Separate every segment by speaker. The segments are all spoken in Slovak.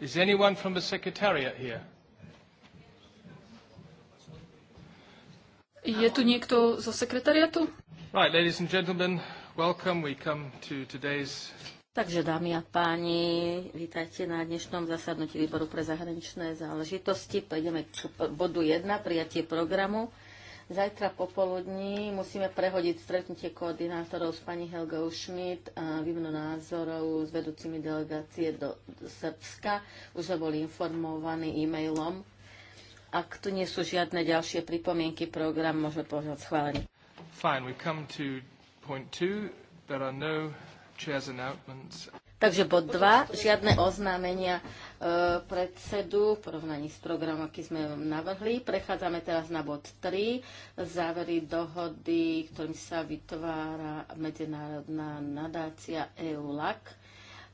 Speaker 1: Is anyone from the Secretariat here? Je tu niekto zo sekretariatu? Right, ladies and gentlemen, welcome. We come to today's
Speaker 2: Takže dámy a páni, vítajte na dnešnom zasadnutí výboru pre zahraničné záležitosti. Pôjdeme k bodu 1, prijatie programu. Zajtra popoludní musíme prehodiť stretnutie koordinátorov s pani Helgou Schmidt a výmenu názorov s vedúcimi delegácie do, do Srbska. Už sme boli informovaní e-mailom. Ak tu nie sú žiadne ďalšie pripomienky, program môžeme požiadať schválenie.
Speaker 1: Fine, we come to point two. There are no chairs announcements. Takže bod 2,
Speaker 2: žiadne oznámenia e, predsedu v porovnaní s programom, aký sme navrhli. Prechádzame teraz na bod 3, závery dohody, ktorým sa vytvára medzinárodná nadácia EULAC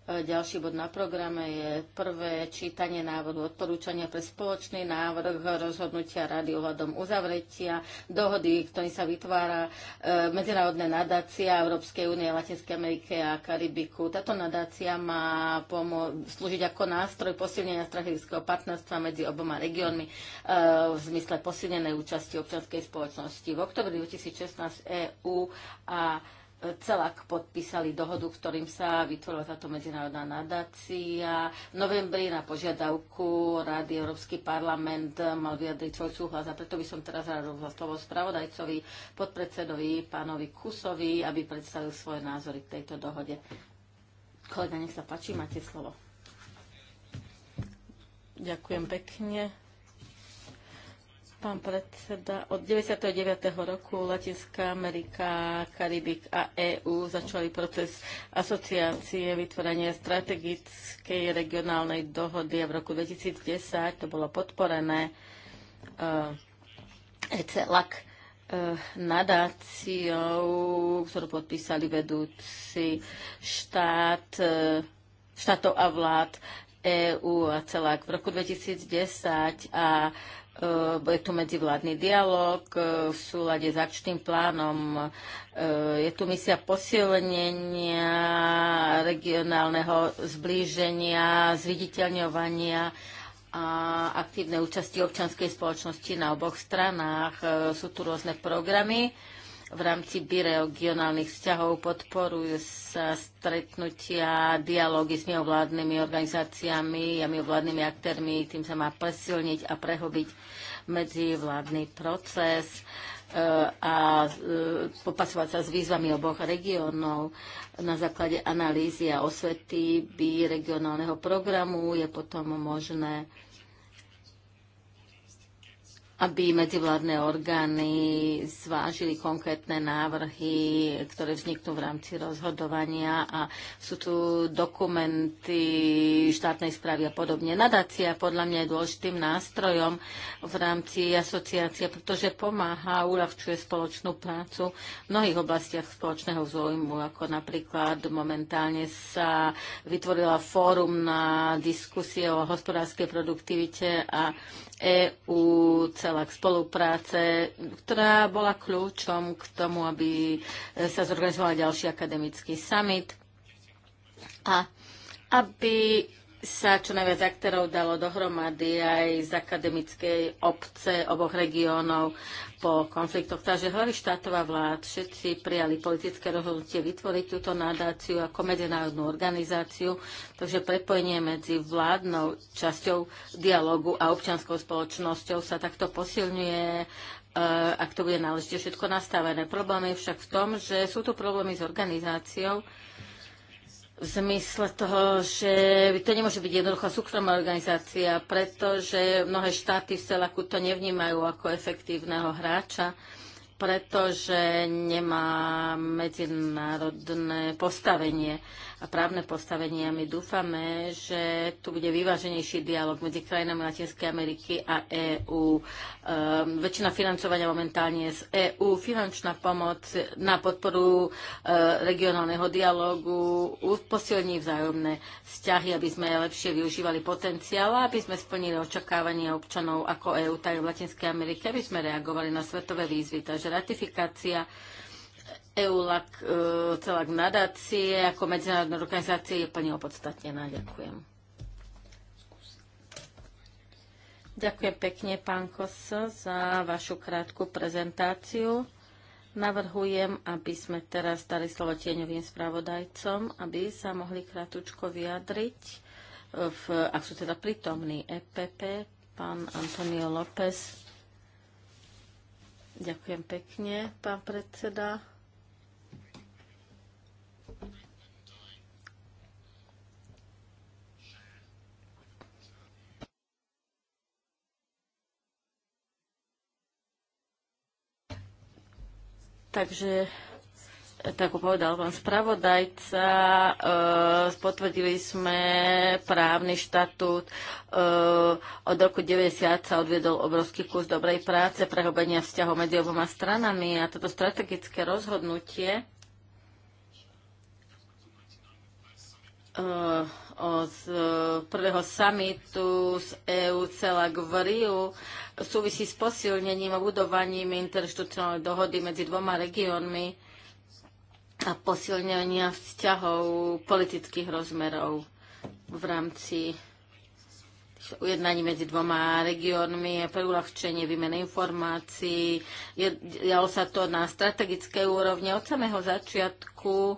Speaker 2: E, ďalší bod na programe je prvé čítanie návrhu odporúčania pre spoločný návrh rozhodnutia rady ohľadom uzavretia dohody, ktorý sa vytvára e, medzinárodné nadácia Európskej únie, Latinskej Amerike a Karibiku. Táto nadácia má slúžiť ako nástroj posilnenia strategického partnerstva medzi oboma regiónmi e, v zmysle posilnenej účasti občianskej spoločnosti. V oktobri 2016 EÚ a celak podpísali dohodu, ktorým sa vytvorila táto medzinárodná nadácia. V novembri na požiadavku Rady Európsky parlament mal vyjadriť svoj súhlas a preto by som teraz rád slovo spravodajcovi, podpredsedovi, pánovi Kusovi, aby predstavil svoje názory k tejto dohode. Kolega, nech sa páči, máte slovo. Ďakujem pekne. Pán predseda, od 99. roku Latinská Amerika, Karibik a EÚ začali proces asociácie vytvorenia strategickej regionálnej dohody a v roku 2010 to bolo podporené uh, ECLAC uh, nadáciou, ktorú podpísali vedúci štát, eh, štátov a vlád EÚ a celák v roku 2010 a E, je tu medzivládny dialog e, v súlade s akčným plánom, e, je tu misia posilnenia regionálneho zblíženia, zviditeľňovania a aktívnej účasti občanskej spoločnosti na oboch stranách. Sú tu rôzne programy v rámci biregionálnych vzťahov podporujú sa stretnutia, dialógy s mimovládnymi organizáciami a mimovládnymi aktérmi. Tým sa má presilniť a prehobiť medzivládny proces eh, a eh, popasovať sa s výzvami oboch regiónov. Na základe analýzy a osvety bi regionálneho programu je potom možné aby medzivládne orgány zvážili konkrétne návrhy, ktoré vzniknú v rámci rozhodovania a sú tu dokumenty štátnej správy a podobne. Nadácia podľa mňa je dôležitým nástrojom v rámci asociácie, pretože pomáha a uľahčuje spoločnú prácu v mnohých oblastiach spoločného záujmu, ako napríklad momentálne sa vytvorila fórum na diskusie o hospodárskej produktivite a EU celé k spolupráce, ktorá bola kľúčom k tomu, aby sa zorganizoval ďalší akademický summit a aby sa čo najviac aktérov dalo dohromady aj z akademickej obce oboch regiónov po konfliktoch. Takže hlavy štátov a vlád všetci prijali politické rozhodnutie vytvoriť túto nadáciu ako medzinárodnú organizáciu. Takže prepojenie medzi vládnou časťou dialogu a občianskou spoločnosťou sa takto posilňuje eh, ak to bude náležite všetko nastavené. Problém je však v tom, že sú tu problémy s organizáciou, v zmysle toho, že to nemôže byť jednoduchá súkromná organizácia, pretože mnohé štáty v celaku to nevnímajú ako efektívneho hráča, pretože nemá medzinárodné postavenie a právne postavenie. A my dúfame, že tu bude vyváženejší dialog medzi krajinami Latinskej Ameriky a EÚ. Um, ehm, väčšina financovania momentálne je z EÚ, finančná pomoc na podporu uh, regionálneho dialogu, posilní vzájomné vzťahy, aby sme lepšie využívali potenciál aby sme splnili očakávania občanov ako EÚ, tak v Latinskej Amerike, aby sme reagovali na svetové výzvy. Takže ratifikácia EULAC, e, celá nadácie ako medzinárodná organizácie je plne opodstatnená. Ďakujem. Ďakujem pekne, pán Kos, za vašu krátku prezentáciu. Navrhujem, aby sme teraz dali slovo tieňovým spravodajcom, aby sa mohli krátko vyjadriť, e, v, ak sú teda prítomní EPP, pán Antonio López. Ďakujem pekne, pán predseda. Takže eh, tak povedal pán spravodajca, e, potvrdili sme právny štatút. E, od roku 90 sa odviedol obrovský kus dobrej práce, prehobenia vzťahov medzi oboma stranami a toto strategické rozhodnutie e, od e, prvého samitu z EU celá k vriu, súvisí s posilnením a budovaním interštitucionálnej dohody medzi dvoma regiónmi a posilnenia vzťahov politických rozmerov v rámci ujednaní medzi dvoma regiónmi pre uľahčenie výmeny informácií. Dialo sa to na strategické úrovne od samého začiatku.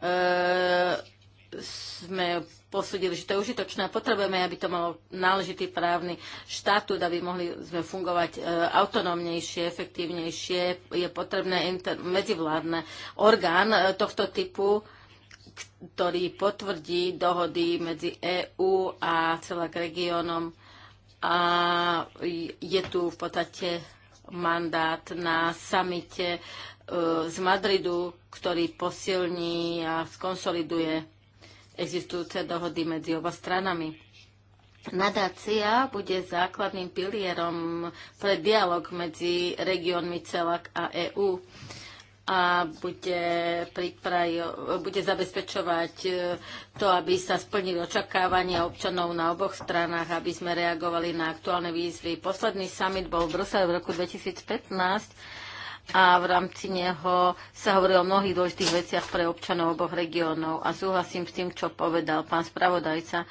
Speaker 2: E, sme posúdili, že to je užitočné a potrebujeme, aby to malo náležitý právny štatút, aby mohli sme fungovať e, autonómnejšie, efektívnejšie. Je potrebné inter- medzivládne orgán e, tohto typu, ktorý potvrdí dohody medzi EÚ a celým regiónom. A je tu v podstate mandát na samite e, z Madridu, ktorý posilní a skonsoliduje existujúce dohody medzi oba stranami. Nadácia bude základným pilierom pre dialog medzi regiónmi CELAC a EÚ a bude, priprajo, bude zabezpečovať e, to, aby sa splnili očakávania občanov na oboch stranách, aby sme reagovali na aktuálne výzvy. Posledný summit bol v Bruseli v roku 2015 a v rámci neho sa hovorilo o mnohých dôležitých veciach pre občanov oboch regiónov a súhlasím s tým, čo povedal pán spravodajca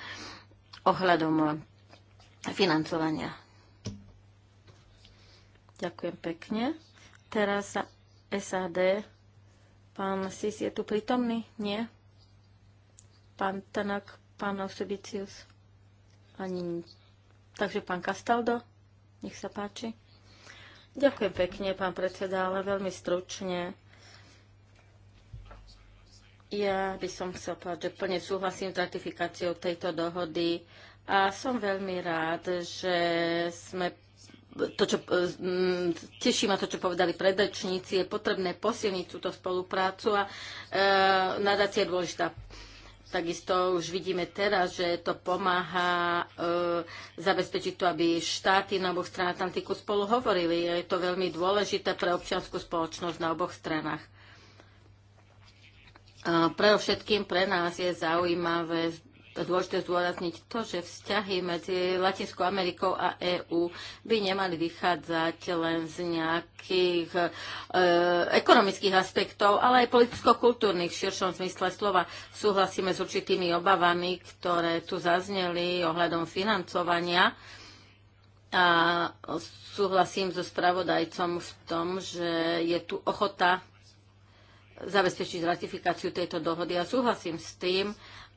Speaker 2: ohľadom financovania. Ďakujem pekne. Teraz SAD. Pán Sis je tu prítomný? Nie? Pán Tanak, pán Osobicius? Ani... Takže pán Castaldo, nech sa páči. Ďakujem pekne, pán predseda, ale veľmi stručne. Ja by som chcel povedať, že plne súhlasím s ratifikáciou tejto dohody a som veľmi rád, že sme to, čo, mm, teší ma to, čo povedali predrečníci, je potrebné posilniť túto spoluprácu a e, nadácia je dôležitá Takisto už vidíme teraz, že to pomáha e, zabezpečiť to, aby štáty na oboch stranách týku spolu hovorili. Je to veľmi dôležité pre občianskú spoločnosť na oboch stranách. E, pre všetkým pre nás je zaujímavé dôležité zdôrazniť to, že vzťahy medzi Latinskou Amerikou a EÚ by nemali vychádzať len z nejakých e, ekonomických aspektov, ale aj politicko-kultúrnych v širšom zmysle slova. Súhlasíme s určitými obavami, ktoré tu zazneli ohľadom financovania a súhlasím so spravodajcom v tom, že je tu ochota zabezpečiť ratifikáciu tejto dohody a súhlasím s tým,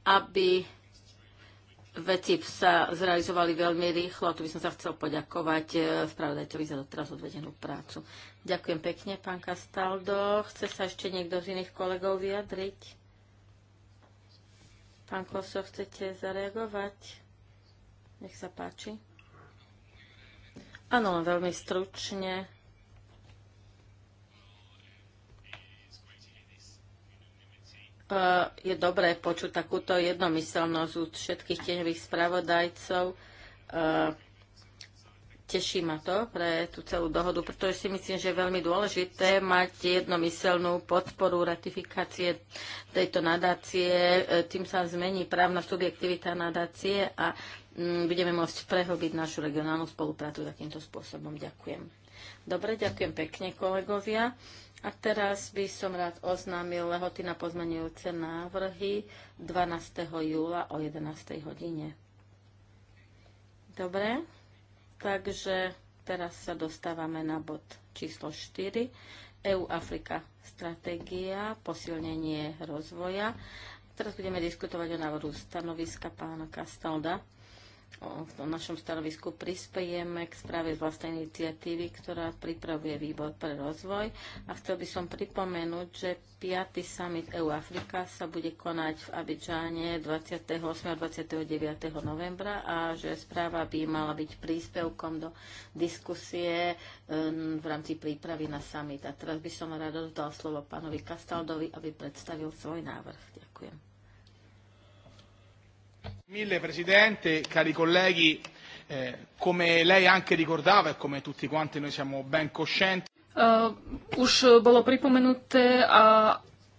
Speaker 2: aby veci sa zrealizovali veľmi rýchlo. Tu by som sa chcel poďakovať e, spravodajcovi za doteraz odvedenú prácu. Ďakujem pekne, pán Kastaldo. Chce sa ešte niekto z iných kolegov vyjadriť? Pán Koso, chcete zareagovať? Nech sa páči. Áno, veľmi stručne. Eh, je dobré počuť takúto jednomyselnosť od všetkých tieňových spravodajcov. Eh, teší ma to pre tú celú dohodu, pretože si myslím, že je veľmi dôležité mať jednomyselnú podporu ratifikácie tejto nadácie. Eh, tým sa zmení právna subjektivita nadácie a mm, budeme môcť prehlbiť našu regionálnu spoluprácu takýmto spôsobom. Ďakujem. Dobre, ďakujem pekne kolegovia. A teraz by som rád oznámil lehoty na pozmenujúce návrhy 12. júla o 11. hodine. Dobre, takže teraz sa dostávame na bod číslo 4. EU-Afrika stratégia, posilnenie rozvoja. Teraz budeme diskutovať o návrhu stanoviska pána Kastalda v tom našom stanovisku prispejeme k správe z vlastnej iniciatívy, ktorá pripravuje výbor pre rozvoj. A chcel by som pripomenúť, že 5. summit EU Afrika sa bude konať v Abidžáne 28. a 29. novembra a že správa by mala byť príspevkom do diskusie ehm, v rámci prípravy na summit. A teraz by som rád dodal slovo pánovi Kastaldovi, aby predstavil svoj návrh. Ďakujem.
Speaker 1: Mille presidente, cari colleghi, eh, come lei anche ricordava e come tutti quanti noi siamo ben coscienti. Uh, už bolo pripomenuté a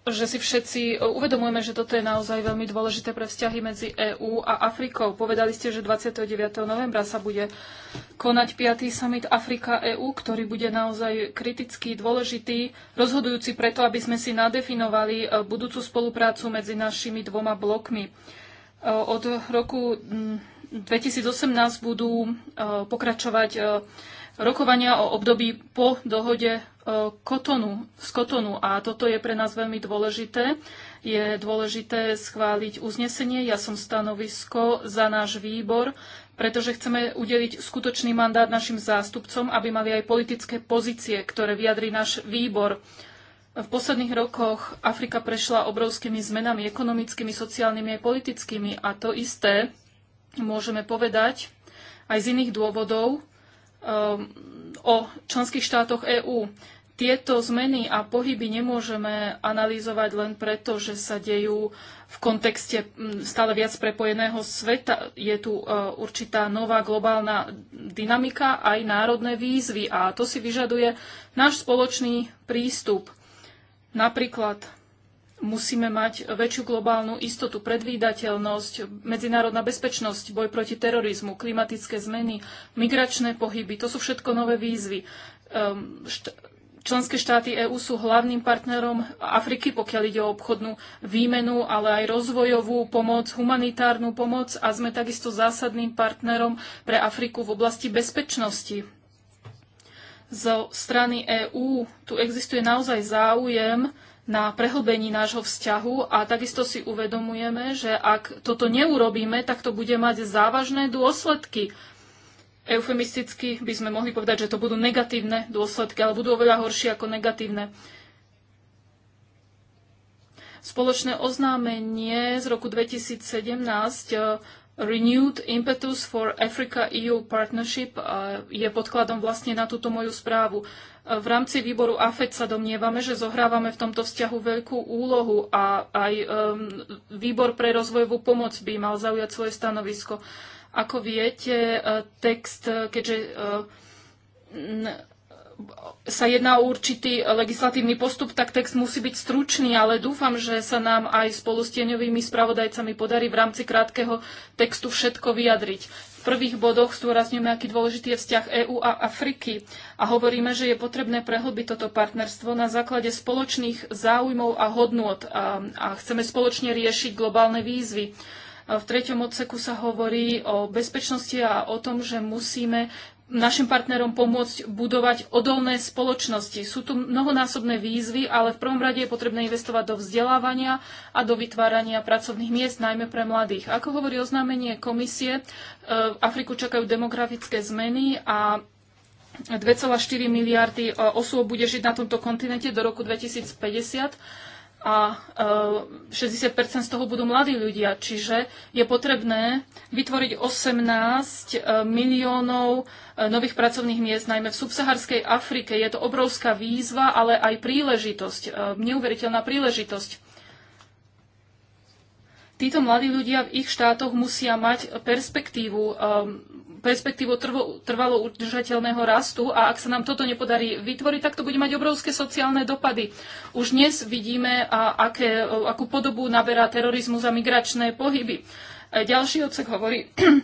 Speaker 1: že si všetci eh, uvedomujeme, že toto je naozaj veľmi dôležité pre vzťahy medzi EÚ a Afrikou. Povedali ste, že 29. novembra sa bude konať 5. summit Afrika-EÚ, ktorý bude naozaj kritický, dôležitý, rozhodujúci preto, aby sme si nadefinovali eh, budúcu spoluprácu medzi našimi dvoma blokmi. Od roku 2018 mm, budú pokračovať rokovania o období po dohode kotonu, z kotonu a toto je pre nás veľmi dôležité. Je dôležité schváliť uznesenie, ja som stanovisko za náš výbor, pretože chceme udeliť skutočný mandát našim zástupcom, aby mali aj politické pozície, ktoré vyjadrí náš výbor. V posledných rokoch Afrika prešla obrovskými zmenami ekonomickými, sociálnymi a politickými a to isté môžeme povedať aj z iných dôvodov um, o členských štátoch EÚ. Tieto zmeny a pohyby nemôžeme analyzovať len preto, že sa dejú v kontexte mm, stále viac prepojeného sveta. Je tu uh, určitá nová globálna dynamika, aj národné výzvy a to si vyžaduje náš spoločný prístup. Napríklad musíme mať väčšiu globálnu istotu, predvídateľnosť, medzinárodná bezpečnosť, boj proti terorizmu, klimatické zmeny, migračné pohyby. To sú všetko nové výzvy. Ehm, členské štáty EÚ sú hlavným partnerom Afriky, pokiaľ ide o obchodnú výmenu, ale aj rozvojovú pomoc, humanitárnu pomoc a sme takisto zásadným partnerom pre Afriku v oblasti bezpečnosti zo strany EÚ tu existuje naozaj záujem na prehlbení nášho vzťahu a takisto si uvedomujeme, že ak toto neurobíme, tak to bude mať závažné dôsledky. Eufemisticky by sme mohli povedať, že to budú negatívne dôsledky, ale budú oveľa horšie ako negatívne. Spoločné oznámenie z roku 2017 Renewed Impetus for Africa-EU Partnership uh, je podkladom vlastne na túto moju správu. Uh, v rámci výboru AFED sa domnievame, že zohrávame v tomto vzťahu veľkú úlohu a aj um, výbor pre rozvojovú pomoc by mal zaujať svoje stanovisko. Ako viete, uh, text, keďže sa jedná o určitý legislatívny postup, tak text musí byť stručný, ale dúfam, že sa nám aj spolu s tieňovými spravodajcami podarí v rámci krátkeho textu všetko vyjadriť. V prvých bodoch zdôrazňujeme, aký dôležitý je vzťah EÚ a Afriky a hovoríme, že je potrebné prehlbiť toto partnerstvo na základe spoločných záujmov a hodnôt a, a chceme spoločne riešiť globálne výzvy. V treťom odseku sa hovorí o bezpečnosti a o tom, že musíme našim partnerom pomôcť budovať odolné spoločnosti. Sú tu mnohonásobné výzvy, ale v prvom rade je potrebné investovať do vzdelávania a do vytvárania pracovných miest, najmä pre mladých. Ako hovorí oznámenie komisie, e, v Afriku čakajú demografické zmeny a 2,4 miliardy e, osôb bude žiť na tomto kontinente do roku 2050 a 60 e, z toho budú mladí ľudia. Čiže je potrebné vytvoriť 18 e, miliónov e, nových pracovných miest, najmä v subsaharskej Afrike. Je to obrovská výzva, ale aj príležitosť, neuveriteľná príležitosť. Títo mladí ľudia v ich štátoch musia mať perspektívu, perspektívu trvo, trvalo udržateľného rastu a ak sa nám toto nepodarí vytvoriť, tak to bude mať obrovské sociálne dopady. Už dnes vidíme, a, aké, akú podobu naberá terorizmus a migračné pohyby. E, ďalší odsek hovorí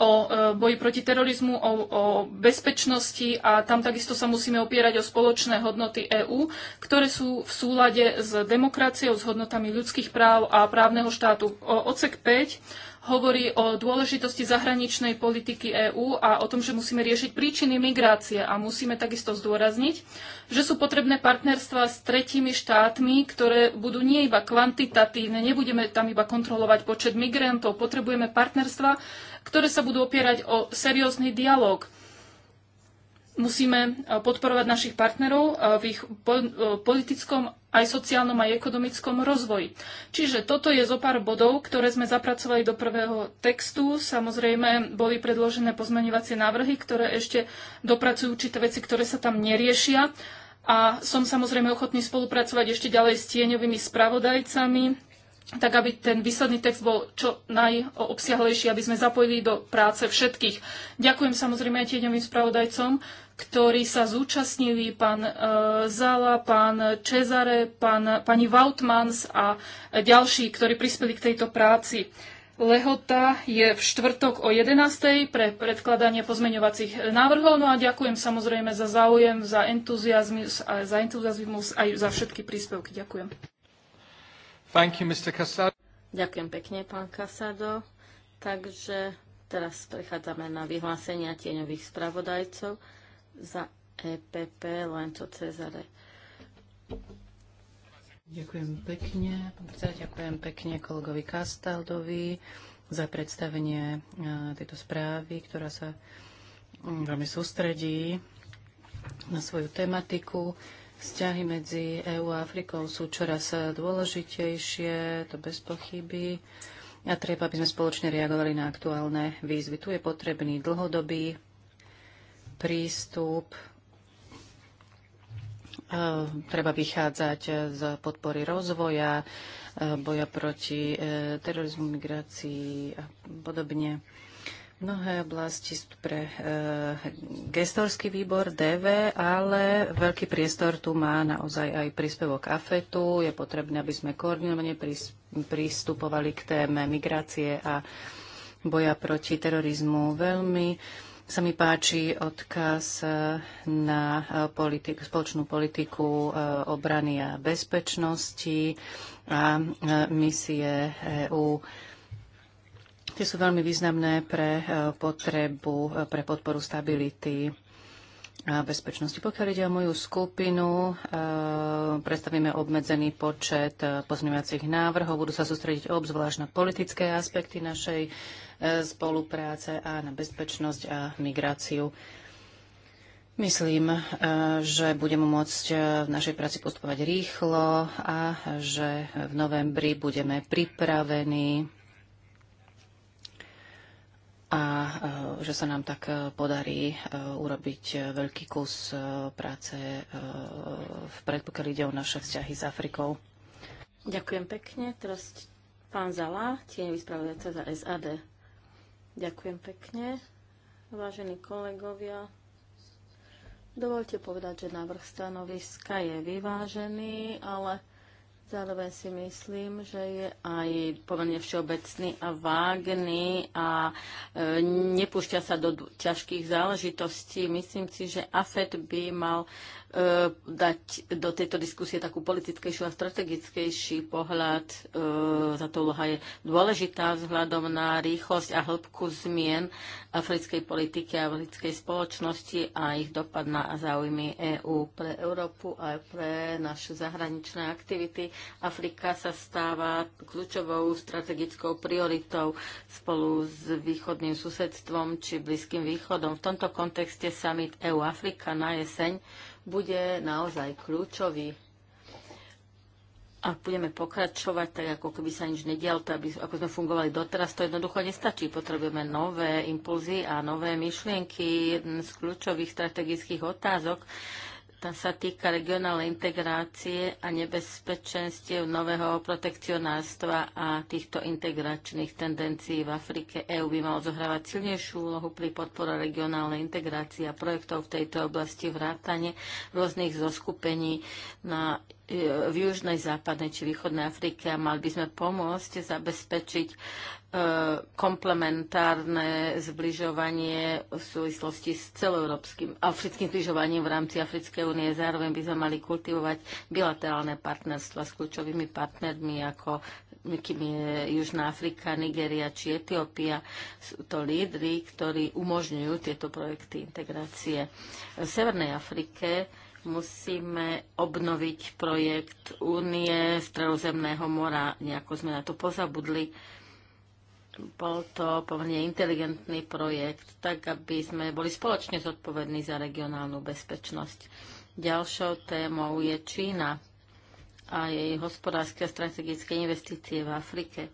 Speaker 1: o e, boji proti terorizmu, o, o bezpečnosti a tam takisto sa musíme opierať o spoločné hodnoty EÚ, ktoré sú v súlade s demokraciou, s hodnotami ľudských práv a právneho štátu. O, odsek 5 hovorí o dôležitosti zahraničnej politiky EÚ a o tom, že musíme riešiť príčiny migrácie a musíme takisto zdôrazniť, že sú potrebné partnerstva s tretími štátmi, ktoré budú nie iba kvantitatívne, nebudeme tam iba kontrolovať počet migrantov, potrebujeme partnerstva, ktoré sa budú opierať o seriózny dialog. Musíme eh, podporovať našich partnerov eh, v ich eh, politickom aj sociálnom aj ekonomickom rozvoji. Čiže toto je zo pár bodov, ktoré sme zapracovali do prvého textu. Samozrejme, boli predložené pozmeňovacie návrhy, ktoré ešte dopracujú určité veci, ktoré sa tam neriešia. A som samozrejme ochotný spolupracovať ešte ďalej s tieňovými spravodajcami, tak aby ten výsledný text bol čo najobsiahlejší, aby sme zapojili do práce všetkých. Ďakujem samozrejme aj tieňovým spravodajcom, ktorí sa zúčastnili, pán e, Zala, pán Čezare, pán, pani Vautmans a ďalší, ktorí prispeli k tejto práci. Lehota je v štvrtok o 11.00 pre predkladanie pozmeňovacích návrhov. No a ďakujem samozrejme za záujem, za entuziasmus, za entuziasmus aj za všetky príspevky. Ďakujem. Thank you, Mr. Casado.
Speaker 2: Ďakujem pekne, pán Casado. Takže teraz prechádzame na vyhlásenia tieňových spravodajcov za EPP to
Speaker 3: Cezare. Ďakujem pekne, pán predseda, ďakujem pekne kolegovi Kastaldovi za predstavenie e, tejto správy, ktorá sa veľmi sústredí na svoju tematiku. Vzťahy medzi EÚ a Afrikou sú čoraz dôležitejšie, to bez pochyby. A treba, aby sme spoločne reagovali na aktuálne výzvy. Tu je potrebný dlhodobý prístup. E, treba vychádzať z podpory rozvoja, e, boja proti e, terorizmu, migrácii a podobne. Mnohé oblasti sú pre e, gestorský výbor DV, ale veľký priestor tu má naozaj aj príspevok AFETu. Je potrebné, aby sme koordinovane pristupovali k téme migrácie a boja proti terorizmu. Veľmi sa mi páči odkaz eh, na eh, politik, spoločnú politiku obrany a bezpečnosti a misie EU. Tie sú veľmi významné pre e, potrebu, e, pre podporu stability a bezpečnosti. Pokiaľ ide o moju skupinu, e, predstavíme obmedzený počet pozmeňovacích návrhov. Budú sa sústrediť obzvlášť na politické aspekty našej spolupráce a na bezpečnosť a migráciu. Myslím, že budeme môcť v našej práci postupovať rýchlo a že v novembri budeme pripravení a e, že sa nám tak e, podarí e, urobiť veľký kus práce v pokiaľ ide o naše vzťahy s Afrikou.
Speaker 2: Ďakujem pekne. Teraz pán Zala, tieňový spravodajca za SAD. Ďakujem pekne. Vážení kolegovia, dovolte povedať, že návrh stanoviska je vyvážený, ale Zároveň si myslím, že je aj pomerne všeobecný a vágný a e, nepúšťa sa do ťažkých záležitostí. Myslím si, že AFED by mal E, dať do tejto diskusie takú politickejšiu a strategickejší pohľad. Táto e, úloha je dôležitá vzhľadom na rýchlosť a hĺbku zmien africkej politiky a africkej spoločnosti a ich dopad na záujmy EÚ pre Európu a pre naše zahraničné aktivity. Afrika sa stáva kľúčovou strategickou prioritou spolu s východným susedstvom či Blízkym východom. V tomto kontexte summit EU-Afrika na jeseň bude naozaj kľúčový. Ak budeme pokračovať tak, ako keby sa nič nedial, to aby, ako sme fungovali doteraz, to jednoducho nestačí. Potrebujeme nové impulzy a nové myšlienky. Jeden z kľúčových strategických otázok tá sa týka regionálnej integrácie a nebezpečenstiev nového protekcionárstva a týchto integračných tendencií v Afrike. EÚ by malo zohrávať silnejšiu úlohu pri podpore regionálnej integrácie a projektov v tejto oblasti vrátane rôznych zoskupení na E, v južnej, západnej či východnej Afrike a mali by sme pomôcť zabezpečiť e, komplementárne zbližovanie v súvislosti s celoeurópskym africkým zbližovaním v rámci Africkej únie. Zároveň by sme mali kultivovať bilaterálne partnerstva s kľúčovými partnermi ako kým je Južná Afrika, Nigeria či Etiópia. Sú to lídry, ktorí umožňujú tieto projekty integrácie. V Severnej Afrike musíme obnoviť projekt Únie Stredozemného mora. Nejako sme na to pozabudli. Bol to pomerne inteligentný projekt, tak aby sme boli spoločne zodpovední za regionálnu bezpečnosť. Ďalšou témou je Čína a jej hospodárske a strategické investície v Afrike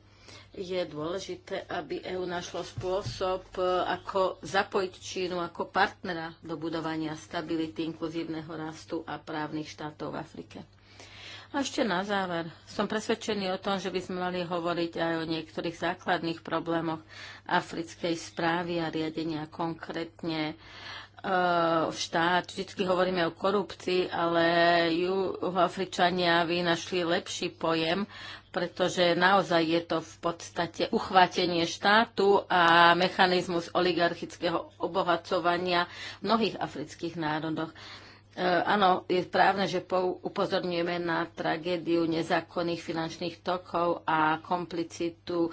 Speaker 2: je dôležité, aby EÚ našlo spôsob, e, ako zapojiť Čínu ako partnera do budovania stability, inkluzívneho rastu a právnych štátov v Afrike. A ešte na záver. Som presvedčený o tom, že by sme mali hovoriť aj o niektorých základných problémoch africkej správy a riadenia, konkrétne v e, štát. Vždy hovoríme o korupcii, ale Afričania vynašli lepší pojem pretože naozaj je to v podstate uchvátenie štátu a mechanizmus oligarchického obohacovania v mnohých afrických národoch. E, áno, je správne, že upozorňujeme na tragédiu nezákonných finančných tokov a komplicitu e,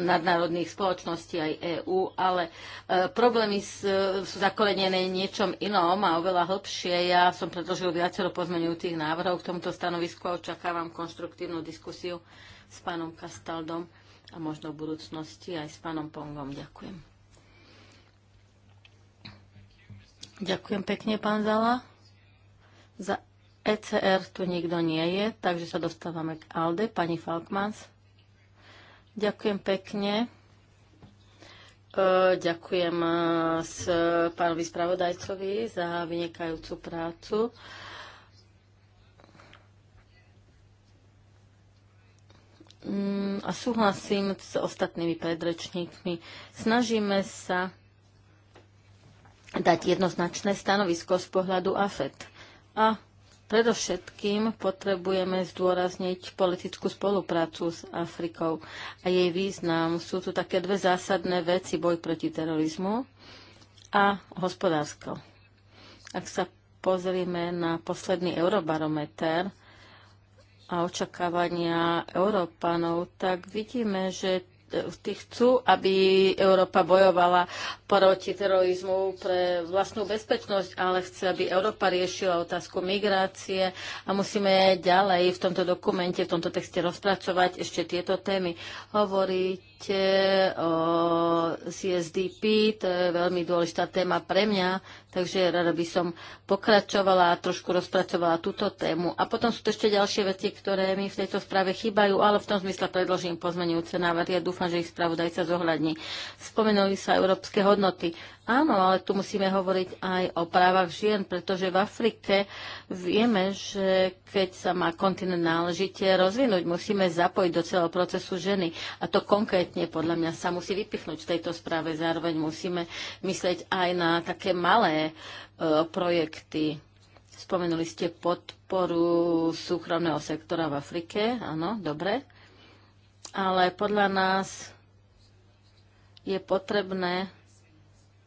Speaker 2: nadnárodných spoločností aj EÚ, ale e, problémy s, e, sú zakorenené niečom inom a oveľa hlbšie. Ja som predložil viacero pozmenujúcich návrhov k tomuto stanovisku a očakávam konštruktívnu diskusiu s pánom Kastaldom a možno v budúcnosti aj s pánom Pongom. Ďakujem. Ďakujem pekne, pán Zala. Za ECR tu nikto nie je, takže sa dostávame k ALDE. Pani Falkmans. Ďakujem pekne. E, ďakujem e, s pánovi spravodajcovi za vynikajúcu prácu. Mm, a súhlasím s ostatnými predrečníkmi. Snažíme sa dať jednoznačné stanovisko z pohľadu AFET. A predovšetkým potrebujeme zdôrazniť politickú spoluprácu s Afrikou a jej význam. Sú tu také dve zásadné veci, boj proti terorizmu a hospodársko. Ak sa pozrieme na posledný eurobarometer a očakávania Európanov, tak vidíme, že tí chcú, aby Európa bojovala proti terorizmu pre vlastnú bezpečnosť, ale chce, aby Európa riešila otázku migrácie a musíme ďalej v tomto dokumente, v tomto texte rozpracovať ešte tieto témy. Hovoriť debate o CSDP. To je veľmi dôležitá téma pre mňa, takže rada by som pokračovala a trošku rozpracovala túto tému. A potom sú to ešte ďalšie veci, ktoré mi v tejto správe chýbajú, ale v tom zmysle predložím pozmenujúce návrhy a dúfam, že ich spravodajca zohľadní. Spomenuli sa európske hodnoty. Áno, ale tu musíme hovoriť aj o právach žien, pretože v Afrike vieme, že keď sa má kontinent náležite rozvinúť, musíme zapojiť do celého procesu ženy. A to konkrétne podľa mňa sa musí vypichnúť v tejto správe. Zároveň musíme myslieť aj na také malé e, projekty. Spomenuli ste podporu súkromného sektora v Afrike. Áno, dobre. Ale podľa nás je potrebné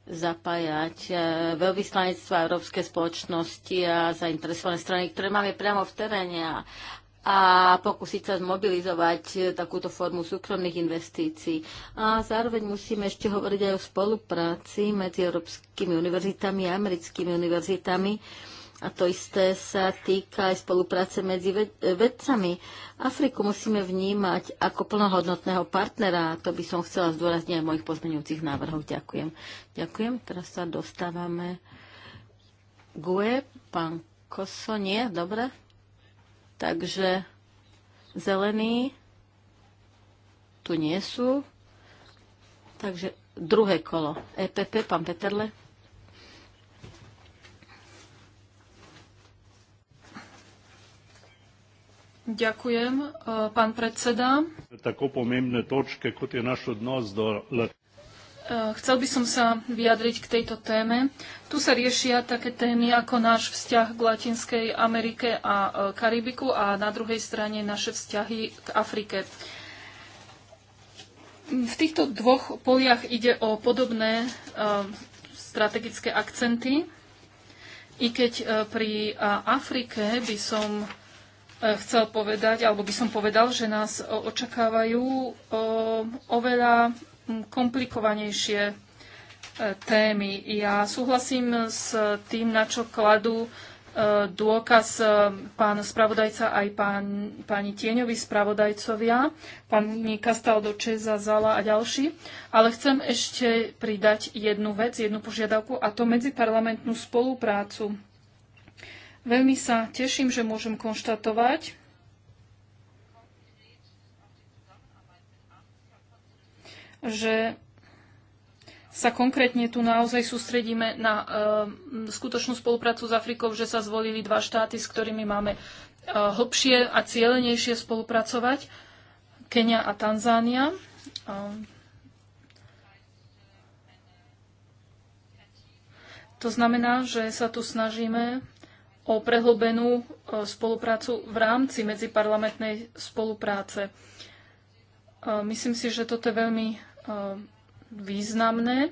Speaker 2: zapájať e, veľvyslanectva európske spoločnosti a zainteresované strany, ktoré máme priamo v teréne a, a pokúsiť sa zmobilizovať e, takúto formu súkromných investícií. A zároveň musíme ešte hovoriť aj o spolupráci medzi európskymi univerzitami a americkými univerzitami a to isté sa týka aj spolupráce medzi vedcami. Afriku musíme vnímať ako plnohodnotného partnera. To by som chcela zdôrazniť aj v mojich pozmeňujúcich návrhoch. Ďakujem. Ďakujem. Teraz sa dostávame GUE, pán Koso, nie? Dobre. Takže zelení tu nie sú. Takže druhé kolo.
Speaker 1: EPP, pán Peterle. Ďakujem, e, pán predseda.
Speaker 3: Tako pomembné točke, kot je náš odnos do... E,
Speaker 1: chcel by som sa vyjadriť k tejto téme. Tu sa riešia také témy ako náš vzťah k Latinskej Amerike a e, Karibiku a na druhej strane naše vzťahy k Afrike. V týchto dvoch poliach ide o podobné strategické akcenty. I keď pri Afrike by som E, chcel povedať, alebo by som povedal, že nás očakávajú oveľa komplikovanejšie e, témy. Ja súhlasím s tým, na čo kladú e, dôkaz pán spravodajca aj pán, pani Tieňovi spravodajcovia, pani Kastaldo Česa Zala a ďalší. Ale chcem ešte pridať jednu vec, jednu požiadavku, a to medziparlamentnú spoluprácu. Veľmi sa teším, že môžem konštatovať, že sa konkrétne tu naozaj sústredíme na uh, skutočnú spoluprácu s Afrikou, že sa zvolili dva štáty, s ktorými máme uh, hlbšie a cieľenejšie spolupracovať, Kenia a Tanzánia. E, to znamená, že sa tu snažíme o prehlbenú e, spoluprácu v rámci medziparlamentnej spolupráce. E, myslím si, že toto je veľmi e, významné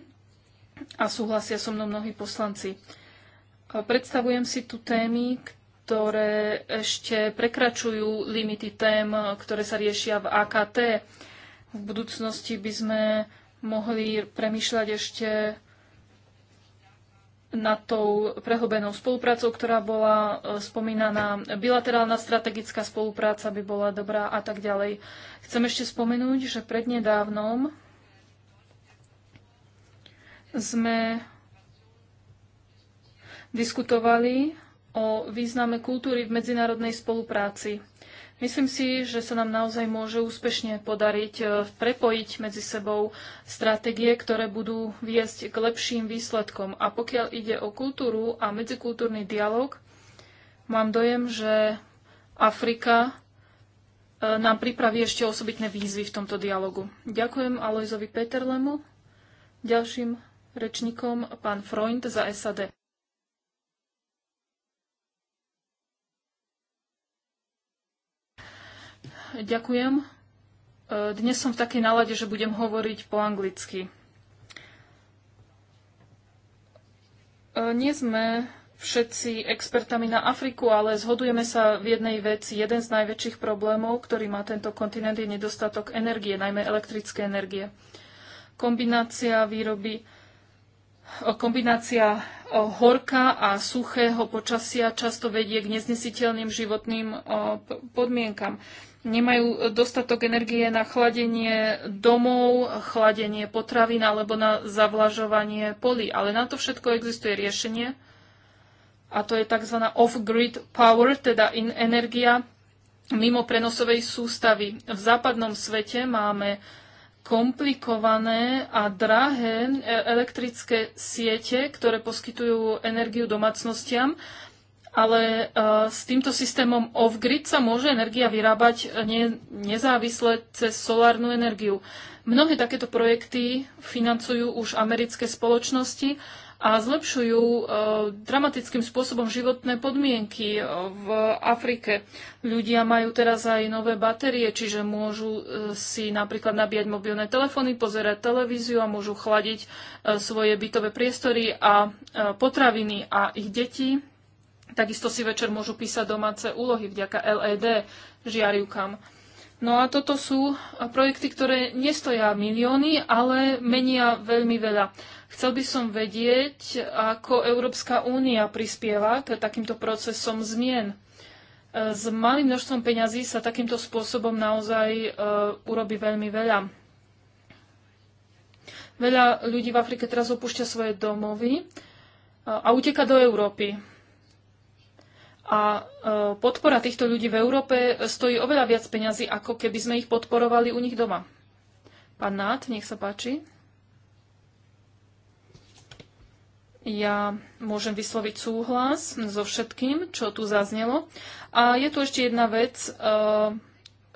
Speaker 1: a súhlasia so mnou mnohí poslanci. Predstavujem si tu témy, ktoré ešte prekračujú limity tém, ktoré sa riešia v AKT. V budúcnosti by sme mohli premýšľať ešte nad tou prehlbenou spoluprácou, ktorá bola e, spomínaná. Bilaterálna strategická spolupráca by bola dobrá a tak ďalej. Chcem ešte spomenúť, že prednedávnom sme diskutovali o význame kultúry v medzinárodnej spolupráci. Myslím si, že sa nám naozaj môže úspešne podariť e, prepojiť medzi sebou stratégie, ktoré budú viesť k lepším výsledkom. A pokiaľ ide o kultúru a medzikultúrny dialog, mám dojem, že Afrika e, nám pripraví ešte osobitné výzvy v tomto dialogu. Ďakujem Alojzovi Peterlemu, ďalším rečníkom pán Freund za SAD. ďakujem. E, dnes som v takej nálade, že budem hovoriť po anglicky. E, nie sme všetci expertami na Afriku, ale zhodujeme sa v jednej veci. Jeden z najväčších problémov, ktorý má tento kontinent, je nedostatok energie, najmä elektrické energie. Kombinácia výroby e, Kombinácia horka a suchého počasia často vedie k neznesiteľným životným podmienkam nemajú dostatok energie na chladenie domov, chladenie potravín alebo na zavlažovanie polí. Ale na to všetko existuje riešenie a to je tzv. off-grid power, teda in energia mimo prenosovej sústavy. V západnom svete máme komplikované a drahé e, elektrické siete, ktoré poskytujú energiu domácnostiam ale uh, s týmto systémom off-grid sa môže energia vyrábať ne, nezávisle cez solárnu energiu. Mnohé takéto projekty financujú už americké spoločnosti a zlepšujú uh, dramatickým spôsobom životné podmienky e, v Afrike. Ľudia majú teraz aj nové batérie, čiže môžu uh, si napríklad nabíjať mobilné telefóny, pozerať televíziu a môžu chladiť svoje bytové priestory a potraviny a ich deti Takisto si večer môžu písať domáce úlohy vďaka LED žiarivkám. No a toto sú projekty, ktoré nestoja milióny, ale menia veľmi veľa. Chcel by som vedieť, ako Európska únia prispieva k takýmto procesom zmien. S malým množstvom peňazí sa takýmto spôsobom naozaj e, urobí veľmi veľa. Veľa ľudí v Afrike teraz opúšťa svoje domovy e, a uteka do Európy. A e, podpora týchto ľudí v Európe stojí oveľa viac peňazí, ako keby sme ich podporovali u nich doma. Pán Nát, nech sa páči. Ja môžem vysloviť súhlas so všetkým, čo tu zaznelo. A je tu ešte jedna vec, e,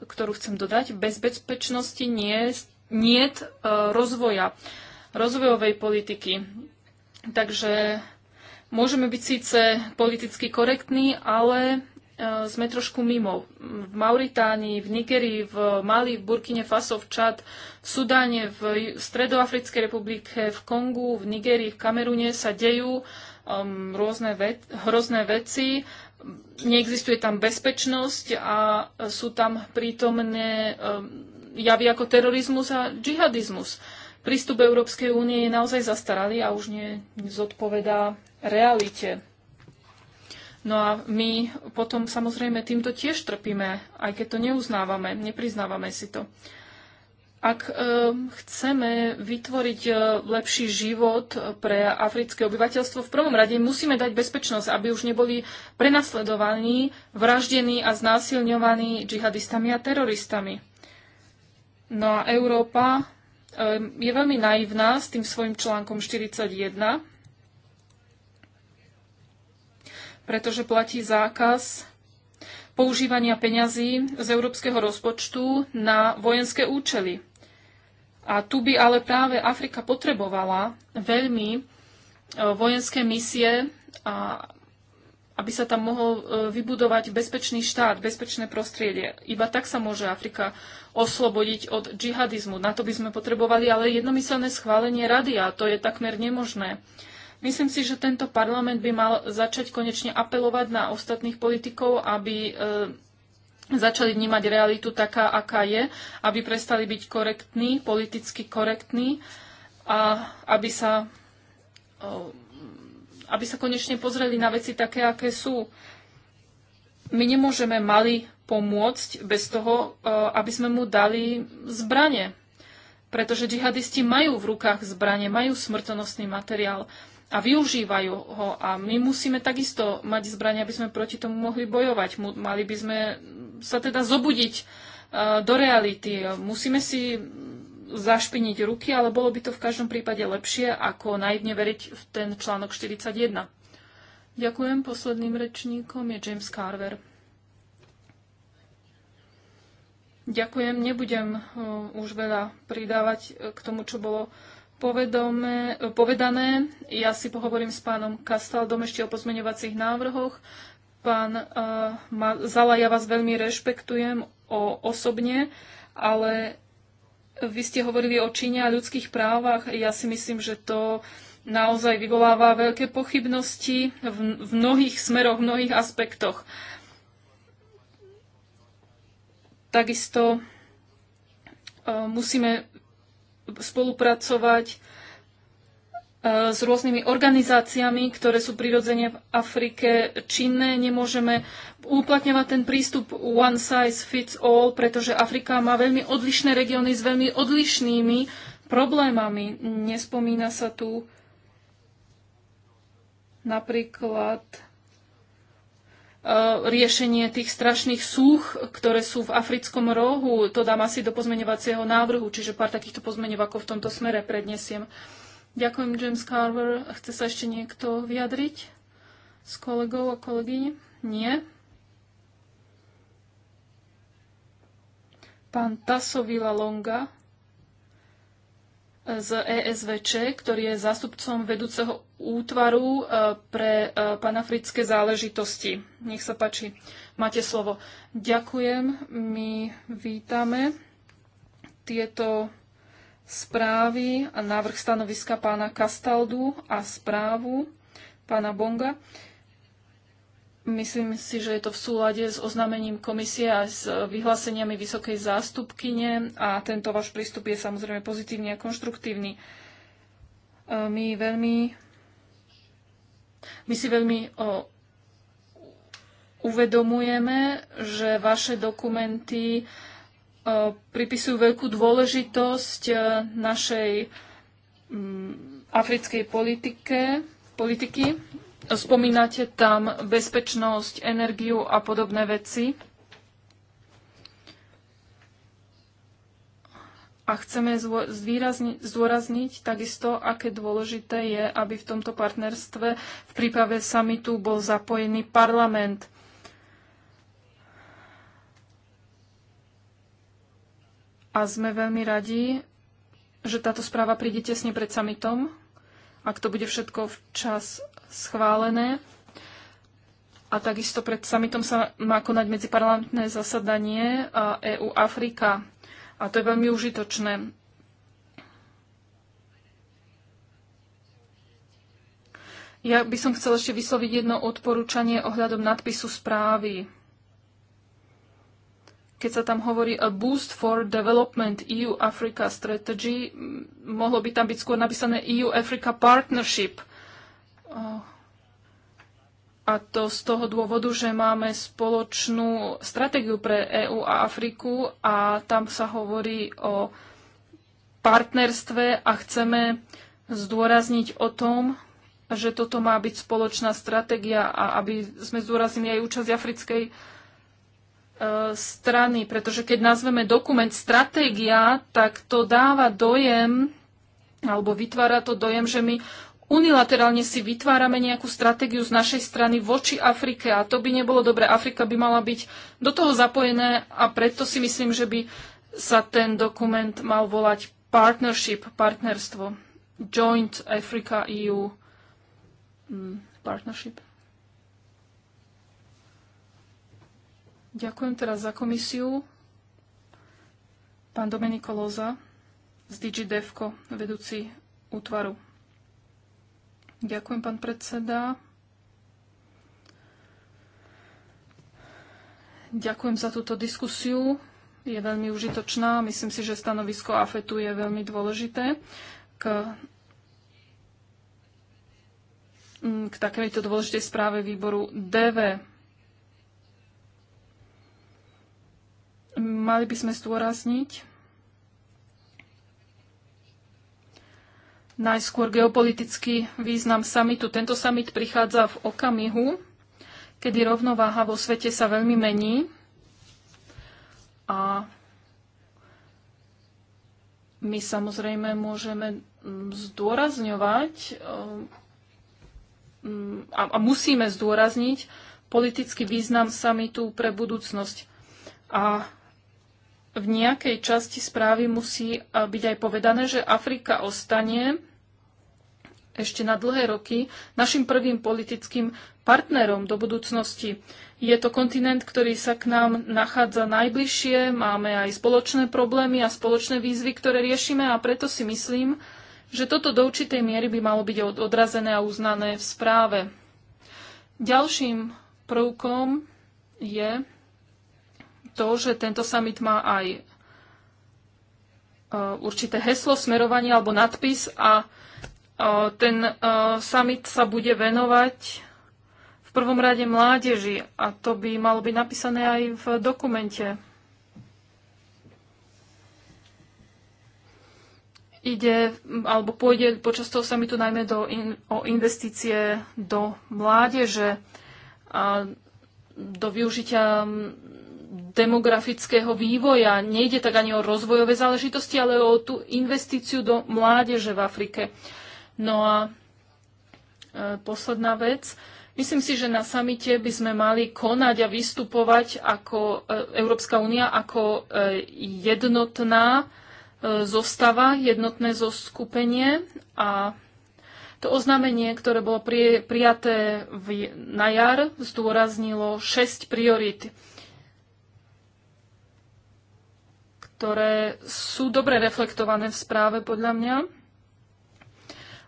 Speaker 1: ktorú chcem dodať. Bez bezpečnosti nie, nie e, rozvoja, rozvojovej politiky. Takže Môžeme byť síce politicky korektní, ale e, sme trošku mimo. V Mauritánii, v Nigerii, v Mali, v Burkine Faso, v Čad, v Sudáne, v Stredoafrickej republike, v Kongu, v Nigerii, v Kamerune sa dejú um, rôzne ve- hrozné veci. Neexistuje tam bezpečnosť a sú tam prítomné um, javy ako terorizmus a džihadizmus prístup Európskej únie je naozaj zastaralý a už nie zodpovedá realite. No a my potom samozrejme týmto tiež trpíme, aj keď to neuznávame, nepriznávame si to. Ak e, chceme vytvoriť e, lepší život pre africké obyvateľstvo, v prvom rade musíme dať bezpečnosť, aby už neboli prenasledovaní, vraždení a znásilňovaní džihadistami a teroristami. No a Európa Ehm, je veľmi naivná s tým svojim článkom 41, pretože platí zákaz používania peňazí z európskeho rozpočtu na vojenské účely. A tu by ale práve Afrika potrebovala veľmi eh, vojenské misie a aby sa tam mohol e, vybudovať bezpečný štát, bezpečné prostredie. Iba tak sa môže Afrika oslobodiť od džihadizmu. Na to by sme potrebovali ale jednomyselné schválenie rady a to je takmer nemožné. Myslím si, že tento parlament by mal začať konečne apelovať na ostatných politikov, aby e, začali vnímať realitu taká, aká je, aby prestali byť korektní, politicky korektní a aby sa e, aby sa konečne pozreli na veci také, aké sú. My nemôžeme mali pomôcť bez toho, e, aby sme mu dali zbranie. Pretože džihadisti majú v rukách zbranie, majú smrtonosný materiál a využívajú ho. A my musíme takisto mať zbranie, aby sme proti tomu mohli bojovať. Mali by sme sa teda zobudiť e, do reality. Musíme si zašpiniť ruky, ale bolo by to v každom prípade lepšie, ako najedne veriť v ten článok 41. Ďakujem. Posledným rečníkom je James Carver. Ďakujem. Nebudem eh, už veľa pridávať eh, k tomu, čo bolo povedome, eh, povedané. Ja si pohovorím s pánom Kastaldom ešte o pozmeňovacích návrhoch. Pán uh, Zala, ja vás veľmi rešpektujem o, osobne, ale vy ste hovorili o Číne a ľudských právach. Ja si myslím, že to naozaj vyvoláva veľké pochybnosti v, v mnohých smeroch, v mnohých aspektoch. Takisto e, musíme spolupracovať Eh, s rôznymi organizáciami, ktoré sú prirodzene v Afrike činné. Nemôžeme uplatňovať ten prístup one size fits all, pretože Afrika má veľmi odlišné regióny s veľmi odlišnými problémami. Nespomína sa tu napríklad eh, riešenie tých strašných súch, ktoré sú v africkom rohu. To dám asi do pozmeňovacieho návrhu, čiže pár takýchto pozmeňovakov v tomto smere prednesiem. Uh, Ďakujem, James Carver. Chce sa ešte niekto vyjadriť s kolegov a kolegy. Nie. Pán Tasovila Longa z ESVČ, ktorý je zástupcom vedúceho útvaru e, pre e, panafrické záležitosti. Nech sa páči, máte slovo. Ďakujem, my vítame tieto správy a návrh stanoviska pána Kastaldu a správu pána Bonga. Myslím si, že je to v súlade s oznámením komisie a s vyhláseniami vysokej zástupkyne a tento váš prístup je samozrejme pozitívny a konštruktívny. E, my veľmi my si veľmi o, uvedomujeme, že vaše dokumenty E, pripisujú veľkú dôležitosť e, našej mm, africkej politike, politiky. Spomínate tam bezpečnosť, energiu a podobné veci. A chceme zdôrazniť takisto, aké dôležité je, aby v tomto partnerstve v príprave samitu bol zapojený parlament. a sme veľmi radi, že táto správa príde tesne pred summitom, ak to bude všetko včas schválené. A takisto pred summitom sa má konať medziparlamentné zasadanie EU-Afrika. A to je veľmi užitočné. Ja by som chcel ešte vysloviť jedno odporúčanie ohľadom nadpisu správy keď sa tam hovorí a boost for development EU Africa strategy, mohlo by tam byť skôr napísané EU Africa partnership. A to z toho dôvodu, že máme spoločnú stratégiu pre EU a Afriku a tam sa hovorí o partnerstve a chceme zdôrazniť o tom, že toto má byť spoločná stratégia a aby sme zdôraznili aj účasť africkej strany, pretože keď nazveme dokument stratégia, tak to dáva dojem, alebo vytvára to dojem, že my unilaterálne si vytvárame nejakú stratégiu z našej strany voči Afrike a to by nebolo dobré. Afrika by mala byť do toho zapojené a preto si myslím, že by sa ten dokument mal volať partnership, partnerstvo. Joint Africa EU hmm, partnership. Ďakujem teraz za komisiu. Pán Domenico Loza z DigiDevco, vedúci útvaru. Ďakujem, pán predseda. Ďakujem za túto diskusiu. Je veľmi užitočná. Myslím si, že stanovisko AFETu je veľmi dôležité k, k takejto dôležitej správe výboru DV. mali by sme stôrazniť najskôr geopolitický význam samitu. Tento samit prichádza v okamihu, kedy rovnováha vo svete sa veľmi mení a my samozrejme môžeme mm, zdôrazňovať mm, mm, a, musíme zdôrazniť politický význam samitu pre budúcnosť. A v nejakej časti správy musí eh, byť aj povedané, že Afrika ostane ešte na dlhé roky našim prvým politickým partnerom do budúcnosti. Je to kontinent, ktorý sa k nám nachádza najbližšie, máme aj spoločné problémy a spoločné výzvy, ktoré riešime a preto si myslím, že toto do určitej miery by malo byť odrazené a uznané v správe. Ďalším prvkom je to, že tento summit má aj e, určité heslo, smerovanie alebo nadpis a e, ten e, summit sa bude venovať v prvom rade mládeži a to by malo byť napísané aj v dokumente. Ide, alebo pôjde počas toho samitu najmä do in, o investície do mládeže a do využitia demografického vývoja. Nejde tak ani o rozvojové záležitosti, ale o tú investíciu do mládeže v Afrike. No a e, posledná vec. Myslím si, že na samite by sme mali konať a vystupovať ako e, Európska únia ako e, jednotná e, zostava, jednotné zoskupenie a to oznámenie, ktoré bolo prijaté na jar, zdôraznilo 6 priorit. ktoré sú dobre reflektované v správe podľa mňa,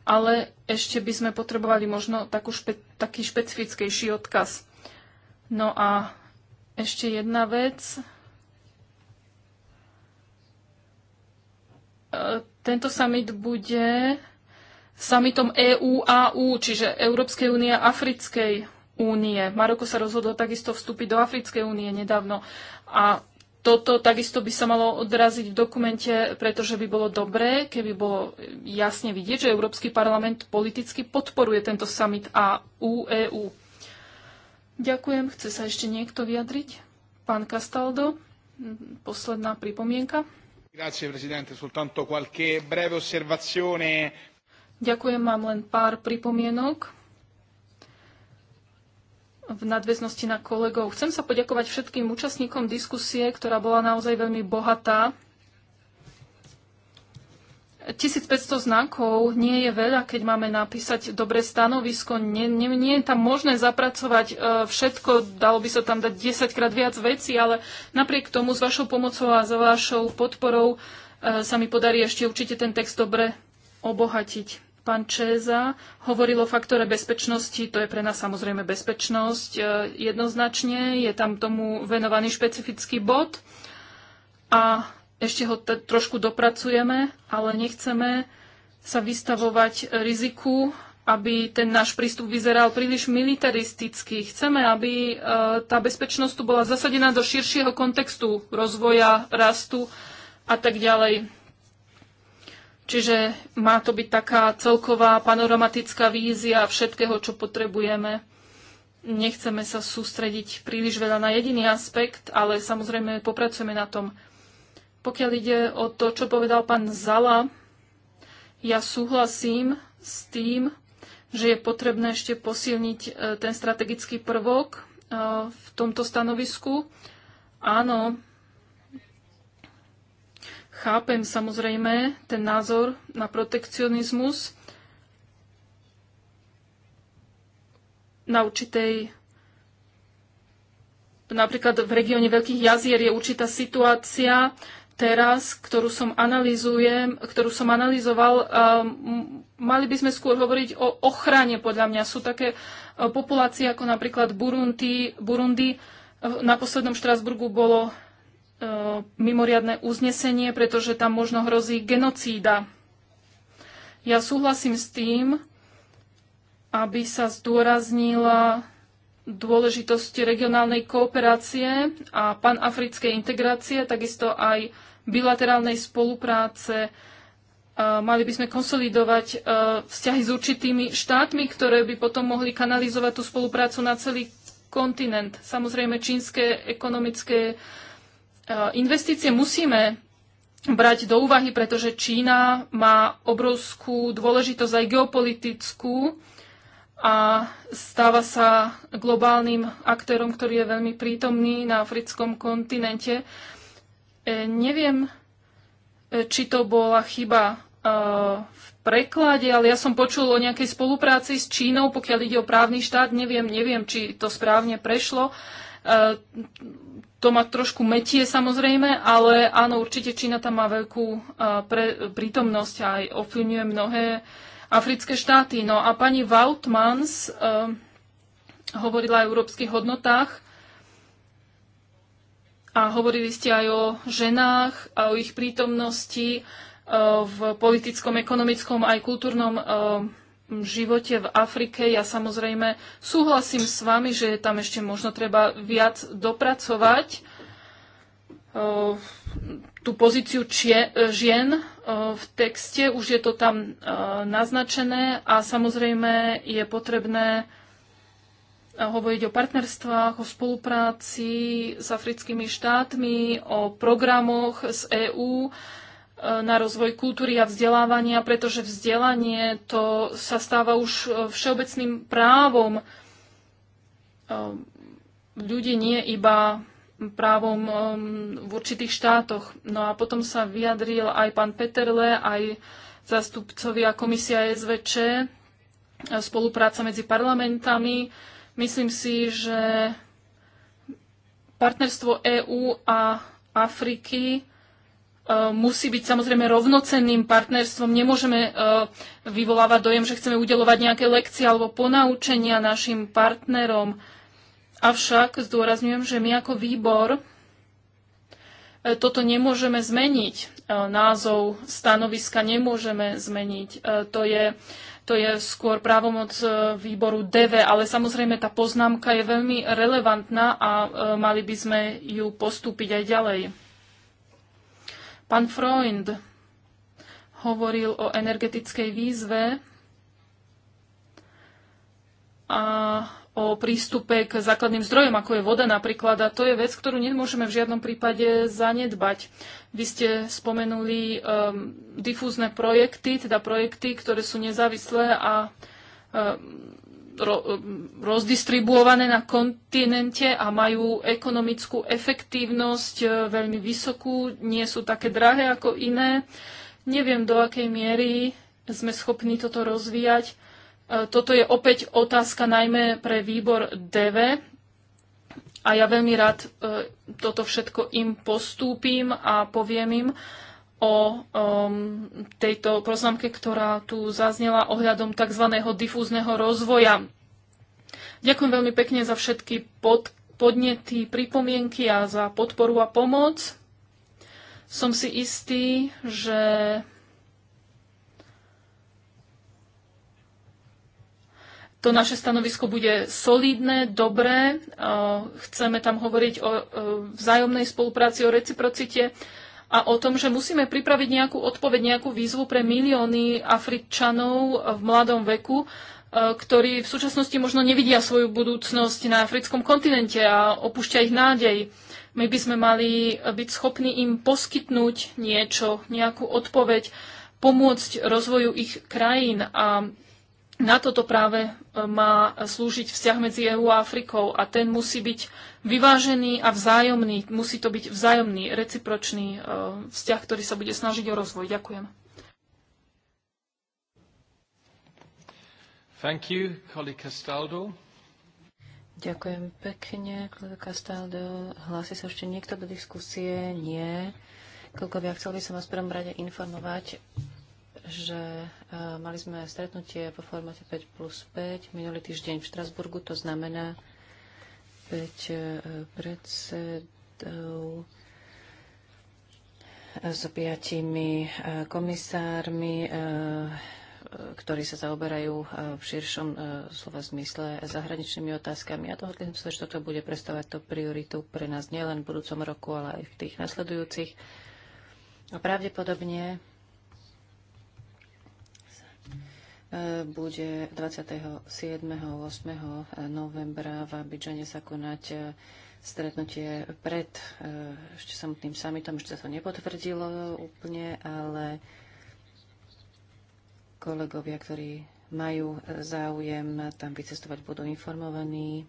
Speaker 1: ale ešte by sme potrebovali možno takú špe- taký špecifickejší odkaz. No a ešte jedna vec. E, tento summit bude summitom EU-AU, čiže Európskej únie a Africkej únie. Maroko sa rozhodlo takisto vstúpiť do Africkej únie nedávno a toto takisto by sa malo odraziť v dokumente, pretože by bolo dobré, keby bolo jasne vidieť, že Európsky parlament politicky podporuje tento summit a eu e Ďakujem. Chce sa ešte niekto vyjadriť? Pán Castaldo, posledná pripomienka. Grazie,
Speaker 3: presidente. Soltanto qualche breve osservazione.
Speaker 1: Ďakujem, mám len pár pripomienok v nadväznosti na kolegov. Chcem sa poďakovať všetkým účastníkom diskusie, ktorá bola naozaj veľmi bohatá. 1500 znakov nie je veľa, keď máme napísať dobré stanovisko. Nie, nie, nie je tam možné zapracovať e, všetko, dalo by sa tam dať 10 krát viac vecí, ale napriek tomu s vašou pomocou a s vašou podporou e, sa mi podarí ešte určite ten text dobre obohatiť pán Čeza hovoril o faktore bezpečnosti, to je pre nás samozrejme bezpečnosť e, jednoznačne, je tam tomu venovaný špecifický bod a ešte ho trošku dopracujeme, ale nechceme sa vystavovať riziku, aby ten náš prístup vyzeral príliš militaristicky. Chceme, aby e, tá bezpečnosť tu bola zasadená do širšieho kontextu rozvoja, rastu a tak ďalej. Čiže má to byť taká celková panoramatická vízia všetkého, čo potrebujeme. Nechceme sa sústrediť príliš veľa na jediný aspekt, ale samozrejme popracujeme na tom. Pokiaľ ide o to, čo povedal pán Zala, ja súhlasím s tým, že je potrebné ešte posilniť e, ten strategický prvok e, v tomto stanovisku. Áno, Chápem samozrejme ten názor na protekcionizmus na určitej napríklad v regióne Veľkých jazier je určitá situácia teraz, ktorú som analýzujem, ktorú som analyzoval. mali by sme skôr hovoriť o ochrane, podľa mňa. Sú také e, populácie ako napríklad Burundi, Burundi e, na poslednom Štrasburgu bolo E, mimoriadne uznesenie, pretože tam možno hrozí genocída. Ja súhlasím s tým, aby sa zdôraznila dôležitosť regionálnej kooperácie a panafrickej integrácie, takisto aj bilaterálnej spolupráce. E, mali by sme konsolidovať e, vzťahy s určitými štátmi, ktoré by potom mohli kanalizovať tú spoluprácu na celý kontinent. Samozrejme, čínske ekonomické uh, Eh, investície musíme brať do úvahy, pretože Čína má obrovskú dôležitosť aj geopolitickú a stáva sa globálnym aktérom, ktorý je veľmi prítomný na africkom kontinente. Eh, neviem, eh, či to bola chyba v preklade, ale ja som počul o nejakej spolupráci s Čínou, pokiaľ ide o právny štát. Neviem, neviem, či to správne prešlo. Eh, to ma trošku metie samozrejme, ale áno, určite Čína tam má veľkú eh, pre, prítomnosť a aj ovplyvňuje mnohé africké štáty. No a pani Vautmans uh, eh, hovorila aj o európskych hodnotách a hovorili ste aj o ženách a o ich prítomnosti uh, v politickom, ekonomickom aj kultúrnom uh, živote v Afrike. Ja samozrejme súhlasím s vami, že tam ešte možno treba viac dopracovať eh, tú pozíciu čie, eh, žien eh, v texte. Už je to tam naznačené a samozrejme je potrebné hovoriť o partnerstvách, o spolupráci s africkými štátmi, o programoch z EÚ. E, na rozvoj kultúry a vzdelávania, pretože vzdelanie to sa stáva už e, všeobecným právom e, ľudí, nie iba právom v určitých štátoch. No a potom sa vyjadril aj pán Peterle, aj zastupcovia komisia SVČ, spolupráca medzi parlamentami. Myslím si, že partnerstvo EÚ a Afriky E, musí byť samozrejme rovnocenným partnerstvom. Nemôžeme e, vyvolávať dojem, že chceme udelovať nejaké lekcie alebo ponaučenia našim partnerom. Avšak zdôrazňujem, že my ako výbor e, toto nemôžeme zmeniť. Názov stanoviska nemôžeme zmeniť. To je, to je skôr právomoc výboru DV, ale samozrejme tá poznámka je veľmi relevantná a mali by sme ju postúpiť aj ďalej. Pán Freund hovoril o energetickej výzve a o prístupe k základným zdrojom, ako je voda napríklad. A to je vec, ktorú nemôžeme v žiadnom prípade zanedbať. Vy ste spomenuli um, difúzne projekty, teda projekty, ktoré sú nezávislé a um, ro, rozdistribuované na kontinente a majú ekonomickú efektívnosť e, veľmi vysokú, nie sú také drahé ako iné. Neviem, do akej miery sme schopní toto rozvíjať. E, toto je opäť otázka najmä pre výbor DV, a ja veľmi rád e, toto všetko im postúpim a poviem im, o um, tejto poznámke, ktorá tu zaznela ohľadom tzv. difúzneho rozvoja. Ďakujem veľmi pekne za všetky pod, podnety, pripomienky a za podporu a pomoc. Som si istý, že to naše stanovisko bude solidné, dobré. Uh, chceme tam hovoriť o uh, vzájomnej spolupráci, o reciprocite a o tom, že musíme pripraviť nejakú odpoveď, nejakú výzvu pre milióny Afričanov v mladom veku, e, ktorí v súčasnosti možno nevidia svoju budúcnosť na africkom kontinente a opúšťa ich nádej. My by sme mali byť schopní im poskytnúť niečo, nejakú odpoveď, pomôcť rozvoju ich krajín a na toto práve e, má slúžiť vzťah medzi EÚ a Afrikou a ten musí byť vyvážený a vzájomný. Musí to byť vzájomný, recipročný e, vzťah, ktorý sa bude snažiť o rozvoj. Ďakujem. Thank you, Castaldo. Ďakujem pekne, kolega
Speaker 3: Castaldo. Hlási sa ešte niekto do diskusie? Nie. Koľko ja chcel by som vás prvom rade informovať že e, mali sme stretnutie po formáte 5 plus 5 minulý týždeň v Štrasburgu, to znamená 5 e, predsedov e, s piatimi komisármi, ktorí sa zaoberajú v širšom slova zmysle zahraničnými otázkami. A ja dohodli sme sa, že toto bude predstavovať to prioritu pre nás nielen v budúcom roku, ale aj v tých nasledujúcich. A pravdepodobne bude 27. 8. novembra v Abidžane sa konať e, stretnutie pred e, ešte samotným summitom. Ešte sa to nepotvrdilo úplne, ale kolegovia, ktorí majú e, záujem tam vycestovať, budú informovaní.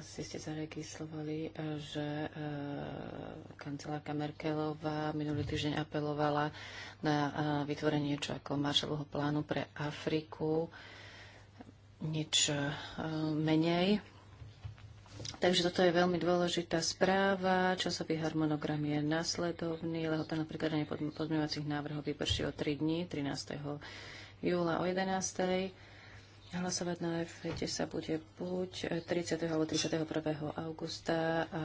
Speaker 3: Asi ste zaregistrovali, eh, že eh, kancelárka Merkelová minulý týždeň apelovala na eh, vytvorenie niečo ako Marshallovho plánu pre Afriku. Nič menej. Takže toto je veľmi dôležitá správa. Časový harmonogram je nasledovný. Lehota na napríklad podmiňovacích návrhov vyprší o 3 dní, 13. júla o 11. Hlasovať na EFETE sa bude buď 30. alebo 31. augusta a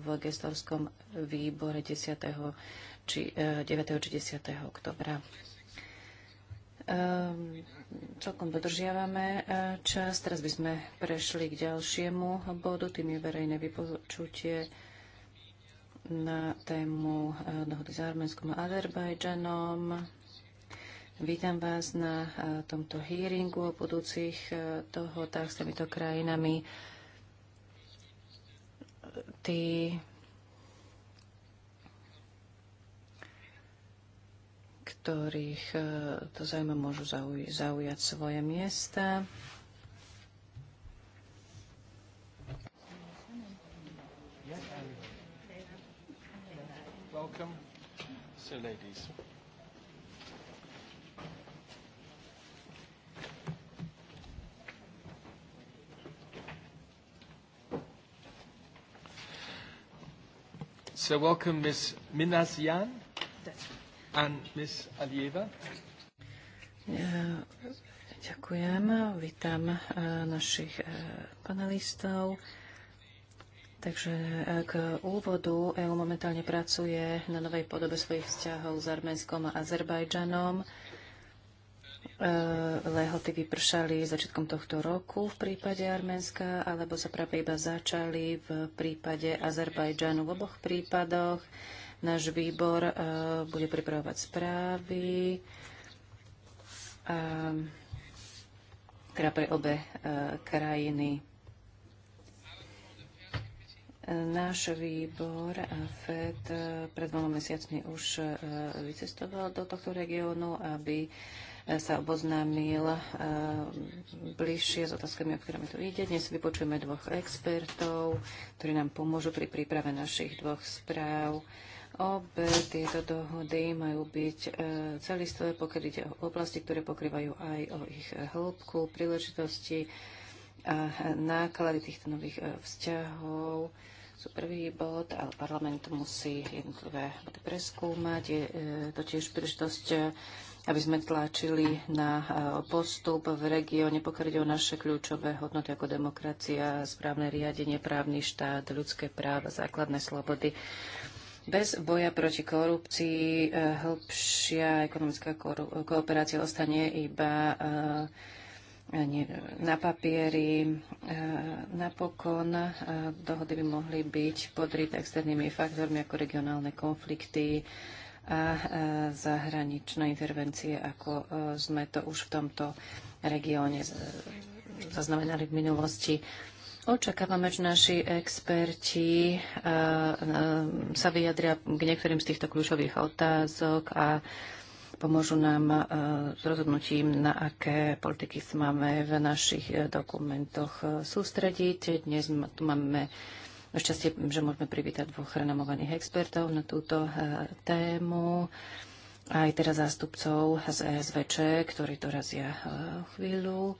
Speaker 3: v gestorskom výbore 10. Či, 9. E, či 10. oktobra. Um, celkom dodržiavame e, čas. Teraz by sme prešli k ďalšiemu bodu, tým je verejné vypočutie na tému e, dohody s Arménskom a Azerbajdžanom. Vítam vás na e, tomto hearingu o budúcich e, dohodách s týmito krajinami. Tí, ktorých e, to zaujíma, môžu zaujať svoje miesta. Welcome. So ladies.
Speaker 1: So welcome Ms. Minasian and Ms. Alieva.
Speaker 3: Ďakujem. Vítam eh, našich eh, panelistov. Takže eh, k úvodu EU momentálne pracuje na novej podobe svojich vzťahov s Arménskom a Azerbajdžanom. E, lehoty vypršali začiatkom tohto roku v prípade Arménska, alebo sa práve iba začali v prípade Azerbajdžanu. V oboch prípadoch náš výbor e, bude pripravovať správy teda pre obe e, krajiny. Náš výbor FED pred dvoma mesiacmi už vycestoval do tohto regiónu, aby E, sa oboznámil e, bližšie s otázkami, o ktorými tu ide. Dnes vypočujeme dvoch expertov, ktorí nám pomôžu pri príprave našich dvoch správ. Obe tieto dohody majú byť e, celistvé, pokiaľ ide o oblasti, ktoré pokrývajú aj o ich hĺbku, príležitosti a náklady týchto nových vzťahov. Sú prvý bod, ale parlament musí jednotlivé preskúmať. Je to tiež príležitosť aby sme tlačili na e, postup v regióne, pokiaľ o naše kľúčové hodnoty ako demokracia, správne riadenie, právny štát, ľudské práva, základné slobody. Bez boja proti korupcii e, hĺbšia ekonomická kooperácia ostane iba e, na papieri. Napokon dohody by mohli byť podrýť externými faktormi ako regionálne konflikty, a zahraničné intervencie, ako e, sme to už v tomto regióne zaznamenali v minulosti. Očakávame, že naši experti e, e, sa vyjadria k niektorým z týchto kľúčových otázok a pomôžu nám s rozhodnutím, na aké politiky máme v našich dokumentoch sústrediť. Dnes tu máme šťastie, že môžeme privítať dvoch renomovaných expertov na túto eh, tému aj teraz zástupcov z ESVČ, ktorí razia eh, chvíľu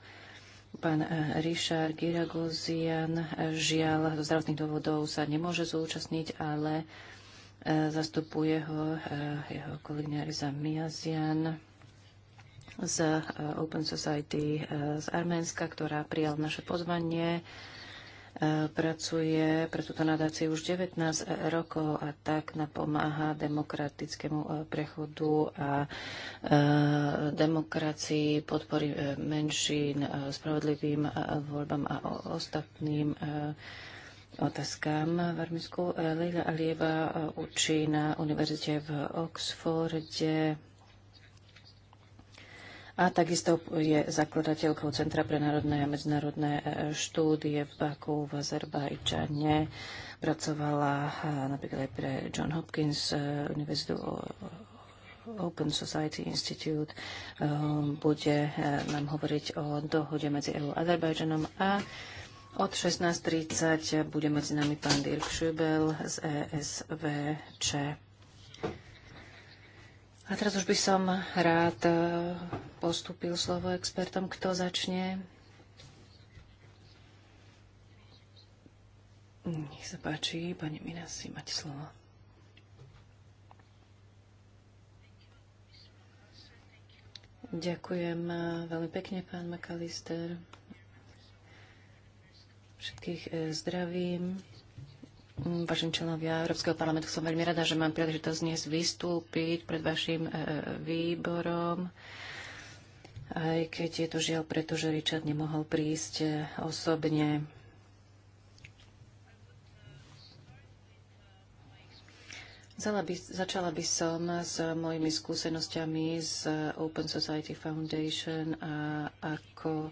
Speaker 3: pán eh, Richard Giragozian žiaľ zo zdravotných dôvodov sa nemôže zúčastniť, ale zastupuje ho jeho kolegyňa Riza Miazian z Open Society z Arménska, ktorá prijala naše pozvanie pracuje pre túto nadáciu už 19 rokov a tak napomáha demokratickému e, prechodu a e, demokracii, podpory e, menšín, spravodlivým voľbám a ostatným otázkám v Armísku. Leila Alieva učí na univerzite v Oxforde a takisto je zakladateľkou Centra pre národné a medzinárodné e, štúdie v Baku v Azerbajčane. Pracovala e, napríklad aj pre John Hopkins e, Univerzitu Open Society Institute bude nám hovoriť o dohode medzi EU a Azerbajdžanom a od 16.30 bude medzi nami pán Dirk Schubel z ESVČ. A teraz už by som rád e, postúpil slovo expertom. Kto začne? Nech sa páči, pani Minasi, mať slovo. Ďakujem e, veľmi pekne, pán McAllister. Všetkých e, zdravím. Mm, vážení členovia Európskeho parlamentu, som veľmi rada, že mám príležitosť dnes vystúpiť pred vašim e, výborom. Aj keď je to žiaľ, pretože Richard nemohol prísť e, osobne. By, začala by som s mojimi skúsenosťami z Open Society Foundation a ako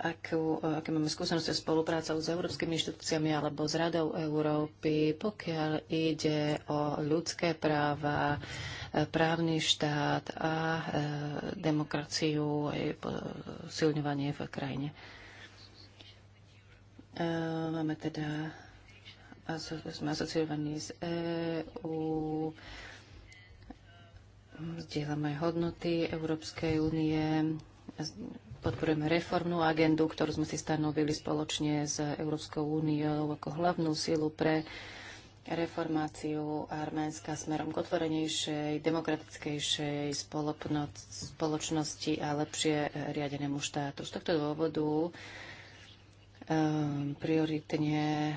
Speaker 3: akú, aké máme skúsenosti s spoluprácou s európskymi inštitúciami alebo s Radou Európy, pokiaľ ide o ľudské práva, e, právny štát a e, demokraciu a silňovanie v krajine. E, máme teda sme asociovaní s EU, zdieľame hodnoty Európskej únie, Podporujeme reformnú agendu, ktorú sme si stanovili spoločne s Európskou úniou ako hlavnú silu pre reformáciu Arménska smerom k otvorenejšej, demokratickejšej spoločnosti a lepšie riadenému štátu. Z tohto dôvodu um, prioritne um,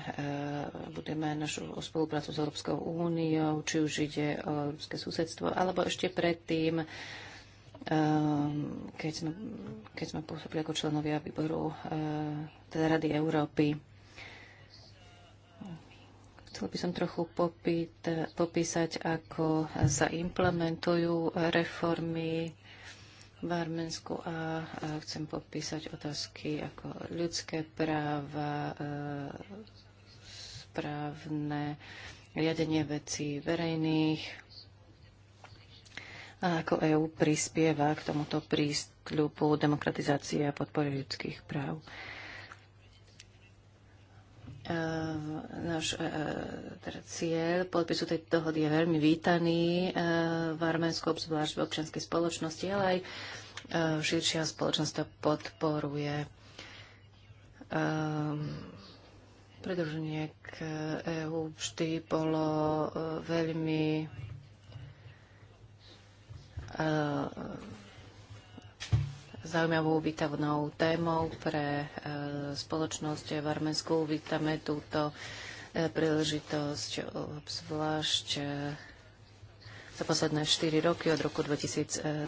Speaker 3: budeme našu spoluprácu s Európskou úniou, či už ide o európske susedstvo, alebo ešte predtým Ehm, keď sme, keď sme pôsobili ako členovia výboru ehm, teda Rady Európy. Chcel by som trochu popýt, popísať, ako sa implementujú reformy v Arménsku a chcem popísať otázky ako ľudské práva, ehm, správne riadenie vecí verejných, a ako EÚ prispieva k tomuto prístupu demokratizácie a podpory ľudských práv. E, náš e, e, teda cieľ podpisu tejto dohody je veľmi vítaný v Arménsku, obzvlášť v občianskej spoločnosti, ale aj širšia spoločnosť to podporuje. Ehm, Predlženie k EÚ vždy bolo veľmi E, zaujímavou výtavnou témou pre e, spoločnosť v Arménsku. Vítame túto e, príležitosť obzvlášť za posledné 4 roky od roku 2013,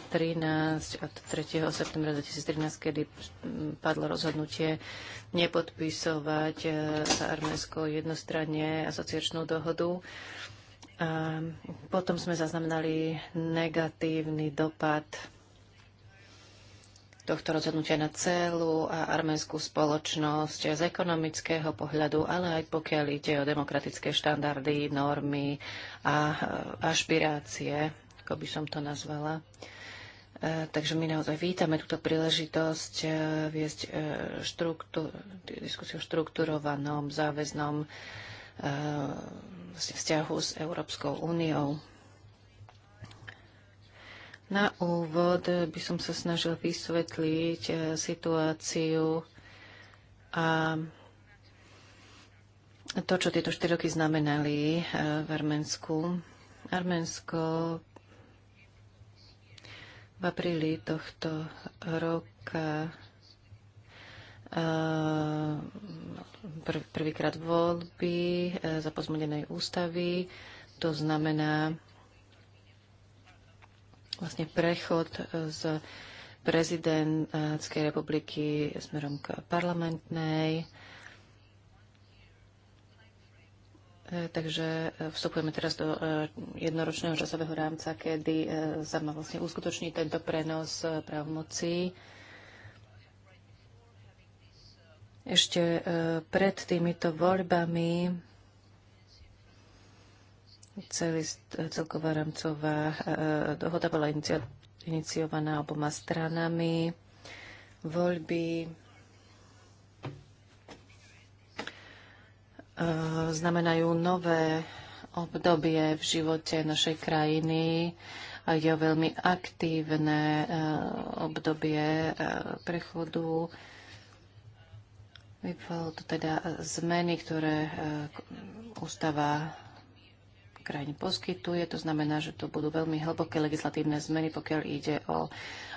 Speaker 3: od 3. septembra 2013, kedy padlo rozhodnutie nepodpisovať sa Arménsko jednostranne asociačnú dohodu. A potom sme zaznamenali negatívny dopad tohto rozhodnutia na celú a arménskú spoločnosť z ekonomického pohľadu, ale aj pokiaľ ide o demokratické štandardy, normy a ašpirácie, ako by som to nazvala. E, takže my naozaj vítame túto príležitosť e, viesť e, štruktú, diskusiu o štruktúrovanom, záväznom E, vzťahu s Európskou úniou. Na úvod by som sa snažil vysvetliť e, situáciu a to, čo tieto 4 roky znamenali e, v Arménsku. Arménsko v apríli tohto roka prv, prvýkrát voľby e, za pozmenenej ústavy. To znamená vlastne prechod e, z prezidentskej republiky smerom k parlamentnej. E, takže vstupujeme teraz do jednoročného časového rámca, kedy sa má vlastne uskutočniť tento prenos právomocí. Ešte e, pred týmito voľbami celý, celková rámcová e, dohoda bola iniciovaná oboma stranami. Voľby e, znamenajú nové obdobie v živote našej krajiny. Je veľmi aktívne obdobie prechodu Vyvolalo to teda e, zmeny, ktoré e, ústava krajine poskytuje. To znamená, že to budú veľmi hlboké legislatívne zmeny, pokiaľ ide o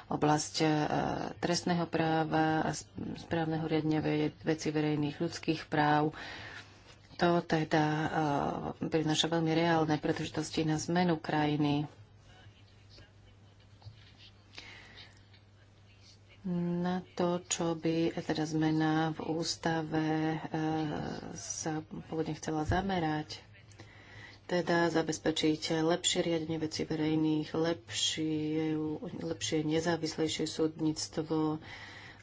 Speaker 3: oblasť e, trestného práva a správneho riadenia veci verejných ľudských práv. To teda prináša veľmi reálne príležitosti na zmenu krajiny na to, čo by teda zmena v ústave eh, sa pôvodne chcela zamerať, teda zabezpečiť lepšie riadenie veci verejných, lepšie, lepšie nezávislejšie súdnictvo,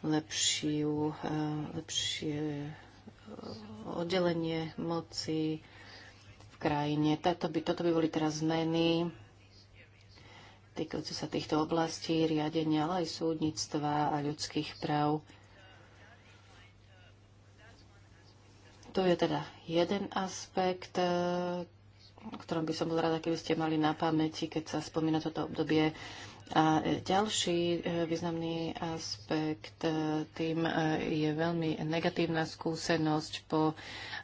Speaker 3: lepšiu, eh, lepšie eh, oddelenie moci v krajine. Tato by, toto by boli teraz zmeny týkajúce sa týchto oblastí, riadenia, ale aj súdnictva a ľudských práv. To je teda jeden aspekt, eh, o ktorom by som bol rada, keby ste mali na pamäti, keď sa spomína toto obdobie. A eh, ďalší eh, významný aspekt tým je veľmi negatívna skúsenosť po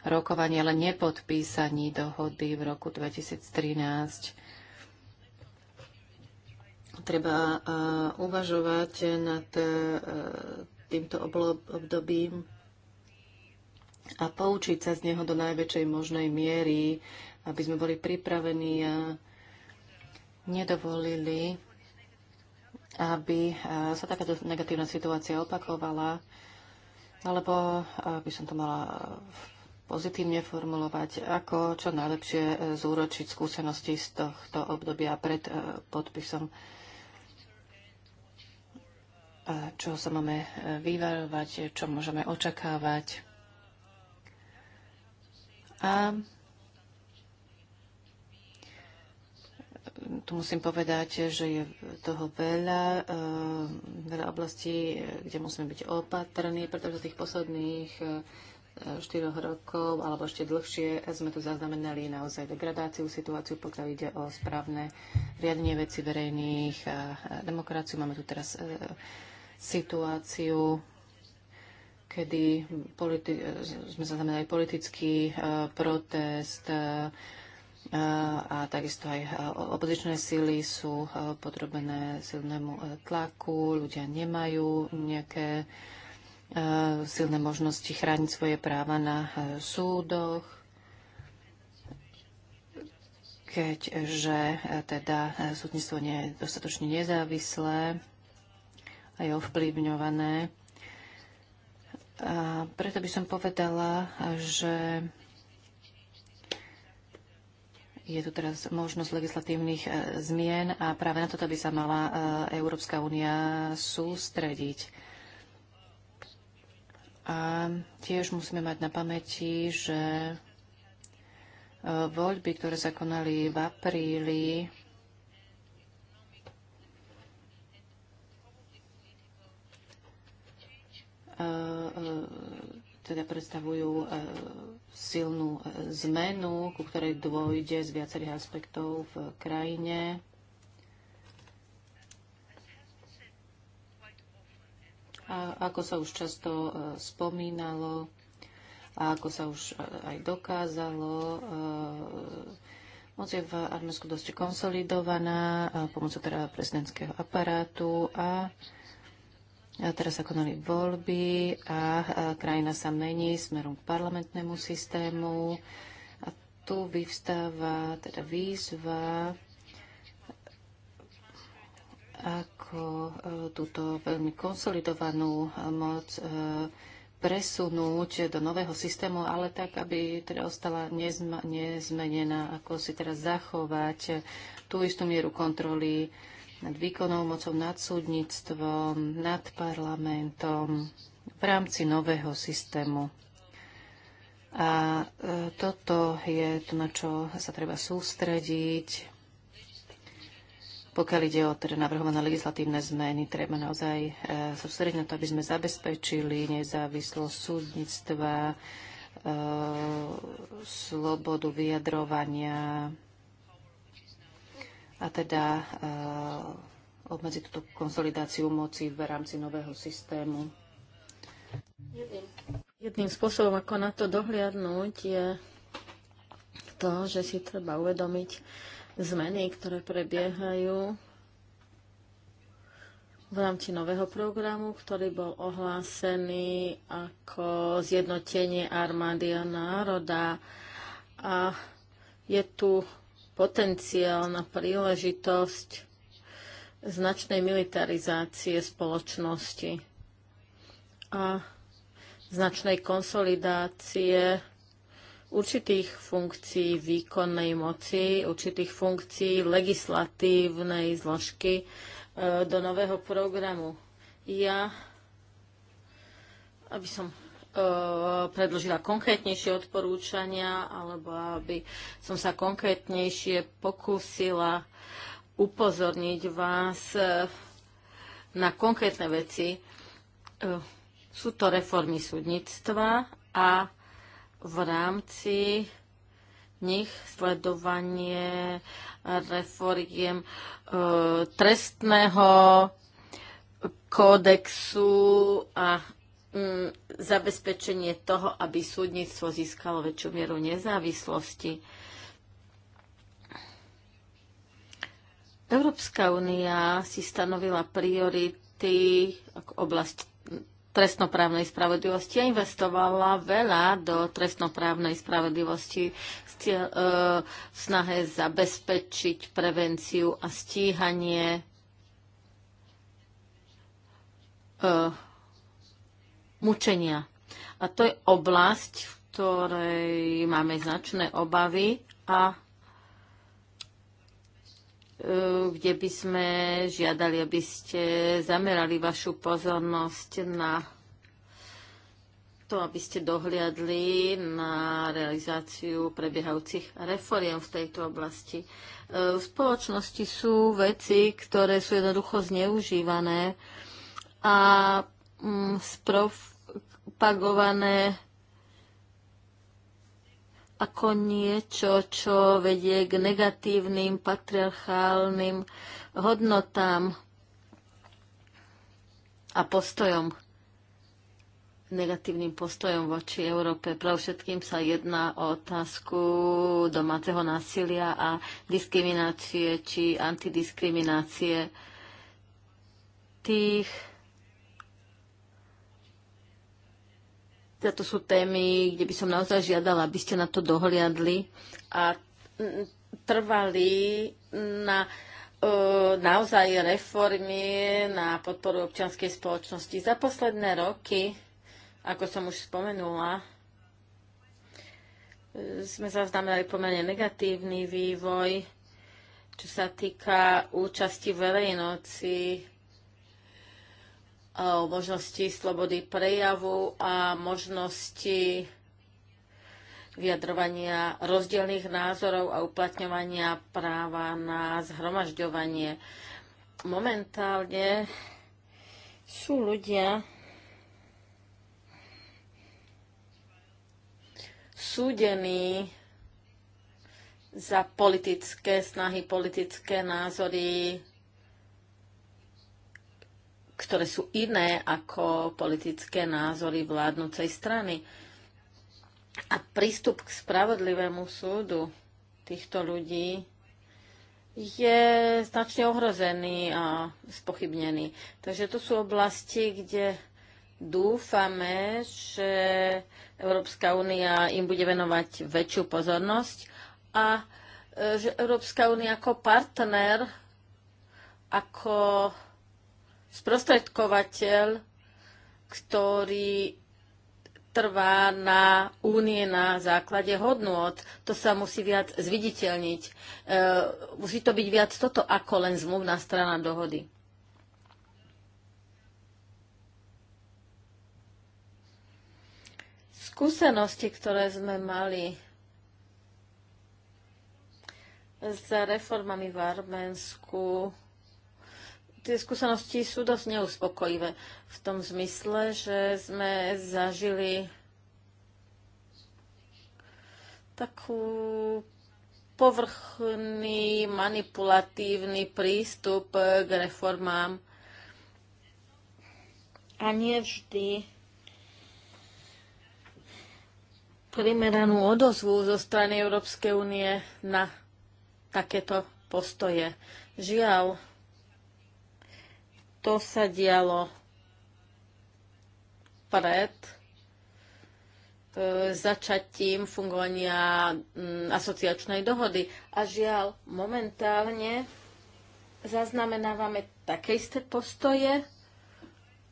Speaker 3: rokovaní, ale nepodpísaní dohody v roku 2013 treba e, uvažovať nad e, týmto obdobím a poučiť sa z neho do najväčšej možnej miery, aby sme boli pripravení a nedovolili, aby e, sa takáto negatívna situácia opakovala, alebo aby som to mala pozitívne formulovať, ako čo najlepšie zúročiť skúsenosti z tohto obdobia pred podpisom čo sa máme e, vyvarovať, čo môžeme očakávať. A e, tu musím povedať, že je toho veľa, e, veľa oblastí, kde musíme byť opatrní, pretože z tých posledných štyroch rokov alebo ešte dlhšie sme tu zaznamenali naozaj degradáciu situáciu, pokiaľ ide o správne riadenie veci verejných a demokraciu. Máme tu teraz situáciu, kedy politi- sme zaznamenali politický eh, protest eh, a takisto aj eh, opozičné síly sú podrobené silnému tlaku, ľudia nemajú nejaké silné možnosti chrániť svoje práva na súdoch, keďže teda súdnictvo nie je dostatočne nezávislé aj je ovplyvňované. A preto by som povedala, že je tu teraz možnosť legislatívnych e, zmien a práve na toto by sa mala e, Európska únia sústrediť. A tiež musíme mať na pamäti, že e, voľby, ktoré sa konali v apríli, teda predstavujú silnú zmenu, ku ktorej dôjde z viacerých aspektov v krajine. A ako sa už často spomínalo a ako sa už aj dokázalo, moc je v Arménsku dosť konsolidovaná pomocou teda prezidentského aparátu a Teraz sa konali voľby a krajina sa mení smerom k parlamentnému systému. A tu vyvstáva teda výzva, ako e, túto veľmi konsolidovanú e, moc e, presunúť do nového systému, ale tak, aby teda ostala nezmenená, ako si teraz zachovať tú istú mieru kontroly nad výkonnou mocou, nad súdnictvom, nad parlamentom v rámci nového systému. A e, toto je to, na čo sa treba sústrediť. Pokiaľ ide o teda navrhované legislatívne zmeny, treba naozaj e, sústrediť na to, aby sme zabezpečili nezávislosť súdnictva, e, slobodu vyjadrovania, a teda e, obmedziť túto konsolidáciu moci v rámci nového systému. Jedným spôsobom, ako na to dohliadnúť, je
Speaker 2: to, že si treba uvedomiť zmeny, ktoré prebiehajú v rámci nového programu, ktorý bol ohlásený ako zjednotenie armády a národa. A je tu potenciálna príležitosť značnej militarizácie spoločnosti a značnej konsolidácie určitých funkcií výkonnej moci, určitých funkcií legislatívnej zložky e, do nového programu. Ja, aby som Eh, predložila konkrétnejšie odporúčania alebo aby som sa konkrétnejšie pokúsila upozorniť vás eh, na konkrétne veci. Eh, sú to reformy súdnictva a v rámci nich sledovanie reformiem trestného kódexu a Mm, zabezpečenie toho, aby súdnictvo získalo väčšiu mieru nezávislosti. Európska únia si stanovila priority ako oblasť trestnoprávnej spravodlivosti a investovala veľa do trestnoprávnej spravodlivosti e, v snahe zabezpečiť prevenciu a stíhanie e, mučenia. A to je oblasť, v ktorej máme značné obavy a e, kde by sme žiadali, aby ste zamerali vašu pozornosť na to, aby ste dohliadli na realizáciu prebiehajúcich reforiem v tejto oblasti. E, v spoločnosti sú veci, ktoré sú jednoducho zneužívané a z mm, prof propagované ako niečo, čo vedie k negatívnym patriarchálnym hodnotám a postojom negatívnym postojom voči Európe. Pre všetkým sa jedná o otázku domáceho násilia a diskriminácie či antidiskriminácie tých Toto teda sú témy, kde by som naozaj žiadala, aby ste na to dohliadli a mm, trvali na e, naozaj reformy na podporu občianskej spoločnosti. Za posledné roky, ako som už spomenula, sme zaznamenali pomerne negatívny vývoj, čo sa týka účasti verejnoci o možnosti slobody prejavu a možnosti vyjadrovania rozdielných názorov a uplatňovania práva na zhromažďovanie. Momentálne sú ľudia súdení za politické snahy, politické názory, ktoré sú iné ako politické názory vládnúcej strany. A prístup k spravodlivému súdu týchto ľudí je značne ohrozený a spochybnený. Takže to sú oblasti, kde dúfame, že Európska únia im bude venovať väčšiu pozornosť a e, že Európska únia ako partner, ako sprostredkovateľ, ktorý trvá na únie na základe hodnôt. To sa musí viac zviditeľniť. E, musí to byť viac toto ako len zmluvná strana dohody. Skúsenosti, ktoré sme mali s reformami v Arménsku, tie skúsenosti sú dosť neuspokojivé v tom zmysle, že sme zažili takú povrchný, manipulatívny prístup k reformám. A nie vždy primeranú odozvu zo strany Európskej únie na takéto postoje. Žiaľ, to sa dialo pred e, začatím fungovania mm, asociačnej dohody. A žiaľ, momentálne zaznamenávame také isté postoje,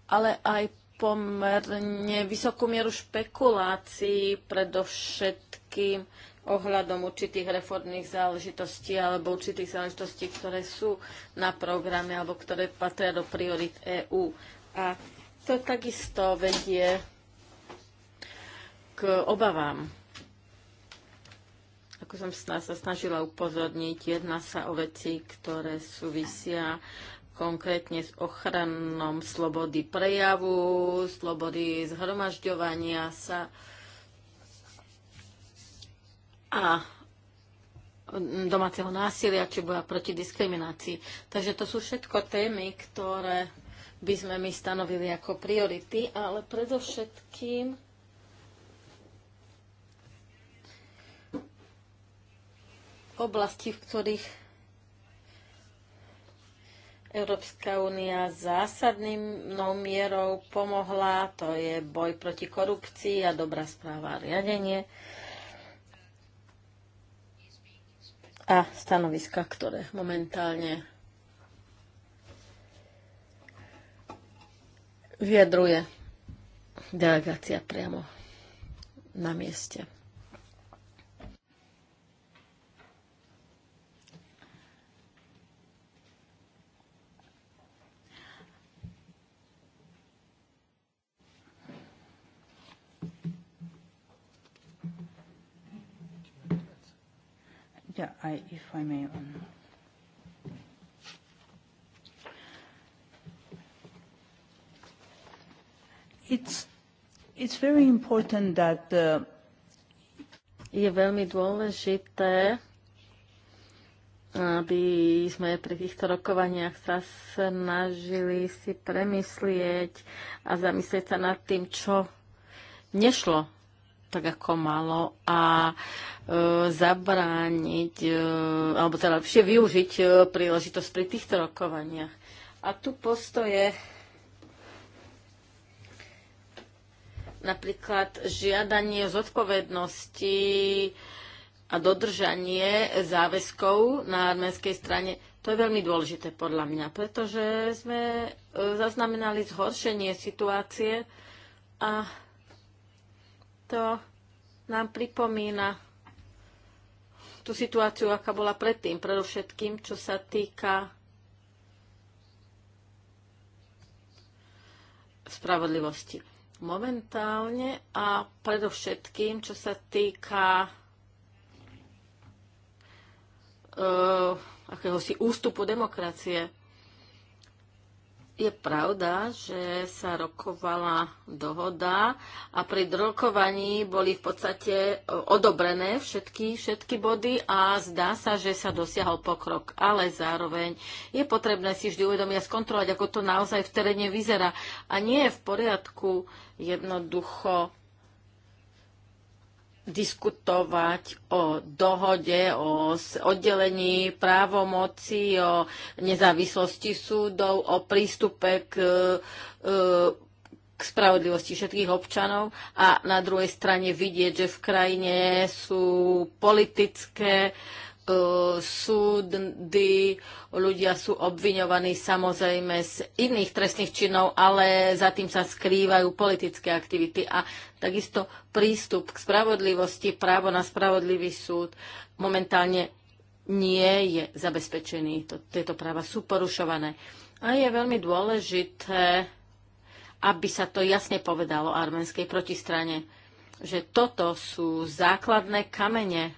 Speaker 2: ale aj pomerne vysokú mieru špekulácií, predovšetkým ohľadom určitých reformných záležitostí alebo určitých záležitostí, ktoré sú na programe alebo ktoré patria do priorit EÚ. A to takisto vedie k obavám. Ako som sa snažila upozorniť, jedná sa o veci, ktoré súvisia konkrétne s ochranom slobody prejavu, slobody zhromažďovania sa, a domáceho násilia či boja proti diskriminácii. Takže to sú všetko témy, ktoré by sme my stanovili ako priority, ale predovšetkým oblasti, v ktorých Európska únia zásadným mierou pomohla, to je boj proti korupcii a dobrá správa a riadenie. a stanoviska, ktoré momentálne vyjadruje delegácia priamo na mieste.
Speaker 3: Yeah, I, if I may. Um,
Speaker 2: it's, it's very important that uh, je veľmi dôležité, aby sme pri týchto rokovaniach sa snažili si premyslieť a zamyslieť sa nad tým, čo nešlo tak ako malo a e, zabrániť, e, alebo teda lepšie využiť e, príležitosť pri týchto rokovaniach. A tu postoje napríklad žiadanie zodpovednosti a dodržanie záväzkov na arménskej strane. To je veľmi dôležité podľa mňa, pretože sme e, zaznamenali zhoršenie situácie a to nám pripomína tú situáciu, aká bola predtým, predovšetkým, čo sa týka spravodlivosti. Momentálne a predovšetkým, čo sa týka uh, akéhosi ústupu demokracie je pravda, že sa rokovala dohoda a pri rokovaní boli v podstate e, odobrené všetky, všetky body a zdá sa, že sa dosiahol pokrok. Ale zároveň je potrebné si vždy uvedomiť a skontrolovať, ako to naozaj v teréne vyzerá. A nie je v poriadku jednoducho diskutovať o dohode, o oddelení právomoci, o nezávislosti súdov, o prístupe k, e, k spravodlivosti všetkých občanov a na druhej strane vidieť, že v krajine sú politické uh, E, súdy, ľudia sú obviňovaní samozrejme z iných trestných činov, ale za tým sa skrývajú politické aktivity a takisto prístup k spravodlivosti, právo na spravodlivý súd momentálne nie je zabezpečený. Tieto práva sú porušované. A je veľmi dôležité, aby sa to jasne povedalo arménskej protistrane, že toto sú základné kamene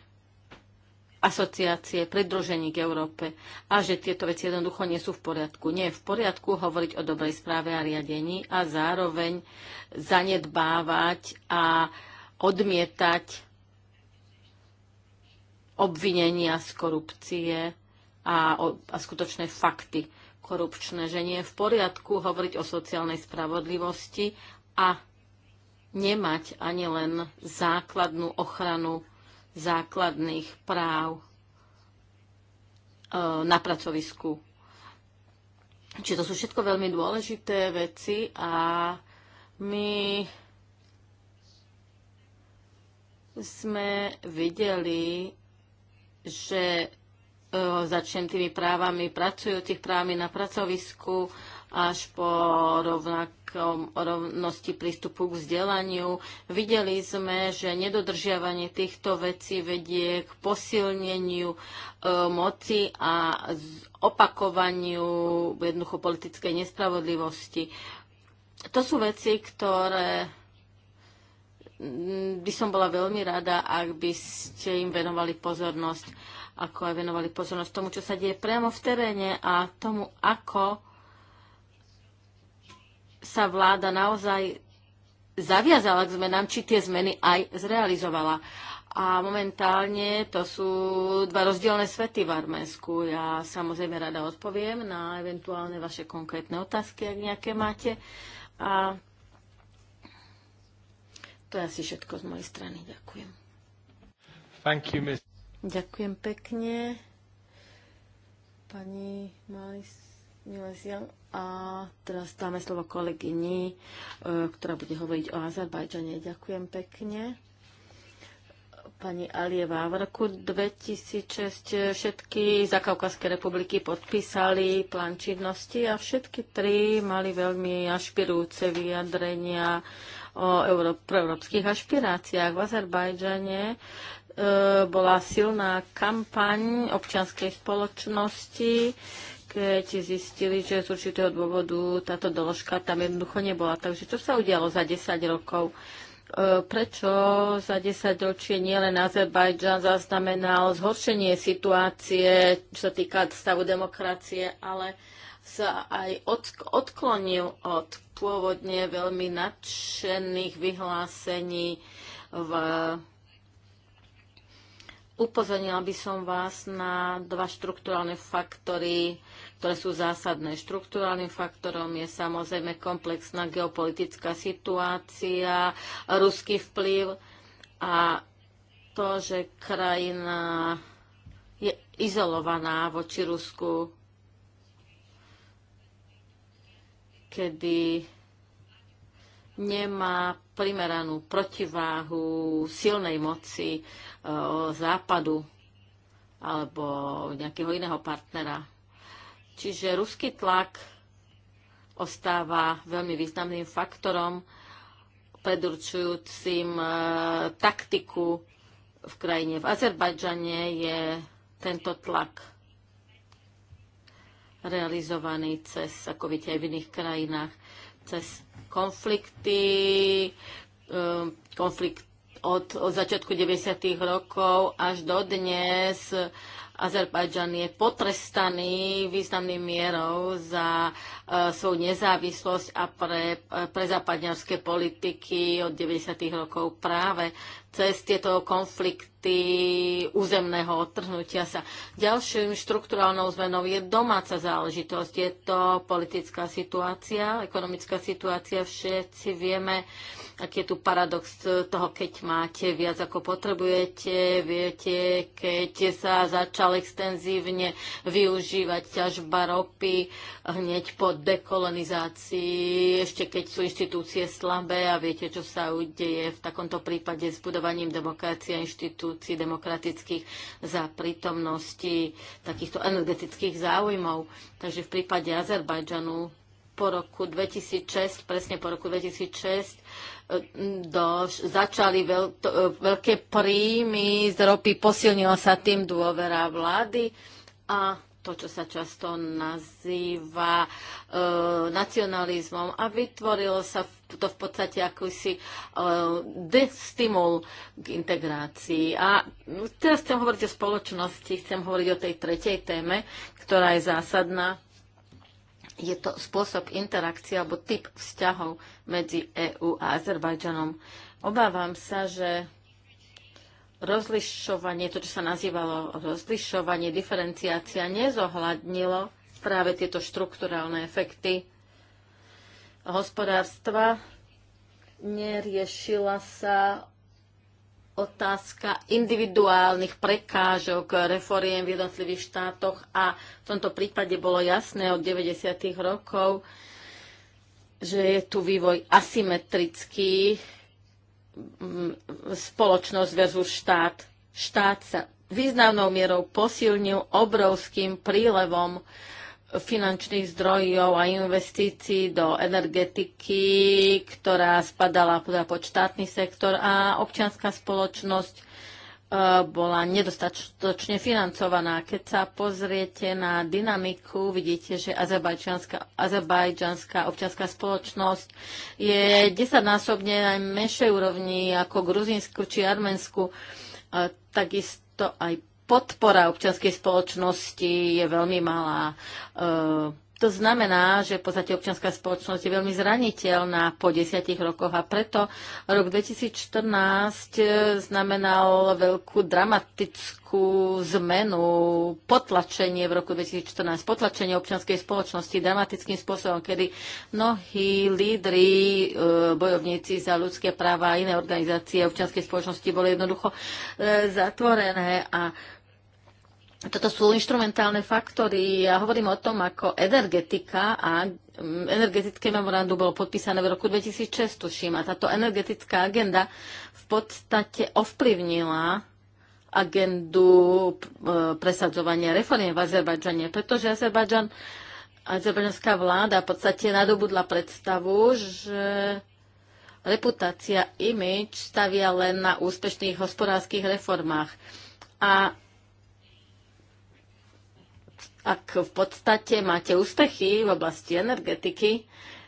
Speaker 2: asociácie, pridružení k Európe a že tieto veci jednoducho nie sú v poriadku. Nie je v poriadku hovoriť o dobrej správe a riadení a zároveň zanedbávať a odmietať obvinenia z korupcie a, a skutočné fakty korupčné, že nie je v poriadku hovoriť o sociálnej spravodlivosti a nemať ani len základnú ochranu základných práv e, na pracovisku. Čiže to sú všetko veľmi dôležité veci a my sme videli, že e, začnem tými právami pracujúcich právami na pracovisku až po rovnak otázkom rovnosti prístupu k vzdelaniu. Videli sme, že nedodržiavanie týchto vecí vedie k posilneniu e, moci a opakovaniu jednoducho politickej nespravodlivosti. To sú veci, ktoré by som bola veľmi rada, ak by ste im venovali pozornosť, ako aj venovali pozornosť tomu, čo sa deje priamo v teréne a tomu, ako sa vláda naozaj zaviazala k zmenám, či tie zmeny aj zrealizovala. A momentálne to sú dva rozdielne svety v Arménsku. Ja samozrejme rada odpoviem na eventuálne vaše konkrétne otázky, ak nejaké máte. A to je asi všetko z mojej strany. Ďakujem.
Speaker 3: Thank you, miss.
Speaker 2: Ďakujem pekne. Pani Malis. A teraz dáme slovo kolegyni, e, ktorá bude hovoriť o Azerbajďane. Ďakujem pekne pani Alieva. V roku 2006 všetky zakaukazské republiky podpísali plán činnosti a všetky tri mali veľmi ašpirujúce vyjadrenia o euró- proeurópskych ašpiráciách. V Azerbajdžane e, bola silná kampaň občianskej spoločnosti, keď zistili, že z určitého dôvodu táto doložka tam jednoducho nebola. Takže čo sa udialo za 10 rokov? E, prečo za 10 ročie nielen Azerbajdžan zaznamenal zhoršenie situácie, čo sa týka stavu demokracie, ale sa aj od, odklonil od pôvodne veľmi nadšených vyhlásení v Upozornila by som vás na dva štruktúrálne faktory, ktoré sú zásadné. Štruktúrálnym faktorom je samozrejme komplexná geopolitická situácia, ruský vplyv a to, že krajina je izolovaná voči Rusku, kedy nemá primeranú protiváhu silnej moci eh, západu alebo nejakého iného partnera. Čiže ruský tlak ostáva veľmi významným faktorom predurčujúcim e, taktiku v krajine. V Azerbajdžane je tento tlak realizovaný cez, ako viete aj v iných krajinách, cez konflikty, e, konflikt od, od začiatku 90. rokov až do dnes, Azerbajdžan je potrestaný významnou mierou za e, svoju nezávislosť a pre, e, pre politiky od 90. rokov práve cez tieto konflikty územného odtrhnutia sa. Ďalším štruktúrálnou zmenou je domáca záležitosť. Je to politická situácia, ekonomická situácia. Všetci vieme, aký je tu paradox toho, keď máte viac ako potrebujete. Viete, keď sa začal extenzívne využívať ťažba ropy hneď po dekolonizácii, ešte keď sú inštitúcie slabé a viete, čo sa udeje v takomto prípade s budovaním demokracie a inštitúcií demokratických za prítomnosti takýchto energetických záujmov. Takže v prípade Azerbajdžanu po roku 2006, presne po roku 2006, do, začali veľ, to, veľké príjmy z ropy, posilnila sa tým dôvera vlády a to, čo sa často nazýva e, nacionalizmom a vytvorilo sa to v podstate akýsi e, destimul k integrácii. A teraz chcem hovoriť o spoločnosti, chcem hovoriť o tej tretej téme, ktorá je zásadná. Je to spôsob interakcie alebo typ vzťahov medzi EÚ a Azerbajdžanom. Obávam sa, že rozlišovanie, to, čo sa nazývalo rozlišovanie, diferenciácia, nezohľadnilo práve tieto štrukturálne efekty hospodárstva. Neriešila sa otázka individuálnych prekážok reforiem v jednotlivých štátoch a v tomto prípade bolo jasné od 90. rokov, že je tu vývoj asymetrický Mm, spoločnosť versus štát. Štát sa významnou mierou posilnil obrovským prílevom finančných zdrojov a investícií do energetiky, ktorá spadala teda pod štátny sektor a občianská spoločnosť E, bola nedostatočne financovaná. Keď sa pozriete na dynamiku, vidíte, že azerbajdžanská občianská spoločnosť je desaťnásobne na menšej úrovni ako Gruzínsku či Arménsku. E, takisto aj podpora občianskej spoločnosti je veľmi malá. E, to znamená, že v podstate občianská spoločnosť je veľmi zraniteľná po desiatich rokoch a preto rok 2014 e, znamenal veľkú dramatickú zmenu, potlačenie v roku 2014, potlačenie občianskej spoločnosti dramatickým spôsobom, kedy mnohí lídri, e, bojovníci za ľudské práva a iné organizácie občianskej spoločnosti boli jednoducho e, zatvorené a toto sú inštrumentálne faktory. Ja hovorím o tom, ako energetika a mm, energetické memorandum bolo podpísané v roku 2006, tuším, a táto energetická agenda v podstate ovplyvnila agendu e, presadzovania reformy v Azerbajdžane, pretože Azerbajdžan, azerbajdžanská vláda v podstate nadobudla predstavu, že reputácia, image stavia len na úspešných hospodárskych reformách. A ak v podstate máte úspechy v oblasti energetiky,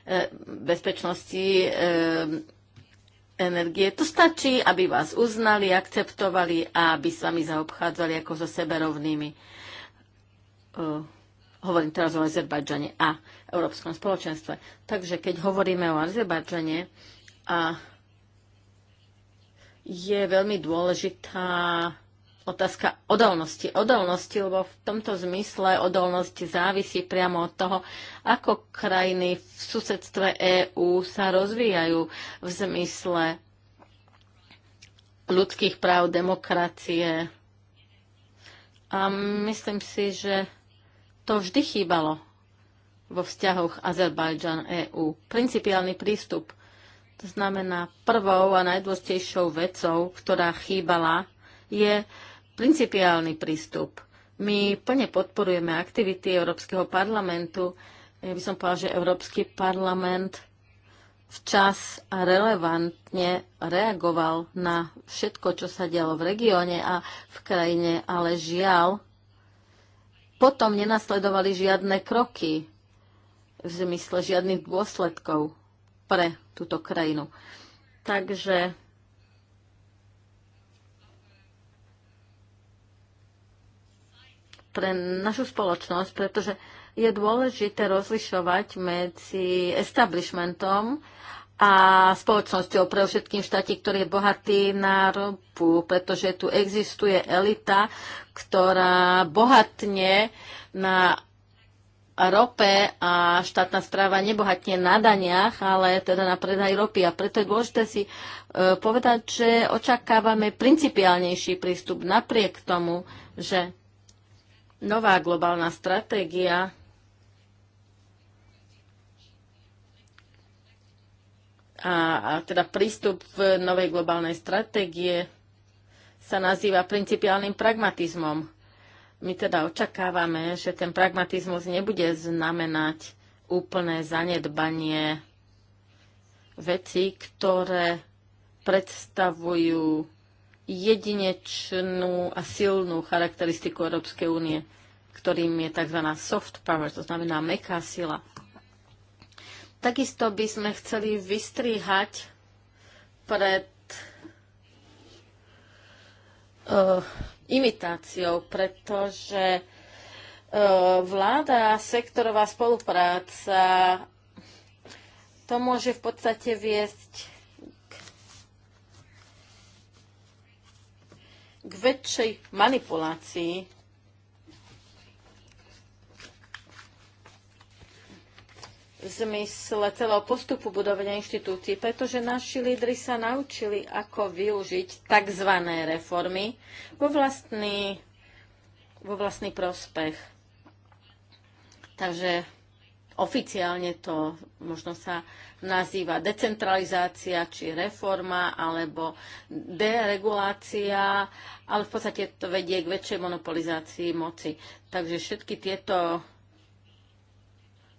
Speaker 2: e, bezpečnosti e, energie, to stačí, aby vás uznali, akceptovali a aby s vami zaobchádzali ako so seberovnými. E, hovorím teraz o Azerbajdžane a Európskom spoločenstve. Takže keď hovoríme o Azerbajdžane a je veľmi dôležitá otázka odolnosti. Odolnosti, lebo v tomto zmysle odolnosť závisí priamo od toho, ako krajiny v susedstve EÚ sa rozvíjajú v zmysle ľudských práv, demokracie. A myslím si, že to vždy chýbalo vo vzťahoch Azerbajdžan-EÚ. Principiálny prístup. To znamená, prvou a najdôležitejšou vecou, ktorá chýbala, je principiálny prístup. My plne podporujeme aktivity Európskeho parlamentu. Ja by som povedal, že Európsky parlament včas a relevantne reagoval na všetko, čo sa dialo v regióne a v krajine, ale žiaľ, potom nenasledovali žiadne kroky v zmysle žiadnych dôsledkov pre túto krajinu. Takže pre našu spoločnosť, pretože je dôležité rozlišovať medzi establishmentom a spoločnosťou pre všetkým štáti, ktorý je bohatý na ropu, pretože tu existuje elita, ktorá bohatne na rope a štátna správa nebohatne na daniach, ale teda na predaj ropy. A preto je dôležité si e, povedať, že očakávame principiálnejší prístup napriek tomu, že nová globálna stratégia a, a teda prístup v novej globálnej stratégie sa nazýva principiálnym pragmatizmom. My teda očakávame, že ten pragmatizmus nebude znamenať úplné zanedbanie veci, ktoré predstavujú jedinečnú a silnú charakteristiku Európskej únie, ktorým je tzv. soft power, to znamená meká sila. Takisto by sme chceli vystriehať pred uh, imitáciou, pretože uh, vláda, sektorová spolupráca, to môže v podstate viesť k väčšej manipulácii v zmysle celého postupu budovania inštitúcií, pretože naši lídry sa naučili, ako využiť tzv. reformy vo vlastný, vo vlastný prospech. Takže Oficiálne to možno sa nazýva decentralizácia či reforma alebo deregulácia, ale v podstate to vedie k väčšej monopolizácii moci. Takže všetky tieto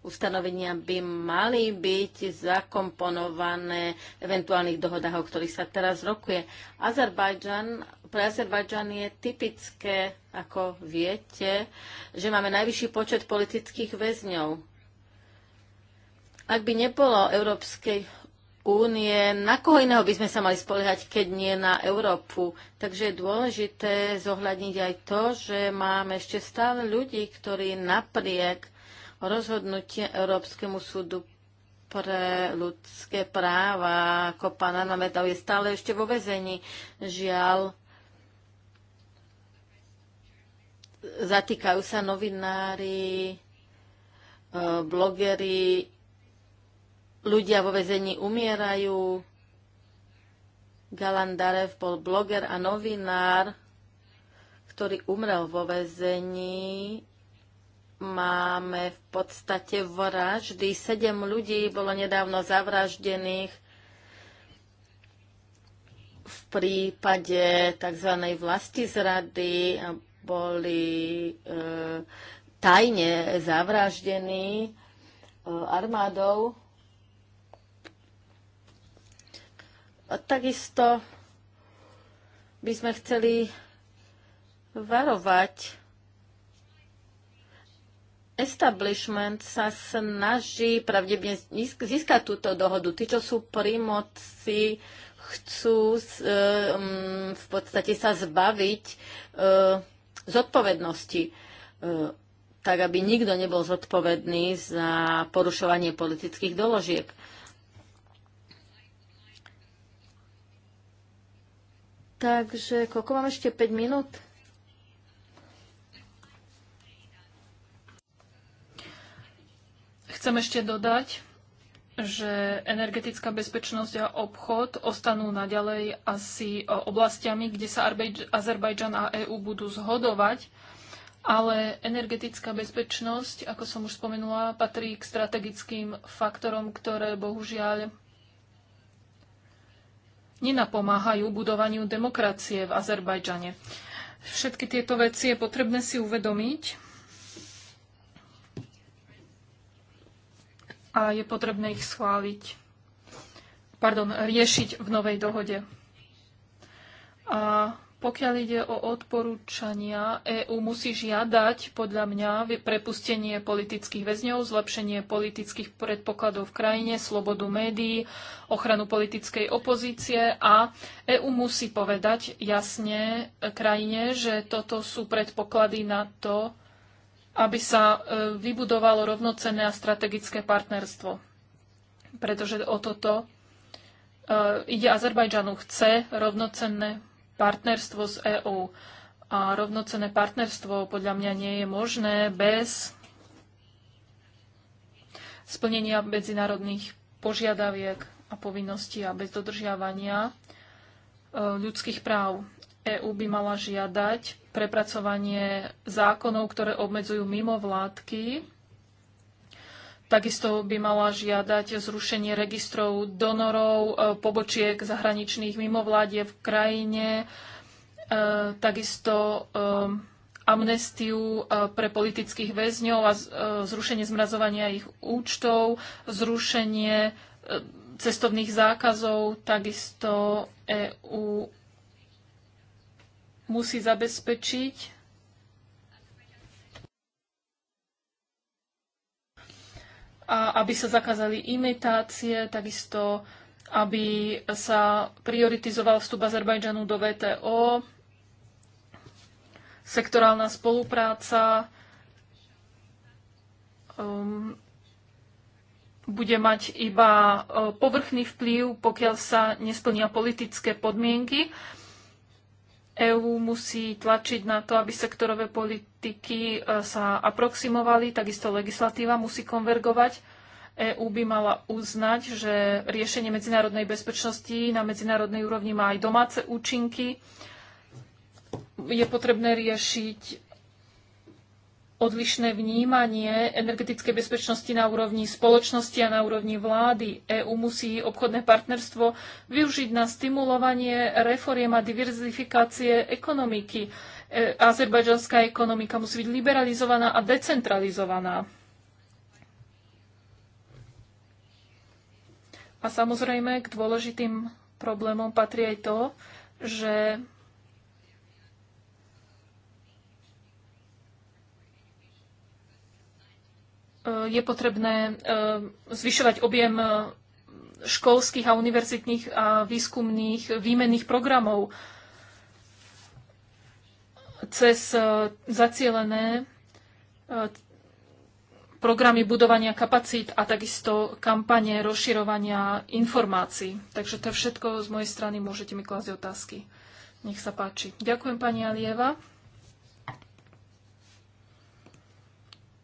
Speaker 2: ustanovenia by mali byť zakomponované v eventuálnych dohodách, o ktorých sa teraz rokuje. Azerbajdžan, pre Azerbajdžan je typické, ako viete, že máme najvyšší počet politických väzňov ak by nebolo Európskej únie, na koho iného by sme sa mali spoliehať, keď nie na Európu. Takže je dôležité zohľadniť aj to, že máme ešte stále ľudí, ktorí napriek rozhodnutie Európskemu súdu pre ľudské práva, ako pán Anametov je stále ešte vo vezení. Žiaľ, zatýkajú sa novinári, eh, blogery ľudia vo vezení umierajú. Galan Darev bol bloger a novinár, ktorý umrel vo vezení. Máme v podstate vraždy. Sedem ľudí bolo nedávno zavraždených v prípade tzv. vlasti zrady boli e, tajne zavraždení e, armádou A takisto by sme chceli varovať. Establishment sa snaží pravdepodobne získať túto dohodu. Tí, čo sú pri moci, chcú um, v podstate sa zbaviť uh, zodpovednosti, e, tak aby nikto nebol zodpovedný za porušovanie politických doložiek. Takže koľko mám ešte? 5 minút?
Speaker 1: Chcem ešte dodať, že energetická bezpečnosť a obchod ostanú naďalej asi e, oblastiami, kde sa Azerbajdžan a EÚ budú zhodovať, ale energetická bezpečnosť, ako som už spomenula, patrí k strategickým faktorom, ktoré bohužiaľ nenapomáhajú budovaniu demokracie v Azerbajdžane. Všetky tieto veci je potrebné si uvedomiť a je potrebné ich schváliť, pardon, riešiť v novej dohode. A pokiaľ ide o odporúčania, EÚ musí žiadať podľa mňa prepustenie politických väzňov, zlepšenie politických predpokladov v krajine, slobodu médií, ochranu politickej opozície a EÚ musí povedať jasne krajine, že toto sú predpoklady na to, aby sa e, vybudovalo rovnocenné a strategické partnerstvo. Pretože o toto e, ide Azerbajdžanu. Chce rovnocenné partnerstvo z EÚ. A rovnocené partnerstvo podľa mňa nie je možné bez splnenia medzinárodných požiadaviek a povinností a bez dodržiavania e, ľudských práv. EÚ by mala žiadať prepracovanie zákonov, ktoré obmedzujú mimovládky Takisto by mala žiadať zrušenie registrov donorov, e, pobočiek zahraničných mimovládie v krajine, e, takisto e, amnestiu pre politických väzňov a zrušenie zmrazovania ich účtov, zrušenie cestovných zákazov, takisto EÚ musí zabezpečiť a aby sa zakázali imitácie, takisto aby sa prioritizoval vstup Azerbajdžanu do VTO, sektorálna spolupráca um, bude mať iba uh, povrchný vplyv, pokiaľ sa nesplnia politické podmienky. EÚ musí tlačiť na to, aby sektorové politiky e, sa aproximovali, takisto legislatíva musí konvergovať. EÚ by mala uznať, že riešenie medzinárodnej bezpečnosti na medzinárodnej úrovni má aj domáce účinky. Je potrebné riešiť odlišné vnímanie energetickej bezpečnosti na úrovni spoločnosti a na úrovni vlády. EÚ musí obchodné partnerstvo využiť na stimulovanie reforiem a diverzifikácie ekonomiky. E, azerbajdžanská ekonomika musí byť liberalizovaná a decentralizovaná. A samozrejme k dôležitým problémom patrí aj to, že Eh, je potrebné eh, zvyšovať objem eh, školských a univerzitných a výskumných výmenných programov cez zacielené programy budovania kapacít a takisto kampane rozširovania informácií. Takže to je všetko z mojej strany. Môžete mi klásť otázky. Nech sa páči. Ďakujem pani Alieva.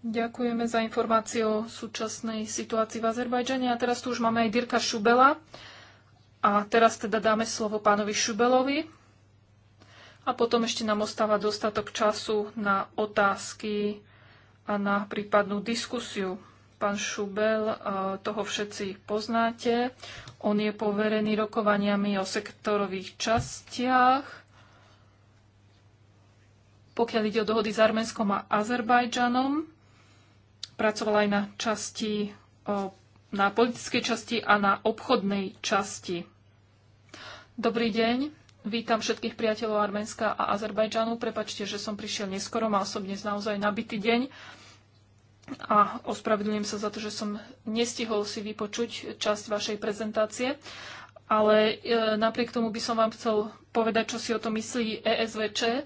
Speaker 1: Ďakujeme za informáciu o súčasnej situácii v Azerbajdžane. A teraz tu už máme aj Dirka Šubela. A teraz teda dáme slovo pánovi Šubelovi. A potom ešte nám ostáva dostatok času na otázky a na prípadnú diskusiu. Pán Šubel, eh, toho všetci poznáte. On je poverený rokovaniami o sektorových častiach pokiaľ ide o dohody s Arménskom a Azerbajdžanom pracovala aj na časti, na politickej časti a na obchodnej časti. Dobrý deň, vítam všetkých priateľov Arménska a Azerbajdžanu. Prepačte, že som prišiel neskoro, mal som dnes naozaj nabitý deň a ospravedlňujem sa za to, že som nestihol si vypočuť časť vašej prezentácie, ale e, napriek tomu by som vám chcel povedať, čo si o to myslí ESVČ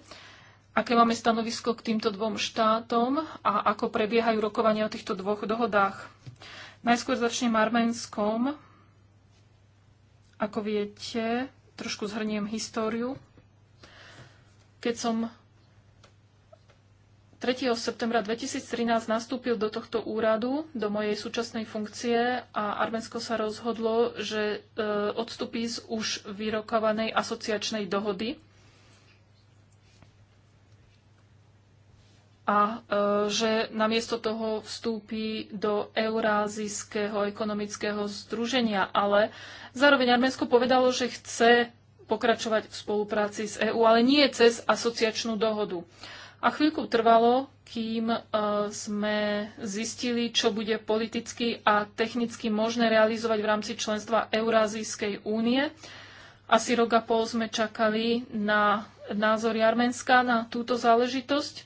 Speaker 1: aké máme stanovisko k týmto dvom štátom a ako prebiehajú rokovania o týchto dvoch dohodách. Najskôr začnem Arménskom. Ako viete, trošku zhrniem históriu. Keď som 3. septembra 2013 nastúpil do tohto úradu, do mojej súčasnej funkcie a Arménsko sa rozhodlo, že e, odstupí z už vyrokovanej asociačnej dohody a e, že namiesto toho vstúpi do Eurázijského ekonomického združenia. Ale zároveň Arménsko povedalo, že chce pokračovať v spolupráci s EÚ, ale nie cez asociačnú dohodu. A chvíľku trvalo, kým e, sme zistili, čo bude politicky a technicky možné realizovať v rámci členstva Eurázijskej únie. Asi rok a pol sme čakali na názory Arménska na túto záležitosť.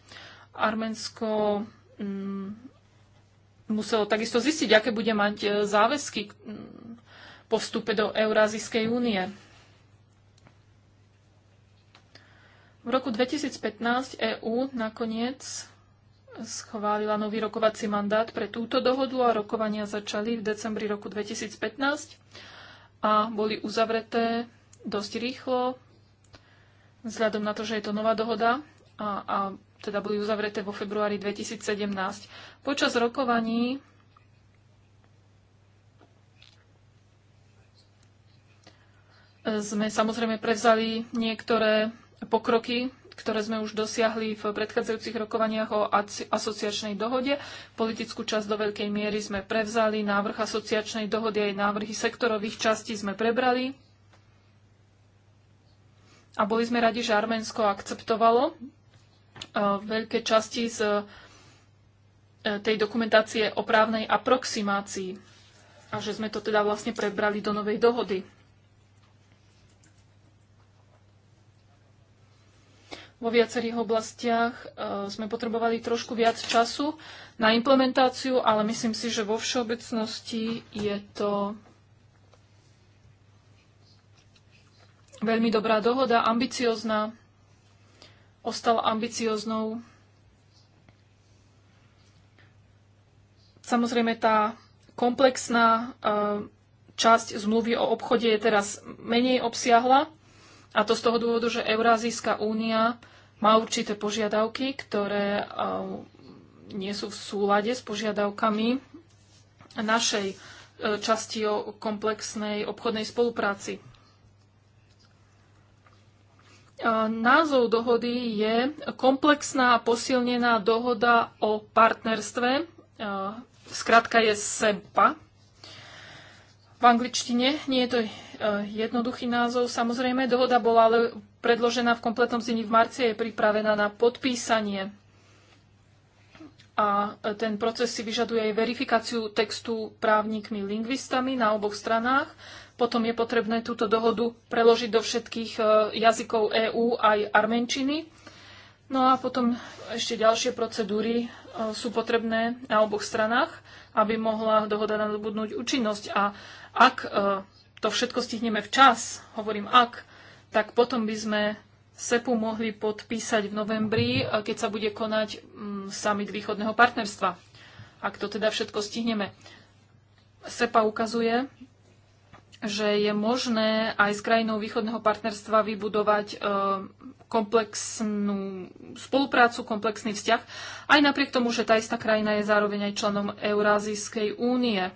Speaker 1: Arménsko mm, muselo takisto zistiť, aké bude mať e, záväzky mm, po vstupe do Eurázijskej únie. V roku 2015 EÚ nakoniec schválila nový rokovací mandát pre túto dohodu a rokovania začali v decembri roku 2015 a boli uzavreté dosť rýchlo, vzhľadom na to, že je to nová dohoda a, a teda boli uzavreté vo februári 2017. Počas rokovaní sme samozrejme prevzali niektoré pokroky, ktoré sme už dosiahli v predchádzajúcich rokovaniach o asociačnej dohode. Politickú časť do veľkej miery sme prevzali, návrh asociačnej dohody aj návrhy sektorových častí sme prebrali. A boli sme radi, že Arménsko akceptovalo E, veľké časti z e, tej dokumentácie o právnej aproximácii a že sme to teda vlastne prebrali do novej dohody. Vo viacerých oblastiach e, sme potrebovali trošku viac času na implementáciu, ale myslím si, že vo všeobecnosti je to veľmi dobrá dohoda, ambiciozná ostala ambicioznou. Samozrejme, tá komplexná e, časť zmluvy o obchode je teraz menej obsiahla, a to z toho dôvodu, že Eurázijská únia má určité požiadavky, ktoré e, nie sú v súlade s požiadavkami našej e, časti o komplexnej obchodnej spolupráci. Názov dohody je komplexná a posilnená dohoda o partnerstve. Skratka je SEMPA. V angličtine nie je to e, jednoduchý názov. Samozrejme, dohoda bola ale predložená v kompletnom znení v marci a je pripravená na podpísanie. A ten proces si vyžaduje aj verifikáciu textu právnikmi, lingvistami na oboch stranách. Potom je potrebné túto dohodu preložiť do všetkých e, jazykov EÚ aj armenčiny. No a potom ešte ďalšie procedúry e, sú potrebné na oboch stranách, aby mohla dohoda nadobudnúť účinnosť. A ak e, to všetko stihneme včas, hovorím ak, tak potom by sme SEPu mohli podpísať v novembri, keď sa bude konať mm, summit východného partnerstva. Ak to teda všetko stihneme. SEPA ukazuje, že je možné aj s krajinou východného partnerstva vybudovať e, komplexnú spoluprácu, komplexný vzťah, aj napriek tomu, že tá istá krajina je zároveň aj členom Eurázijskej únie.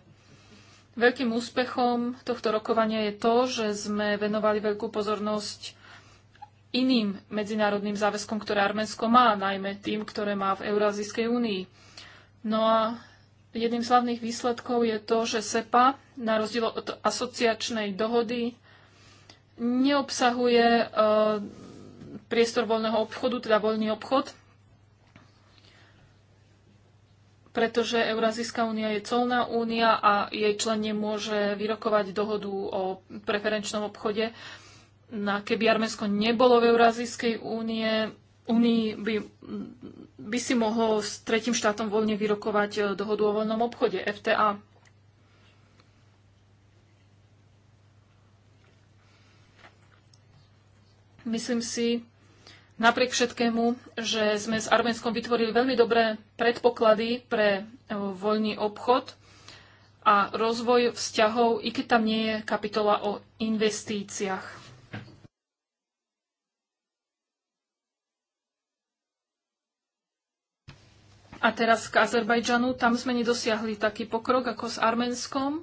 Speaker 1: Veľkým úspechom tohto rokovania je to, že sme venovali veľkú pozornosť iným medzinárodným záväzkom, ktoré Arménsko má, najmä tým, ktoré má v Eurázijskej únii. No a Jedným z hlavných výsledkov je to, že SEPA, na rozdiel od asociačnej dohody, neobsahuje e, priestor voľného obchodu, teda voľný obchod, pretože Eurázijská únia je colná únia a jej člen nemôže vyrokovať dohodu o preferenčnom obchode. Na, keby Arménsko nebolo v Eurázijskej únie, Unii by, mm, by si mohlo s tretím štátom voľne vyrokovať e, dohodu o voľnom obchode, FTA. Myslím si, napriek všetkému, že sme s Arménskom vytvorili veľmi dobré predpoklady pre e, voľný obchod a rozvoj vzťahov, i keď tam nie je kapitola o investíciách. A teraz k Azerbajdžanu. Tam sme nedosiahli taký pokrok ako s Arménskom.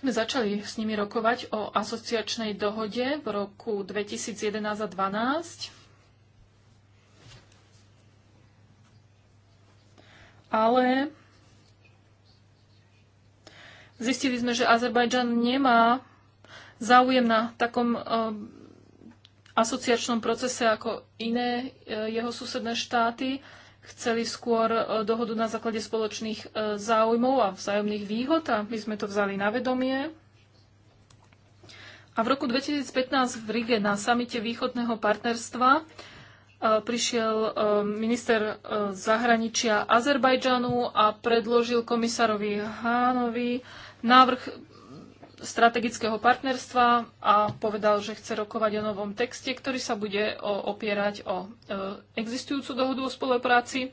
Speaker 1: My začali s nimi rokovať o asociačnej dohode v roku 2011 a 2012. Ale zistili sme, že Azerbajdžan nemá záujem na takom eh, asociačnom procese ako iné e, jeho susedné štáty. Chceli skôr e, dohodu na základe spoločných e, záujmov a vzájomných výhod a my sme to vzali na vedomie. A v roku 2015 v Rige na samite východného partnerstva prišiel minister zahraničia Azerbajdžanu a predložil komisárovi Hánovi návrh strategického partnerstva a povedal, že chce rokovať o novom texte, ktorý sa bude opierať o e, existujúcu dohodu o spolupráci,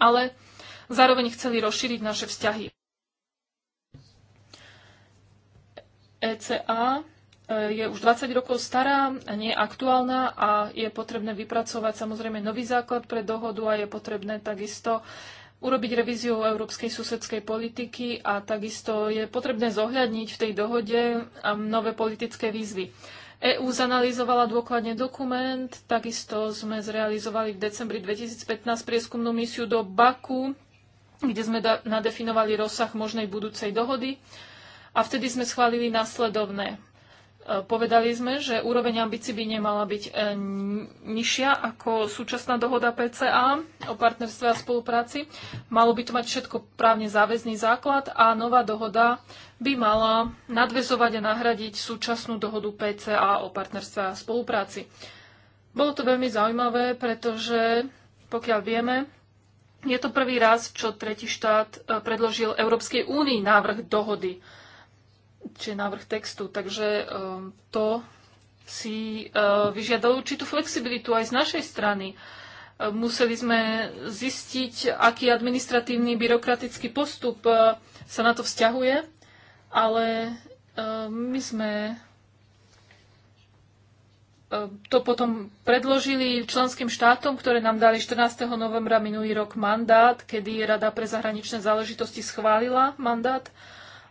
Speaker 1: ale zároveň chceli rozšíriť naše vzťahy. ECA e, je už 20 rokov stará, nie je aktuálna a je potrebné vypracovať samozrejme nový základ pre dohodu a je potrebné takisto urobiť revíziu európskej susedskej politiky a takisto je potrebné zohľadniť v tej dohode um, nové politické výzvy. EÚ zanalýzovala dôkladne dokument, takisto sme zrealizovali v decembri 2015 prieskumnú misiu do Baku, kde sme nadefinovali rozsah možnej budúcej dohody a vtedy sme schválili následovné. Povedali sme, že úroveň ambícií by nemala byť e, nižšia ako súčasná dohoda PCA o partnerstve a spolupráci. Malo by to mať všetko právne záväzný základ a nová dohoda by mala nadvezovať a nahradiť súčasnú dohodu PCA o partnerstve a spolupráci. Bolo to veľmi zaujímavé, pretože pokiaľ vieme, je to prvý raz, čo tretí štát e, predložil Európskej únii návrh dohody či návrh textu. Takže um, to si uh, vyžiadalo určitú flexibilitu aj z našej strany. Uh, museli sme zistiť, aký administratívny byrokratický postup uh, sa na to vzťahuje, ale my sme to potom predložili členským štátom, ktoré nám dali 14. novembra minulý rok mandát, kedy Rada pre zahraničné záležitosti schválila mandát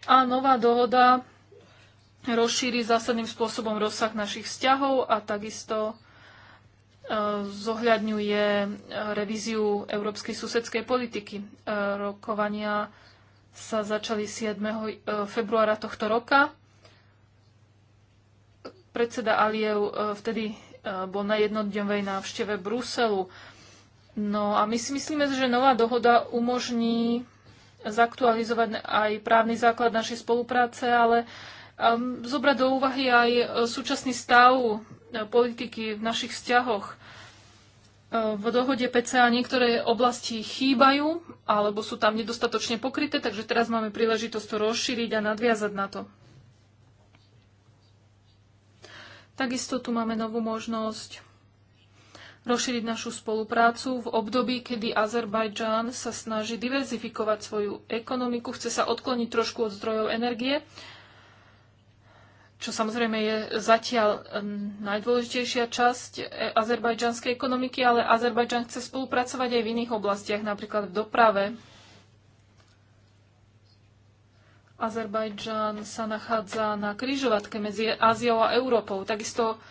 Speaker 1: a nová dohoda rozšíri zásadným spôsobom rozsah našich vzťahov a takisto e, zohľadňuje e, revíziu európskej susedskej politiky. E, rokovania sa začali 7. februára tohto roka. Predseda Aliev vtedy bol na jednodňovej návšteve Bruselu. No a my si myslíme, že nová dohoda umožní zaktualizovať aj právny základ našej spolupráce, ale um, zobrať do úvahy aj uh, súčasný stav uh, politiky v našich vzťahoch. Uh, v dohode PCA niektoré oblasti chýbajú alebo sú tam nedostatočne pokryté, takže teraz máme príležitosť to rozšíriť a nadviazať na to. Takisto tu máme novú možnosť rozšíriť našu spoluprácu v období, kedy Azerbajdžán sa snaží diverzifikovať svoju ekonomiku, chce sa odkloniť trošku od zdrojov energie, čo samozrejme je zatiaľ najdôležitejšia časť e, azerbajdžanskej ekonomiky, ale Azerbajdžan chce spolupracovať aj v iných oblastiach, napríklad v doprave. Azerbajdžan sa nachádza na kryžovatke medzi Áziou a Európou. Takisto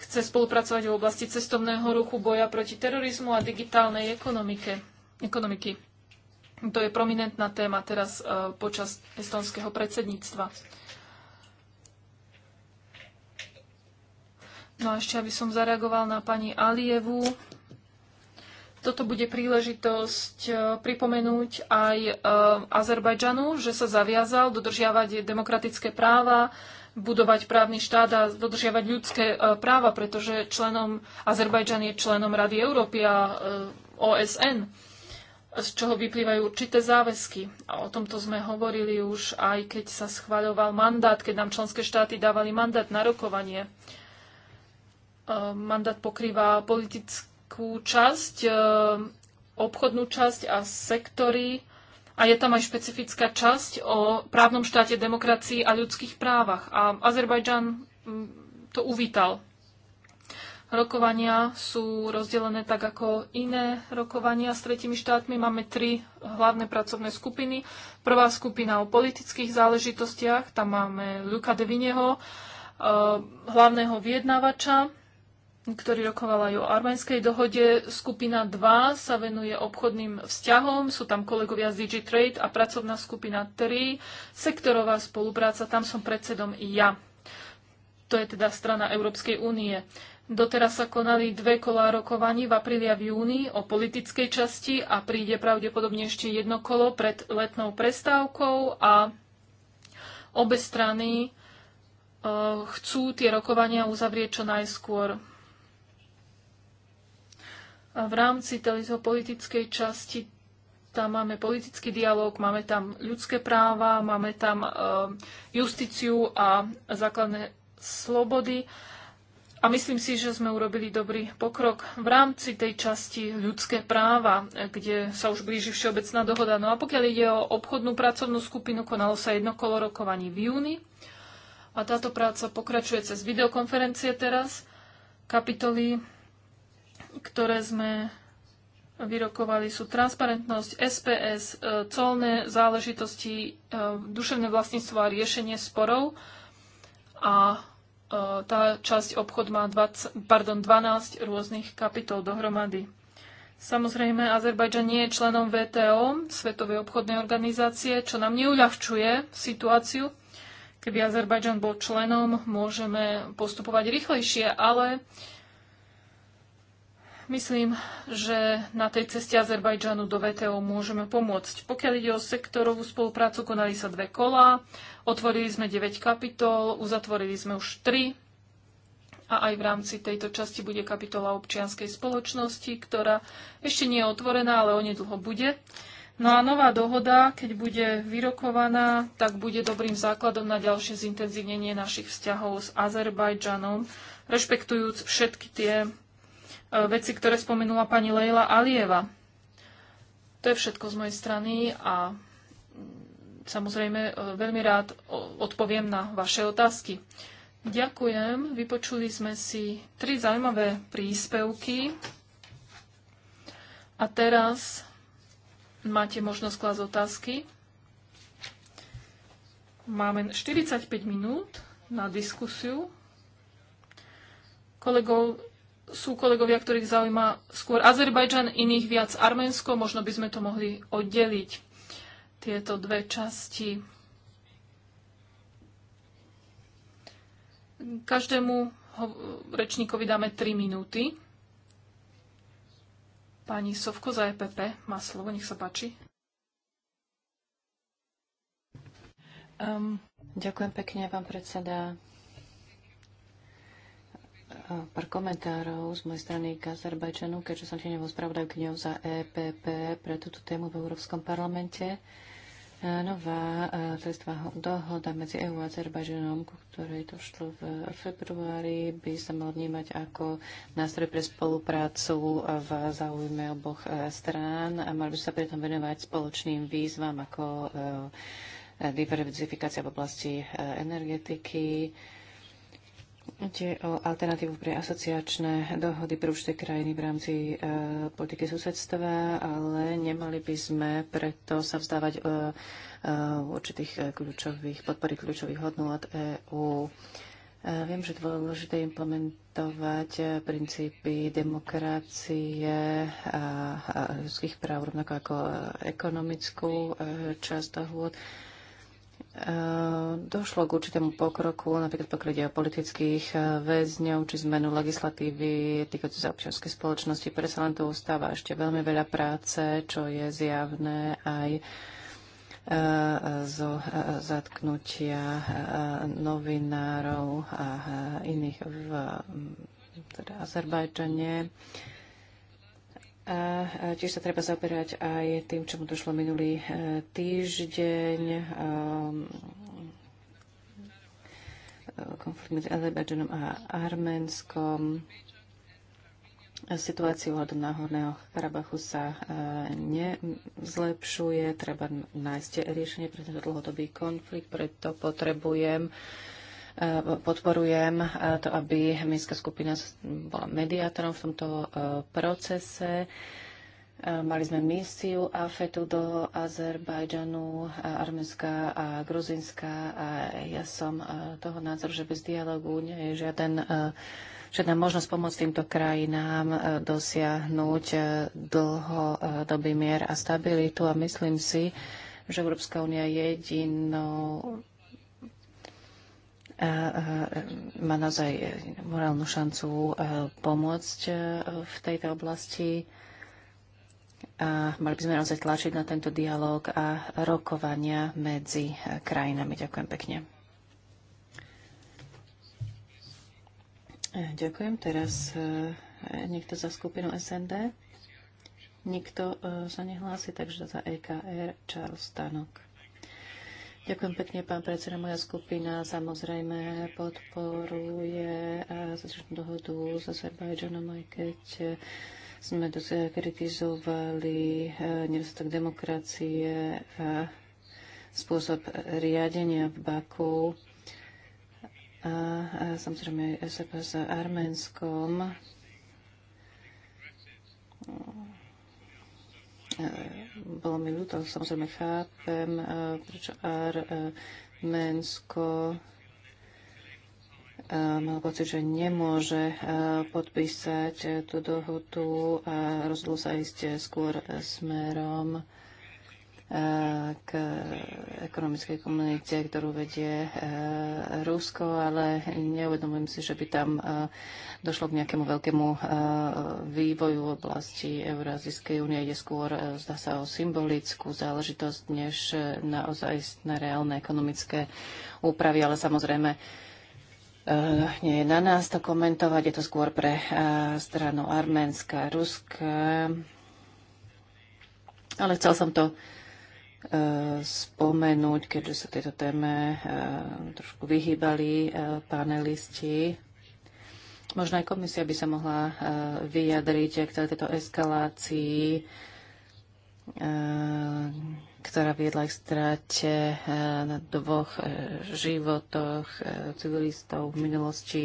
Speaker 1: chce spolupracovať v oblasti cestovného ruchu, boja proti terorizmu a digitálnej ekonomike, ekonomiky. To je prominentná téma teraz e, počas estonského predsedníctva. No a ešte, aby som zareagoval na pani Alievu. Toto bude príležitosť e, pripomenúť aj e, Azerbajdžanu, že sa zaviazal dodržiavať demokratické práva, budovať právny štát a dodržiavať ľudské e, práva, pretože členom Azerbajdžan je členom Rady Európy a e, OSN, z čoho vyplývajú určité záväzky. A o tomto sme hovorili už aj keď sa schváľoval mandát, keď nám členské štáty dávali mandát na rokovanie. E, mandát pokrýva politickú časť, obchodnú časť a sektory, a je tam aj špecifická časť o právnom štáte, demokracii a ľudských právach. A Azerbajdžan mm, to uvítal. Rokovania sú rozdelené tak ako iné rokovania s tretimi štátmi. Máme tri hlavné pracovné skupiny. Prvá skupina o politických záležitostiach, tam máme Luka Devineho, eh, hlavného vyjednávača ktorý rokoval aj o arménskej dohode. Skupina 2 sa venuje obchodným vzťahom, sú tam kolegovia z DigiTrade a pracovná skupina 3, sektorová spolupráca, tam som predsedom i ja. To je teda strana Európskej únie. Doteraz sa konali dve kolá rokovaní v apríli a v júni o politickej časti a príde pravdepodobne ešte jedno kolo pred letnou prestávkou a obe strany eh, chcú tie rokovania uzavrieť čo najskôr. A v rámci tejto politickej časti tam máme politický dialog, máme tam ľudské práva, máme tam e, justíciu a základné slobody. A myslím si, že sme urobili dobrý pokrok v rámci tej časti ľudské práva, kde sa už blíži všeobecná dohoda. No a pokiaľ ide o obchodnú pracovnú skupinu, konalo sa jedno kolo rokovaní v júni. A táto práca pokračuje cez videokonferencie teraz. Kapitoly ktoré sme vyrokovali, sú transparentnosť, SPS, e, colné záležitosti, e, duševné vlastníctvo a riešenie sporov. A e, tá časť obchod má 20, pardon, 12 rôznych kapitol dohromady. Samozrejme, Azerbajdžan nie je členom VTO, Svetovej obchodnej organizácie, čo nám neuľahčuje situáciu. Keby Azerbajdžan bol členom, môžeme postupovať rýchlejšie, ale uh, Myslím, že na tej ceste Azerbajdžanu do VTO môžeme pomôcť. Pokiaľ ide o sektorovú spoluprácu, konali sa dve kola, otvorili sme 9 kapitol, uzatvorili sme už 3 a aj v rámci tejto časti bude kapitola občianskej spoločnosti, ktorá ešte nie je otvorená, ale onedlho bude. No a nová dohoda, keď bude vyrokovaná, tak bude dobrým základom na ďalšie zintenzívnenie našich vzťahov s Azerbajdžanom, rešpektujúc všetky tie E, veci, ktoré spomenula pani Leila Alieva. To je všetko z mojej strany a samozrejme e, veľmi rád odpoviem na vaše otázky. Ďakujem. Vypočuli sme si tri zaujímavé príspevky. A teraz máte možnosť klásť otázky. Máme 45 minút na diskusiu. Kolegov sú kolegovia, ktorých zaujíma skôr Azerbajdžan, iných viac Arménsko. Možno by sme to mohli oddeliť, tieto dve časti. Každému rečníkovi dáme 3 minúty. Pani Sovko za EPP má slovo, nech sa páči. Um,
Speaker 3: ďakujem pekne, pán predseda pár komentárov z mojej strany k Azerbajčanu, keďže som tieňovou spravodajkyňou za EPP pre túto tému v Európskom parlamente. Nová trestová dohoda medzi EU a Azerbajdžanom, ku ktorej šlo v februári, by sa mal vnímať ako nástroj pre spoluprácu v záujme oboch e, strán a mali by sa pritom venovať spoločným výzvam ako e, diverzifikácia v oblasti e, energetiky, Ide o alternatívu pre asociačné dohody pre určité krajiny v rámci e, politiky susedstva, ale nemali by sme preto sa vzdávať e, e, určitých kľúčových, podpory kľúčových hodnot EÚ. E, viem, že dôležité implementovať e, princípy demokracie a ľudských práv, rovnako ako e, ekonomickú časť dohôd. E, došlo k určitému pokroku, napríklad pokiaľ politických e, väzňov či zmenu legislatívy týkajúce sa občianskej spoločnosti. Predsa len to ustáva ešte veľmi veľa práce, čo je zjavné aj e, zo zatknutia novinárov a iných v teda Azerbajdžane. A tiež sa treba zaoberať aj tým, čo mu došlo minulý e, týždeň. E, konflikt medzi Azerbajdžanom a Arménskom. Situáciu od Náhorného Karabachu sa e, nezlepšuje. Treba nájsť riešenie pre tento dlhodobý konflikt, preto potrebujem podporujem eh, to, aby Minská skupina bola mediátorom v tomto eh, procese. Eh, mali sme misiu AFETu do Azerbajdžanu, Arménska a gruzinská a ja som toho názoru, že bez dialogu nie je žiaden, žiadna možnosť pomôcť týmto krajinám dosiahnuť dlhodobý mier a stabilitu a myslím si, že Európska únia je jedinou má naozaj e, morálnu šancu e, pomôcť e, v tejto oblasti. A mali by sme naozaj tlačiť na tento dialog a rokovania medzi krajinami. Ďakujem pekne. Ďakujem. Teraz niekto za skupinu SND. Nikto sa nehlási, takže za EKR Charles Stanok. Ďakujem pekne, pán predseda. Moja skupina samozrejme podporuje eh, začiatnú dohodu s Azerbajdžanom, aj keď eh, sme eh, kritizovali nedostatok demokracie a spôsob riadenia v Baku a, a samozrejme SEP s Arménskom. E, bolo mi ľúto, samozrejme chápem, e, prečo Arménsko e, mal pocit, že nemôže podpísať tú dohodu a rozhodol sa ísť skôr smerom k ekonomickej komunite, ktorú vedie e, Rusko, ale neuvedomujem si, že by tam e, došlo k nejakému veľkému e, vývoju v oblasti Eurázijskej únie. Ide skôr, zdá sa, o symbolickú záležitosť, než naozaj na reálne ekonomické úpravy, ale samozrejme nie je na nás to komentovať, je to skôr pre stranu Arménska, Ruska. Ale chcel som to spomenúť, keďže sa tejto téme e, trošku vyhýbali e, panelisti. Možno aj komisia by sa mohla e, vyjadriť k tejto eskalácii, ktorá viedla k strate na dvoch životoch civilistov v minulosti.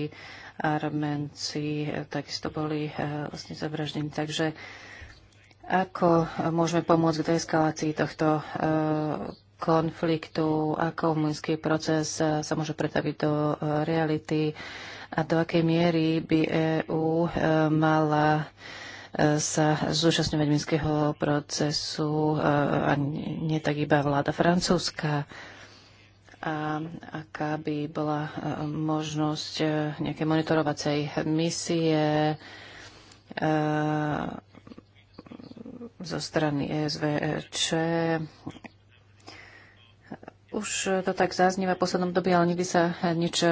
Speaker 3: Armenci takisto boli vlastne zavraždení. Takže ako môžeme pomôcť k deeskalácii tohto e, konfliktu, ako vojenský proces e, sa môže pretaviť do e, reality a do akej miery by EÚ mala sa zúčastňovať minského procesu a nie tak iba vláda francúzska a aká by bola možnosť nejaké monitorovacej misie zo strany ESVČ. Už to tak zaznieva v poslednom dobe, ale nikdy sa nič e,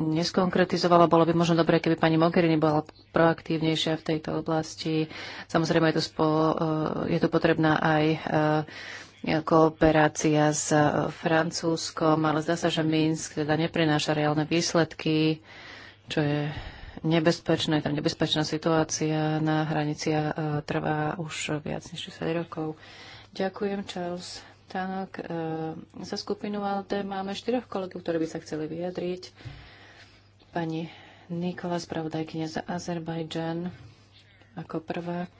Speaker 3: neskonkretizovalo. Bolo by možno dobré, keby pani Mogherini bola proaktívnejšia v tejto oblasti. Samozrejme, je tu, spo, e, je tu potrebná aj e, kooperácia s Francúzskom, ale zdá sa, že Minsk teda neprináša reálne výsledky, čo je nebezpečné, tam nebezpečná situácia na hranici e, trvá už viac než 60 rokov. Ďakujem, Charles. Tak, e, za skupinu ALDE máme štyroch kolegov, ktorí by sa chceli vyjadriť. Pani Nikola, spravodajkynia za Azerbajdžan, ako prvá.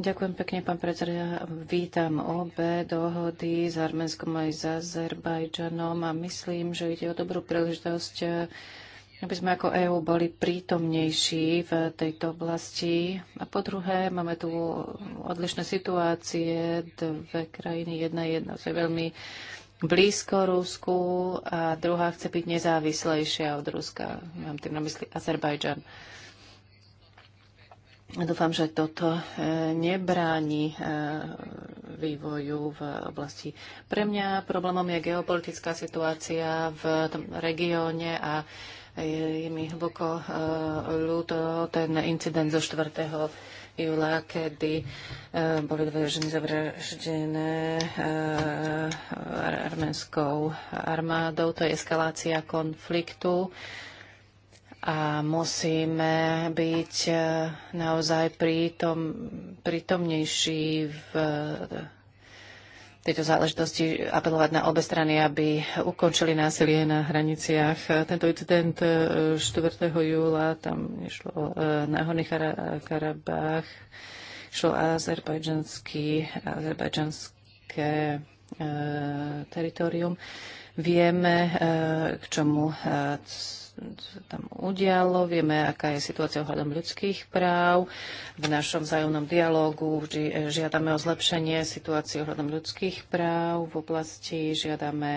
Speaker 3: Ďakujem pekne, pán predseda. Vítam obe dohody s Arménskom aj s Azerbajdžanom a myslím, že ide o dobrú príležitosť aby sme ako EÚ boli prítomnejší v tejto oblasti. A po druhé, máme tu odlišné situácie, dve krajiny, jedna je jedna je veľmi blízko Rusku a druhá chce byť nezávislejšia od Ruska. Mám tým na mysli Azerbajdžan. Dúfam, že toto e, nebráni e, vývoju v oblasti. Pre mňa problémom je geopolitická situácia v tom regióne a je, je mi hlboko eh, ľúto ten incident zo 4. júla, kedy eh, boli dve ženy zavraždené eh, arménskou armádou. To je eskalácia konfliktu a musíme byť naozaj prítom, prítomnejší v tejto záležitosti apelovať na obe strany, aby ukončili násilie na hraniciach. Tento incident 4. E, júla, tam išlo e, na Horný Karabách, šlo azerbajdžanský, azerbajdžanské e, teritorium. Vieme, e, k čomu e, sa tam udialo, vieme, aká je situácia ohľadom ľudských práv. V našom vzájomnom dialógu vždy e, žiadame o zlepšenie situácie ohľadom ľudských práv v oblasti, žiadame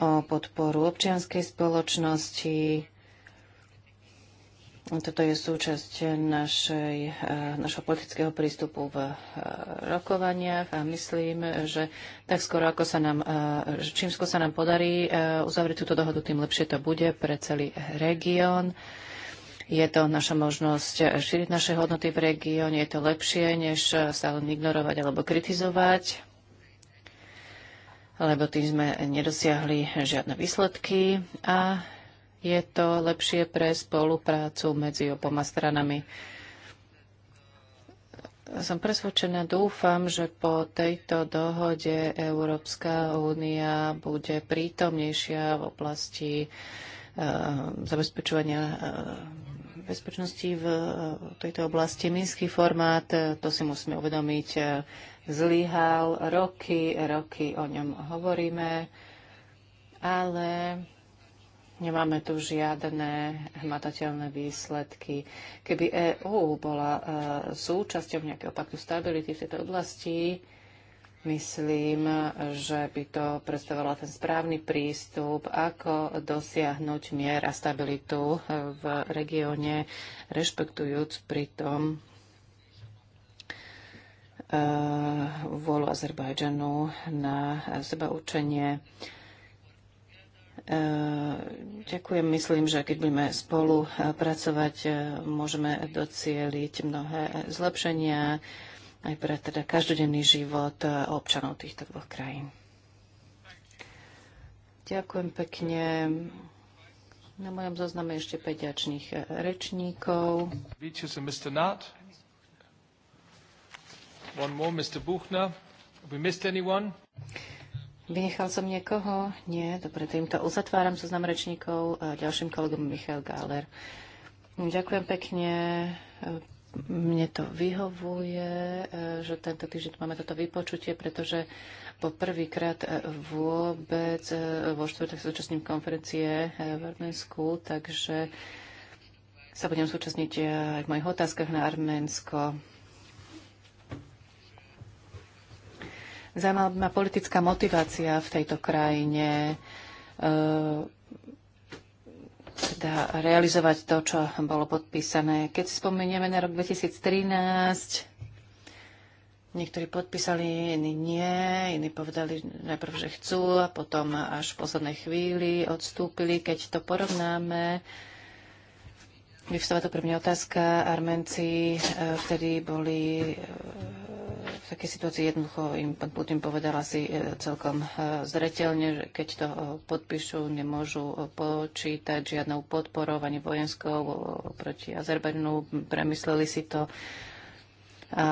Speaker 3: o podporu občianskej spoločnosti, toto je súčasť našej, eh, našho politického prístupu v eh, rokovaniach a myslím, že tak skoro ako sa nám, eh, čím skôr sa nám podarí uzavrieť túto dohodu, tým lepšie to bude pre celý región. Je to naša možnosť šíriť naše hodnoty v regióne, je to lepšie, než sa len ignorovať alebo kritizovať, lebo tým sme nedosiahli žiadne výsledky a je to lepšie pre spoluprácu medzi oboma stranami. Som presvedčená, dúfam, že po tejto dohode Európska únia bude prítomnejšia v oblasti uh, zabezpečovania uh, bezpečnosti v tejto oblasti. Minský formát, eh, to si musíme uvedomiť, zlyhal roky, roky o ňom hovoríme, ale Nemáme tu žiadne hmatateľné výsledky. Keby EÚ bola e, súčasťou nejakého paktu stability v tejto oblasti, myslím, že by to predstavovalo ten správny prístup, ako dosiahnuť mier a stabilitu e, v regióne, rešpektujúc pritom e, vôľu Azerbajdžanu na seba učenie. Eh, ďakujem. Myslím, že keď budeme spolu eh, pracovať, eh, môžeme docieliť mnohé zlepšenia aj pre teda každodenný život občanov týchto dvoch krajín. Ďakujem pekne. Na mojom zozname ešte 5 rečníkov.
Speaker 1: Mr. One more, Mr. Buchner. Have we missed anyone?
Speaker 3: Vynechal som niekoho? Nie. Dobre, týmto uzatváram zoznam rečníkov. Ďalším kolegom Michal Gáler. Ďakujem pekne. Mne to vyhovuje, že tento týždeň máme toto vypočutie, pretože po prvýkrát vôbec vo štvrtok sa zúčastním konferencie v Arménsku, takže sa budem súčasniť aj v mojich otázkach na Arménsko. Zaujímavá ma politická motivácia v tejto krajine, eh, teda realizovať to, čo bolo podpísané. Keď si spomenieme na rok 2013, niektorí podpísali, iní nie, iní povedali najprv, že chcú a potom až v poslednej chvíli odstúpili. Keď to porovnáme, vyvstáva to pre mňa otázka. Armenci eh, vtedy boli eh, v takej situácii jednoducho im pán Putin povedal asi e, celkom e, zretelne, že keď to e, podpíšu, nemôžu počítať žiadnou podporou ani vojenskou proti Azerbajdanu. Premysleli si to. A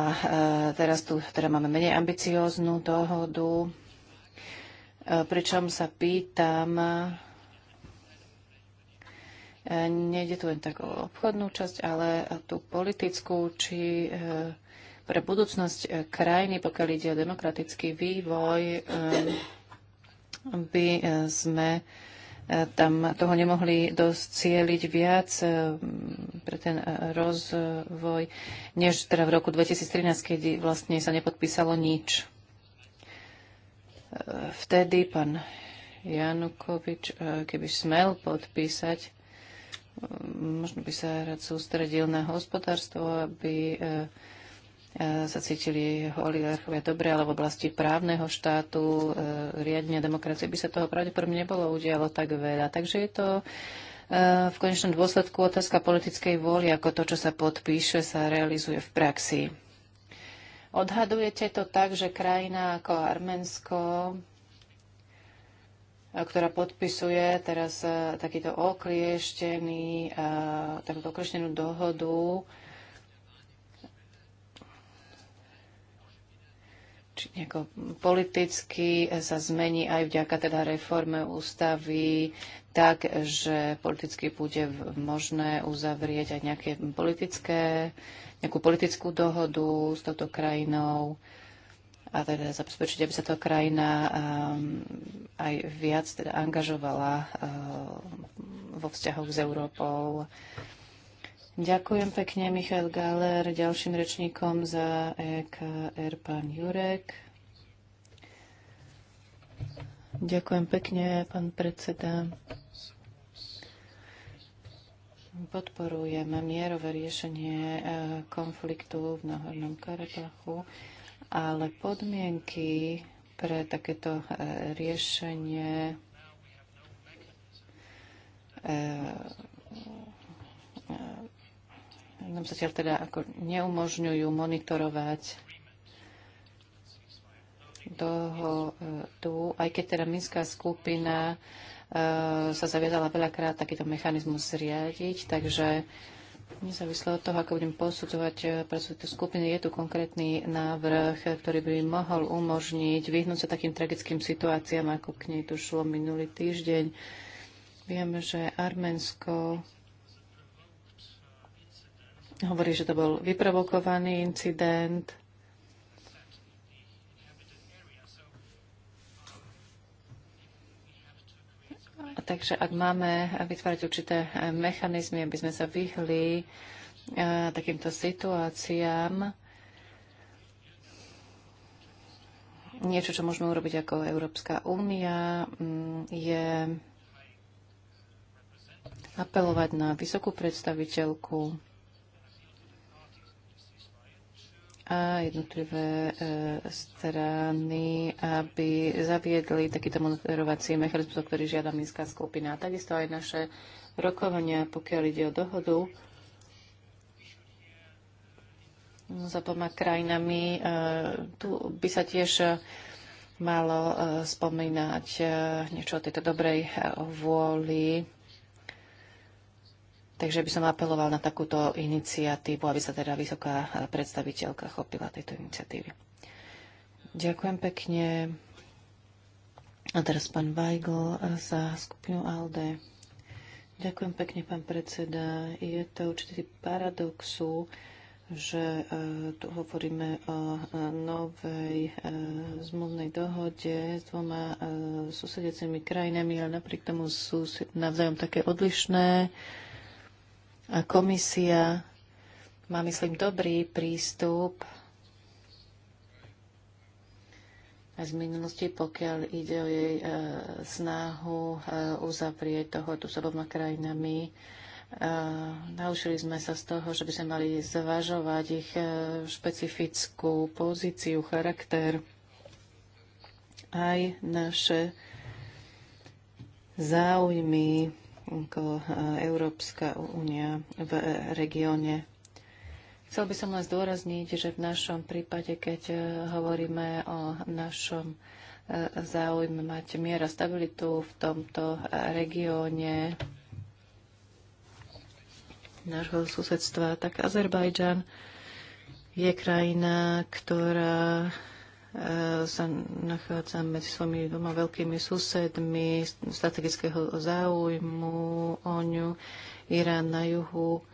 Speaker 3: teraz tu teda máme menej ambicióznu dohodu, pričom sa pýtam, nejde tu len tak o obchodnú časť, ale tú politickú, či pre budúcnosť eh, krajiny, pokiaľ ide o demokratický vývoj, ehm, by eh, sme eh, tam toho nemohli dosť cieliť viac ehm, pre ten rozvoj, než teda v roku 2013, keď vlastne sa nepodpísalo nič. Vtedy pán Janukovič, keby smel podpísať, ehm, možno by sa rád sústredil na hospodárstvo, aby E, sa cítili oligarchovia dobre, ale v oblasti právneho štátu, e, riadenia demokracie by sa toho pravdepodobne nebolo udialo tak veľa. Takže je to e, v konečnom dôsledku otázka politickej vôly, ako to, čo sa podpíše, sa realizuje v praxi. Odhadujete to tak, že krajina ako Arménsko, ktorá podpisuje teraz takýto oklieštený, takúto okrieštenú dohodu, či nejako politicky sa zmení aj vďaka teda reforme ústavy tak, že politicky bude možné uzavrieť aj nejaké politické, nejakú politickú dohodu s touto krajinou a teda zabezpečiť, aby sa tá krajina um, aj viac teda angažovala uh, vo vzťahoch s Európou. Ďakujem pekne, Michal Galer. Ďalším rečníkom za EKR pán Jurek. Ďakujem pekne, pán predseda. Podporujeme mierové riešenie e, konfliktu v Náhornom Karabachu, ale podmienky pre takéto e, riešenie e, nám sa zatiaľ teda ako neumožňujú monitorovať dohodu, aj keď teda Minská skupina uh, sa zaviazala veľakrát takýto mechanizmus zriadiť, takže nezávisle od toho, ako budem posudzovať e, prácu tejto skupiny, je tu konkrétny návrh, ktorý by mohol umožniť vyhnúť sa takým tragickým situáciám, ako k nej šlo minulý týždeň. Vieme, že Arménsko Hovorí, že to bol vyprovokovaný incident. Takže ak máme vytvárať určité mechanizmy, aby sme sa vyhli eh, takýmto situáciám, niečo, čo môžeme urobiť ako Európska únia, mm, je apelovať na vysokú predstaviteľku a jednotlivé e, strany, aby zaviedli takýto monitorovací mechanizmus, o ktorý žiada Minská skupina. takisto aj naše rokovania, pokiaľ ide o dohodu Za dvoma krajinami, e, tu by sa tiež malo e, spomínať niečo o tejto dobrej vôli Takže by som apeloval na takúto iniciatívu, aby sa teda vysoká predstaviteľka chopila tejto iniciatívy. Ďakujem pekne. A teraz pán Weigl za skupinu ALDE. Ďakujem pekne, pán predseda. Je to určitý paradoxu, že e, tu hovoríme o e, novej e, zmluvnej dohode s dvoma susedecimi krajinami, ale napriek tomu sú navzájom také odlišné Komisia má, myslím, dobrý prístup aj z minulosti, pokiaľ ide o jej e, snahu e, uzavrieť toho tu s oboma krajinami. E, naučili sme sa z toho, že by sme mali zvažovať ich e, špecifickú pozíciu, charakter, aj naše záujmy ako e, Európska únia v regióne. Chcel by som len zdôrazniť, že v našom prípade, keď e, hovoríme o našom e, záujme mať mier a stabilitu v tomto regióne nášho susedstva, tak Azerbajdžan je krajina, ktorá E, sa nachádzam medzi svojimi dvoma veľkými susedmi strategického záujmu o ňu, Irán na juhu,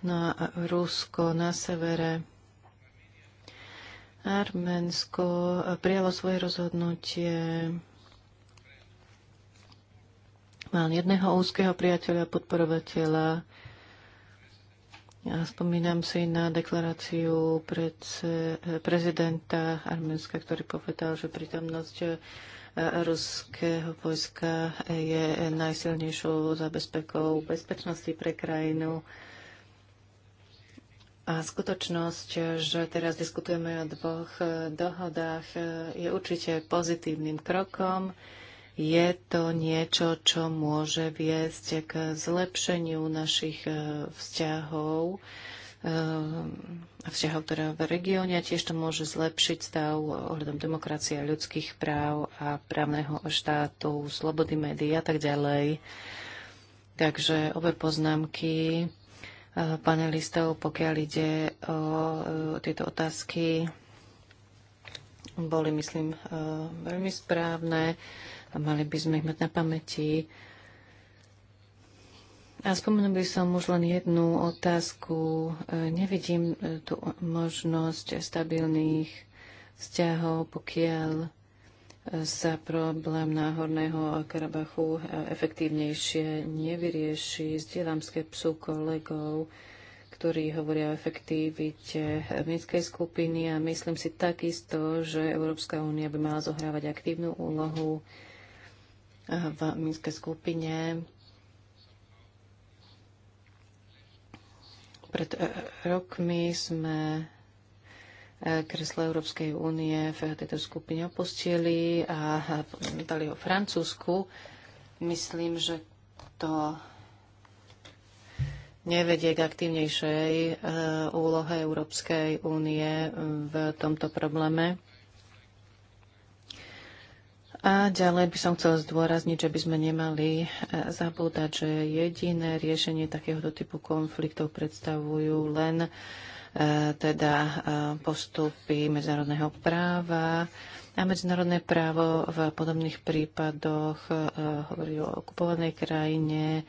Speaker 3: no a Rusko na severe. Arménsko prijalo svoje rozhodnutie. Mal jedného úzkeho priateľa, podporovateľa, ja spomínam si na deklaráciu prezidenta Arménska, ktorý povedal, že prítomnosť e, ruského vojska je najsilnejšou zabezpekou bezpečnosti pre krajinu. A skutočnosť, že teraz diskutujeme o dvoch e, dohodách, e, je určite pozitívnym krokom je to niečo, čo môže viesť k zlepšeniu našich e, vzťahov, e, vzťahov teda v regióne a tiež to môže zlepšiť stav ohľadom demokracie, ľudských práv a právneho štátu, slobody médií a tak ďalej. Takže obe poznámky e, panelistov, pokiaľ ide o tieto otázky, boli, myslím, veľmi správne a mali by sme ich mať na pamäti. A spomenul by som už len jednu otázku. E, nevidím e, tu možnosť stabilných vzťahov, pokiaľ e, sa problém Náhorného Karabachu efektívnejšie nevyrieši. Zdieľam skepsu kolegov, ktorí hovoria o efektivite minskej skupiny a myslím si takisto, že Európska únia by mala zohrávať aktívnu úlohu v Minskej skupine Pred e, rokmi sme e, kreslo Európskej únie v tejto skupine opustili a dali ho Francúzsku. Myslím, že to nevedie k aktívnejšej e, úlohe Európskej únie v tomto probléme. A ďalej by som chcel zdôrazniť, že by sme nemali e, zabúdať, že jediné riešenie takéhoto typu konfliktov predstavujú len e, teda e, postupy medzinárodného práva a medzinárodné právo v podobných prípadoch hovorí o okupovanej krajine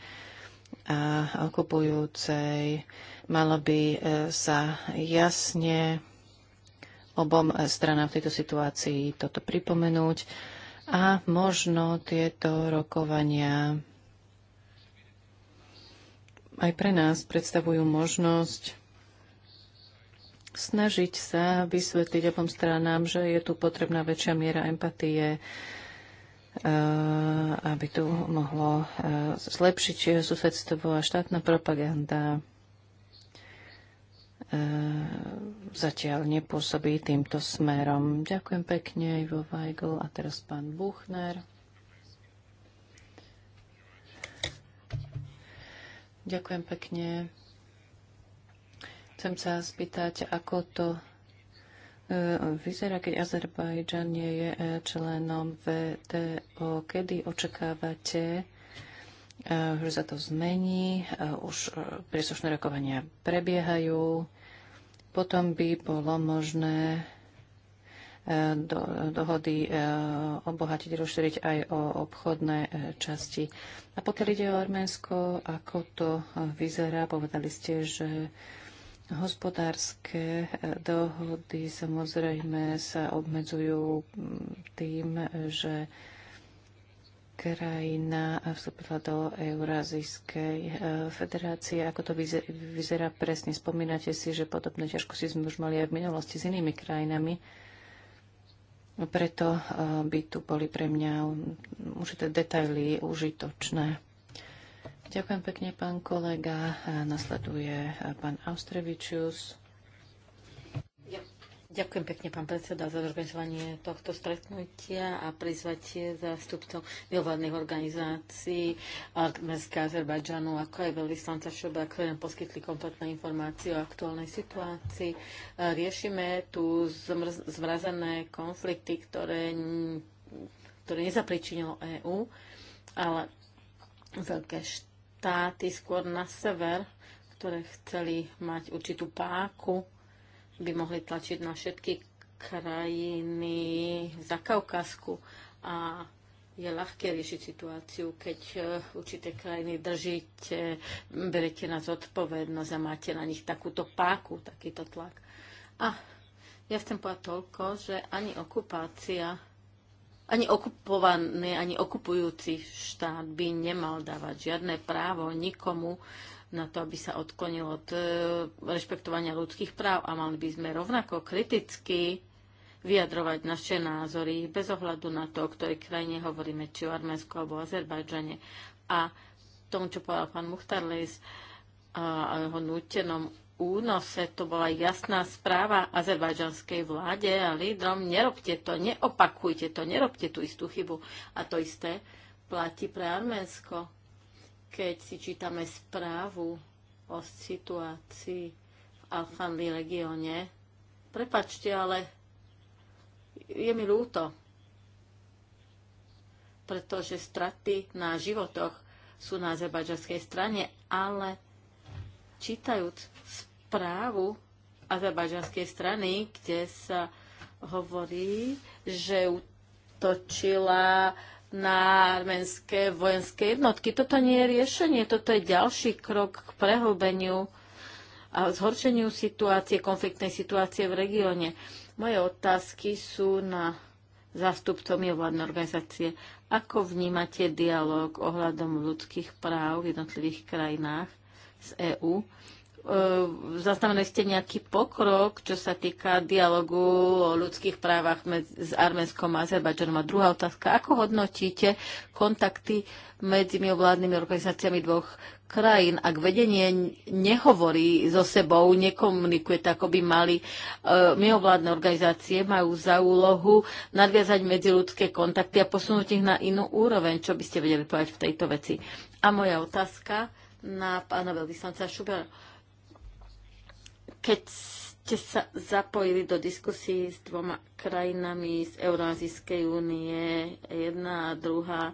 Speaker 3: a okupujúcej. Malo by sa jasne obom stranám v tejto situácii toto pripomenúť a možno tieto rokovania aj pre nás predstavujú možnosť snažiť sa vysvetliť obom stranám, že je tu potrebná väčšia miera empatie, e, aby tu mohlo e, zlepšiť susedstvo a štátna propaganda E, zatiaľ nepôsobí týmto smerom. Ďakujem pekne, Ivo Weigl a teraz pán Buchner. Ďakujem pekne. Chcem sa spýtať, ako to e, vyzerá, keď Azerbajdžan nie je e, členom VTO. Kedy očakávate, E, že sa to zmení, e, už e, príslušné rokovania prebiehajú. Potom by bolo možné do, dohody obohatiť, rozšíriť aj o obchodné časti. A pokiaľ ide o Arménsko, ako to vyzerá, povedali ste, že hospodárske dohody samozrejme sa obmedzujú tým, že krajina vstúpila do Eurázijskej eh, federácie. Ako to vyzerá presne? Spomínate si, že podobné ťažkosti sme už mali aj v minulosti s inými krajinami. Preto eh, by tu boli pre mňa určité detaily užitočné. Ďakujem pekne, pán kolega. Nasleduje eh, pán Austrevičius.
Speaker 2: Ďakujem pekne, pán predseda, za zorganizovanie tohto stretnutia a prizvatie zástupcov mimovládnych organizácií Arménska Azerbajdžanu, ako aj veľvyslanca Šoba, ktoré nám poskytli kompletné informácie o aktuálnej situácii. Riešime tu zmrz- zmrazené konflikty, ktoré, ktoré nezapričinilo EÚ, ale veľké štáty skôr na sever, ktoré chceli mať určitú páku by mohli tlačiť na všetky krajiny za Kaukazku a je ľahké riešiť situáciu, keď e, určité krajiny držíte, berete na zodpovednosť a máte na nich takúto páku, takýto tlak. A ja chcem povedať toľko, že ani okupácia, ani okupovaný, ani okupujúci štát by nemal dávať žiadne právo nikomu na to, aby sa odklonilo od e, rešpektovania ľudských práv a mali by sme rovnako kriticky vyjadrovať naše názory bez ohľadu na to, o ktorej krajine hovoríme, či o Arménsku alebo o Azerbajdžane. A tomu, čo povedal pán Muchtar Lejs a jeho nútenom únose, to bola jasná správa azerbajdžanskej vláde a lídrom, nerobte to, neopakujte to, nerobte tú istú chybu. A to isté platí pre Arménsko keď si čítame správu o situácii v Alfanli regióne, prepačte, ale je mi ľúto, pretože straty na životoch sú na azerbajdžanskej strane, ale čítajúc správu azerbajdžanskej strany, kde sa hovorí, že utočila na arménske vojenské jednotky. Toto nie je riešenie, toto je ďalší krok k prehlbeniu a zhoršeniu situácie, konfliktnej situácie v regióne. Moje otázky sú na zástupcom vládnej organizácie. Ako vnímate dialog ohľadom ľudských práv v jednotlivých krajinách z EÚ? E, zaznamenali ste nejaký pokrok, čo sa týka dialogu o ľudských právach med s Arménskom a Azerbajdžanom? A druhá otázka, ako hodnotíte kontakty medzi mimovládnymi organizáciami dvoch krajín, ak vedenie nehovorí so sebou, nekomunikuje tak, ako by mali. E, mimovládne organizácie majú za úlohu nadviazať medziludské kontakty a posunúť ich na inú úroveň. Čo by ste vedeli povedať v tejto veci? A moja otázka na pána veľvyslanca Šubera keď ste sa zapojili do diskusí s dvoma krajinami z Eurázijskej únie, jedna a druhá e,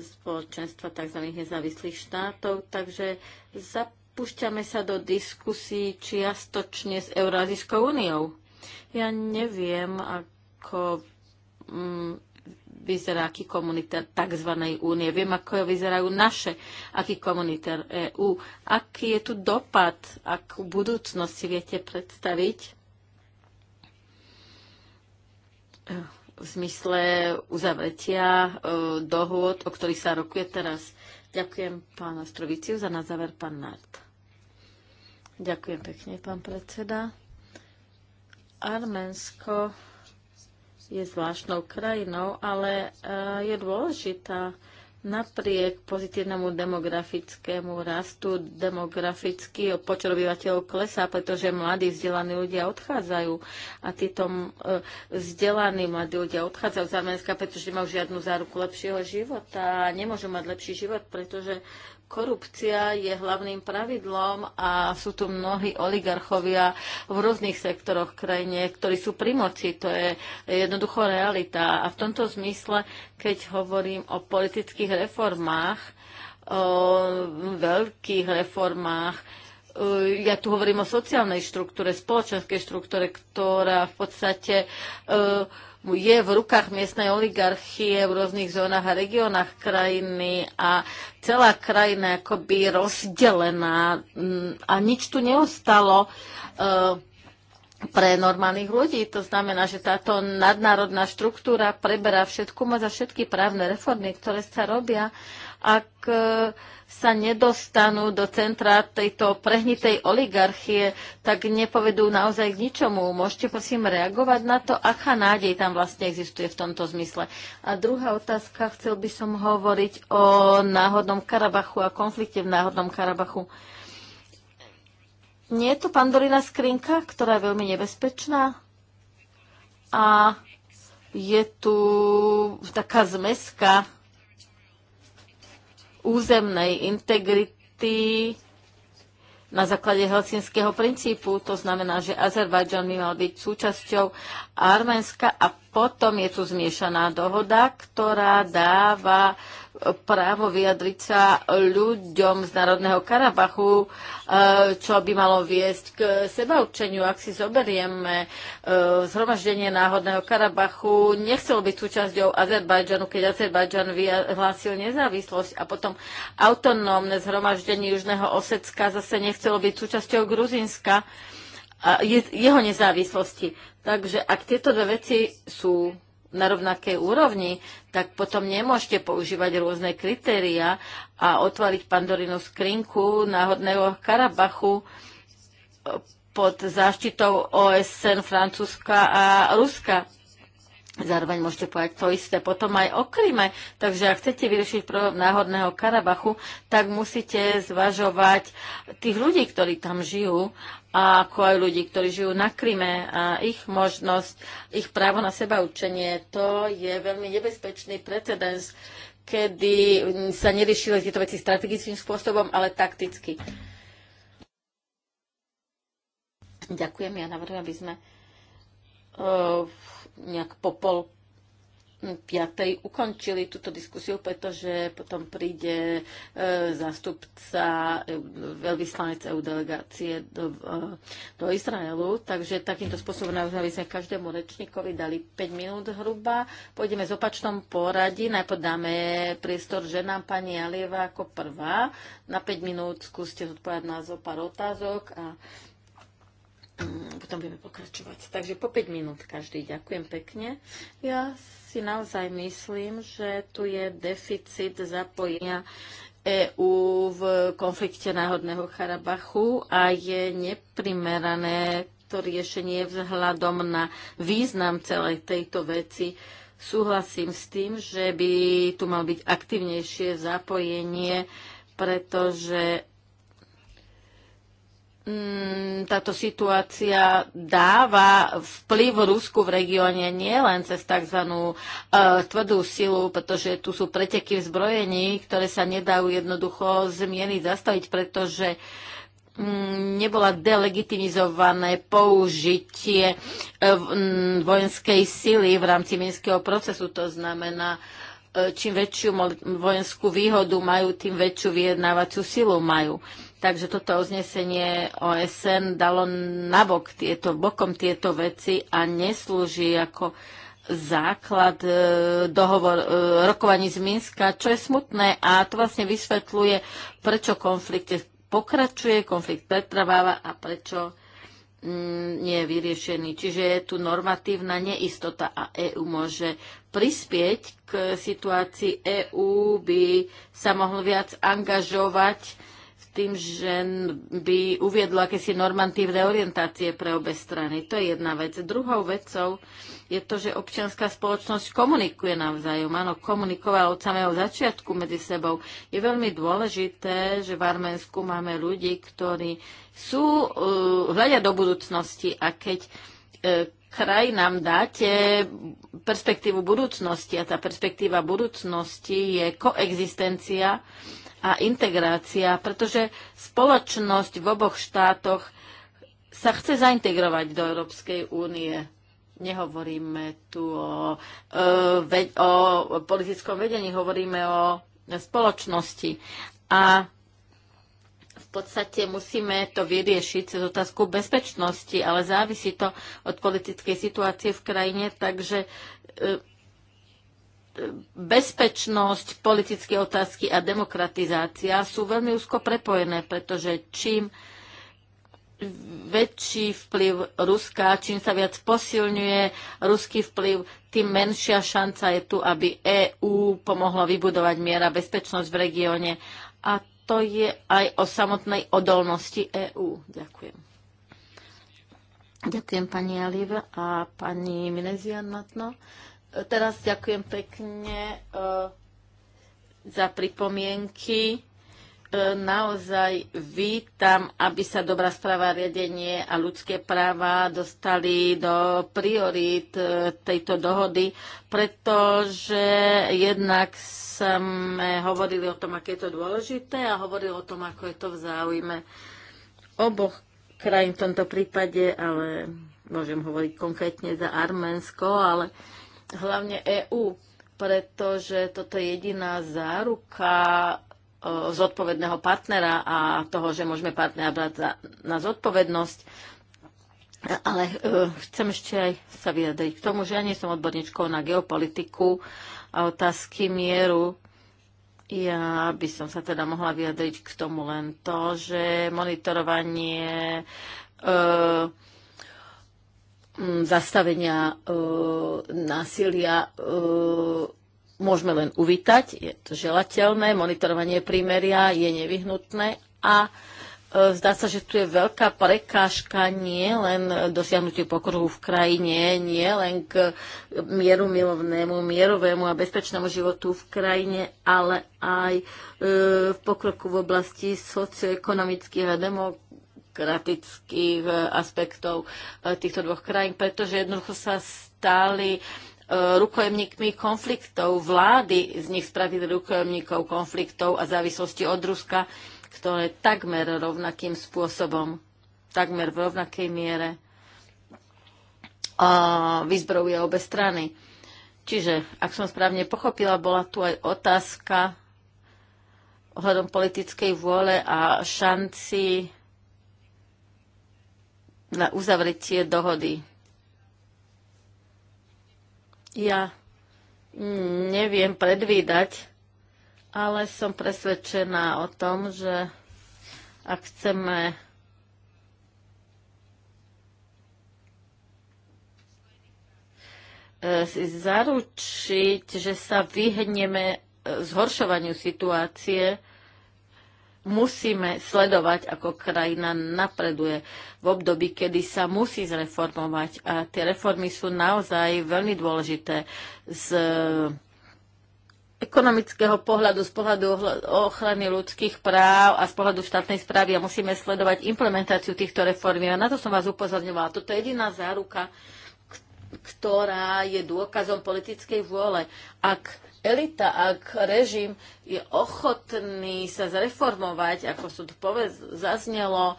Speaker 2: spoločenstva tzv. nezávislých štátov, takže zapúšťame sa do diskusí čiastočne s Eurázijskou úniou. Ja neviem, ako mm, vyzerá aký komunitár tzv. únie. Viem, ako vyzerajú naše, aký komunitár EÚ. Aký je tu dopad, akú budúcnosť si viete predstaviť v zmysle uzavretia e, dohôd, o ktorých sa rokuje teraz. Ďakujem pán Ostroviciu za na záver pán Nart. Ďakujem pekne, pán predseda. Arménsko je zvláštnou krajinou, ale eh, je dôležitá napriek pozitívnemu demografickému rastu. Demografický počet obyvateľov klesá, pretože mladí vzdelaní ľudia odchádzajú a títo eh, vzdelaní mladí ľudia odchádzajú z Arménska, pretože nemajú žiadnu záruku lepšieho života a nemôžu mať lepší život, pretože Korupcia je hlavným pravidlom a sú tu mnohí oligarchovia v rôznych sektoroch krajine, ktorí sú pri moci. To je jednoducho realita. A v tomto zmysle, keď hovorím o politických reformách, o veľkých reformách, e, ja tu hovorím o sociálnej štruktúre, spoločenskej štruktúre, ktorá v podstate uh, je v rukách miestnej oligarchie v rôznych zónach a regiónach krajiny a celá krajina je akoby rozdelená mm, a nič tu neostalo eh, pre normálnych ľudí. To znamená, že táto nadnárodná štruktúra preberá všetku moc a všetky právne reformy, ktoré sa robia ak e, sa nedostanú do centra tejto prehnitej oligarchie, tak nepovedú naozaj k ničomu. Môžete prosím reagovať na to, aká nádej tam vlastne existuje v tomto zmysle. A druhá otázka, chcel by som hovoriť o náhodnom Karabachu a konflikte v náhodnom Karabachu. Nie je to pandorina skrinka, ktorá je veľmi nebezpečná? A je tu taká zmeska územnej integrity na základe helsinského princípu. To znamená, že Azerbajdžan by mal byť súčasťou Arménska a potom je tu zmiešaná dohoda, ktorá dáva právo vyjadriť sa ľuďom z Národného Karabachu, e, čo by malo viesť k sebaúčeniu, Ak si zoberieme e, zhromaždenie Národného Karabachu, nechcelo byť súčasťou Azerbajdžanu, keď Azerbajdžan vyhlásil nezávislosť a potom autonómne zhromaždenie Južného Osecka zase nechcelo byť súčasťou Gruzinska a jeho nezávislosti. Takže ak tieto dve veci sú na rovnakej úrovni, tak potom nemôžete používať rôzne kritéria a otvoriť pandorinu skrinku náhodného Karabachu eh, pod záštitou OSN Francúzska a Ruska. Zároveň môžete povedať to isté potom aj o Kryme. Takže ak chcete vyriešiť problém náhodného Karabachu, tak musíte zvažovať tých ľudí, ktorí tam žijú, a ako aj ľudí, ktorí žijú na Kryme a ich možnosť, ich právo na seba učenie. To je veľmi nebezpečný precedens, kedy sa neriešili tieto veci strategickým spôsobom, ale takticky. Ďakujem, ja navrhujem, aby sme uh, nejak po pol piatej ukončili túto diskusiu, pretože potom príde e, zástupca e, veľvyslanec EU delegácie do, e, do Izraelu. Takže takýmto spôsobom naozaj sme každému rečníkovi dali 5 minút hruba. Pôjdeme z opačnom poradí. Najprv dáme priestor ženám pani Alieva ako prvá. Na 5 minút skúste zodpovedať na zo pár otázok a Mm, potom budeme pokračovať. Takže po 5 minút každý. Ďakujem pekne. Ja si naozaj myslím, že tu je deficit zapojenia EÚ v konflikte náhodného Karabachu a je neprimerané to riešenie vzhľadom na význam celej tejto veci. Súhlasím s tým, že by tu mal byť aktivnejšie zapojenie, pretože Mm, táto situácia dáva vplyv Rusku v regióne nie len cez tzv. E, tvrdú silu, pretože tu sú preteky v zbrojení, ktoré sa nedajú jednoducho zmieniť, zastaviť, pretože mm, nebola delegitimizované použitie e, mm, vojenskej sily v rámci minského procesu. To znamená, e, čím väčšiu vojenskú výhodu majú, tým väčšiu vyjednávaciu silu majú. Takže toto uznesenie OSN dalo nabok tieto, bokom tieto veci a neslúži ako základ e, dohovor, e, rokovaní z Minska, čo je smutné a to vlastne vysvetľuje, prečo konflikt pokračuje, konflikt pretrváva a prečo mm, nie je vyriešený. Čiže je tu normatívna neistota a EÚ môže prispieť k situácii. EÚ by sa mohol viac angažovať tým, že by uviedlo akési normantívne orientácie pre obe strany. To je jedna vec. Druhou vecou je to, že občianská spoločnosť komunikuje navzájom. Áno, komunikovala od samého začiatku medzi sebou. Je veľmi dôležité, že v Arménsku máme ľudí, ktorí sú, uh, hľadia do budúcnosti a keď uh, nám dáte perspektívu budúcnosti a tá perspektíva budúcnosti je koexistencia uh, a integrácia, pretože spoločnosť v oboch štátoch sa chce zaintegrovať do Európskej únie. Nehovoríme tu o, o, e, o politickom vedení, hovoríme o spoločnosti. A v podstate musíme to vyriešiť cez otázku bezpečnosti, ale závisí to od politickej situácie v krajine, takže e, bezpečnosť, politické otázky a demokratizácia sú veľmi úzko prepojené, pretože čím väčší vplyv Ruska, čím sa viac posilňuje ruský vplyv, tým menšia šanca je tu, aby EÚ pomohla vybudovať miera bezpečnosť v regióne. A to je aj o samotnej odolnosti EÚ. Ďakujem. Ďakujem pani Aliv a pani Minezian Matno. Teraz ďakujem pekne eh, za pripomienky. Eh, naozaj vítam, aby sa dobrá správa riadenie a ľudské práva dostali do priorít eh, tejto dohody, pretože jednak sme hovorili o tom, aké je to dôležité a hovorili o tom, ako je to v záujme oboch krajín v tomto prípade, ale môžem hovoriť konkrétne za Arménsko, ale uh, hlavne EÚ, pretože toto je jediná záruka e, zodpovedného partnera a toho, že môžeme partnera brať za, na zodpovednosť. Ale uh, chcem ešte aj sa vyjadriť k tomu, že ja nie som odborníčkou na geopolitiku a otázky mieru. Ja by som sa teda mohla vyjadriť k tomu len to, že monitorovanie uh, Mm, zastavenia e, násilia e, môžeme len uvítať, je to želateľné, monitorovanie prímeria je nevyhnutné a e, Zdá sa, že tu je veľká prekážka nie len dosiahnutiu pokruhu v krajine, nie len k mieru milovnému, mierovému a bezpečnému životu v krajine, ale aj v pokroku v oblasti socioekonomických a demokratických demokratických aspektov e, týchto dvoch krajín, pretože jednoducho sa stali e, rukojemníkmi konfliktov. Vlády z nich spravili rukojemníkov konfliktov a závislosti od Ruska, ktoré takmer rovnakým spôsobom, takmer v rovnakej miere e, vyzbrojuje obe strany. Čiže, ak som správne pochopila, bola tu aj otázka ohľadom politickej vôle a šanci na uzavretie dohody. Ja neviem predvídať, ale som presvedčená o tom, že ak chceme si zaručiť, že sa vyhneme zhoršovaniu situácie, musíme sledovať, ako krajina napreduje v období, kedy sa musí zreformovať. A tie reformy sú naozaj veľmi dôležité z ekonomického pohľadu, z pohľadu ochrany ľudských práv a z pohľadu štátnej správy a musíme sledovať implementáciu týchto reformy. A na to som vás upozorňovala. Toto je jediná záruka, ktorá je dôkazom politickej vôle. Ak elita, ak režim je ochotný sa zreformovať, ako sú tu povedz, zaznelo, e,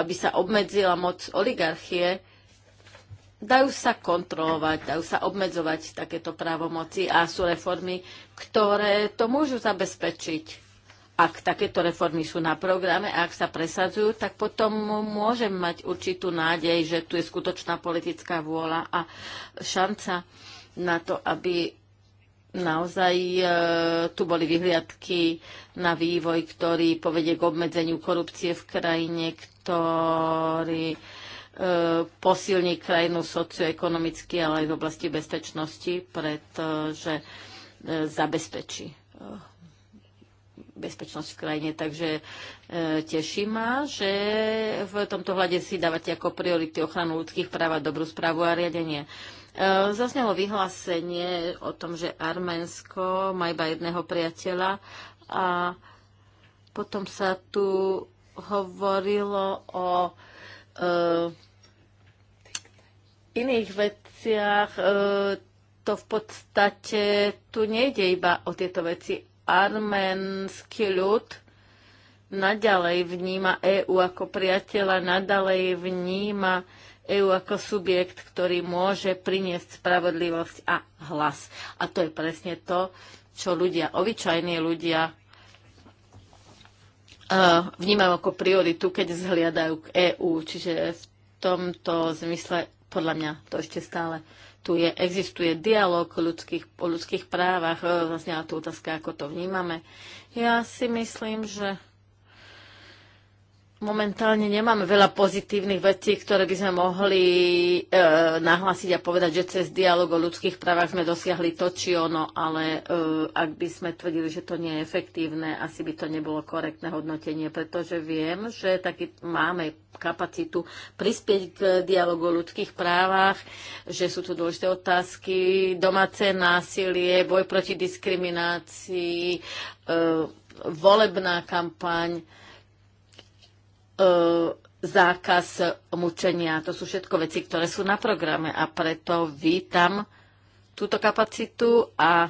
Speaker 2: aby sa obmedzila moc oligarchie, dajú sa kontrolovať, dajú sa obmedzovať takéto právomoci a sú reformy, ktoré to môžu zabezpečiť. Ak takéto reformy sú na programe a ak sa presadzujú, tak potom môžem mať určitú nádej, že tu je skutočná politická vôľa a šanca na to, aby naozaj e, tu boli vyhliadky na vývoj, ktorý povedie k obmedzeniu korupcie v krajine, ktorý e, posilní krajinu socioekonomicky, ale aj v oblasti bezpečnosti, pretože e, zabezpečí e, bezpečnosť v krajine. Takže e, teší ma, že v tomto hľade si dávate ako priority ochranu ľudských práv a dobrú správu a riadenie. E, E, zaznelo vyhlásenie o tom, že Arménsko má iba jedného priateľa a potom sa tu hovorilo o e, iných veciach. E, to v podstate tu nejde iba o tieto veci. Arménsky ľud naďalej vníma EÚ ako priateľa, nadalej vníma EÚ ako subjekt, ktorý môže priniesť spravodlivosť a hlas. A to je presne to, čo ľudia, obyčajní ľudia e, vnímajú ako prioritu, keď zhliadajú k EÚ. Čiže v tomto zmysle, podľa mňa, to ešte stále tu je, existuje dialog o ľudských, o ľudských právach, zaznela e, vlastne tu otázka, ako to vnímame. Ja si myslím, že momentálne nemáme veľa pozitívnych vecí, ktoré by sme mohli e, nahlásiť a povedať, že cez dialog o ľudských právach sme dosiahli to či ono, ale e, ak by sme tvrdili, že to nie je efektívne, asi by to nebolo korektné hodnotenie, pretože viem, že taký, máme kapacitu prispieť k dialogu o ľudských právach, že sú tu dôležité otázky, domáce násilie, boj proti diskriminácii, e, volebná kampaň, E, zákaz mučenia. To sú všetko veci, ktoré sú na programe a preto vítam túto kapacitu a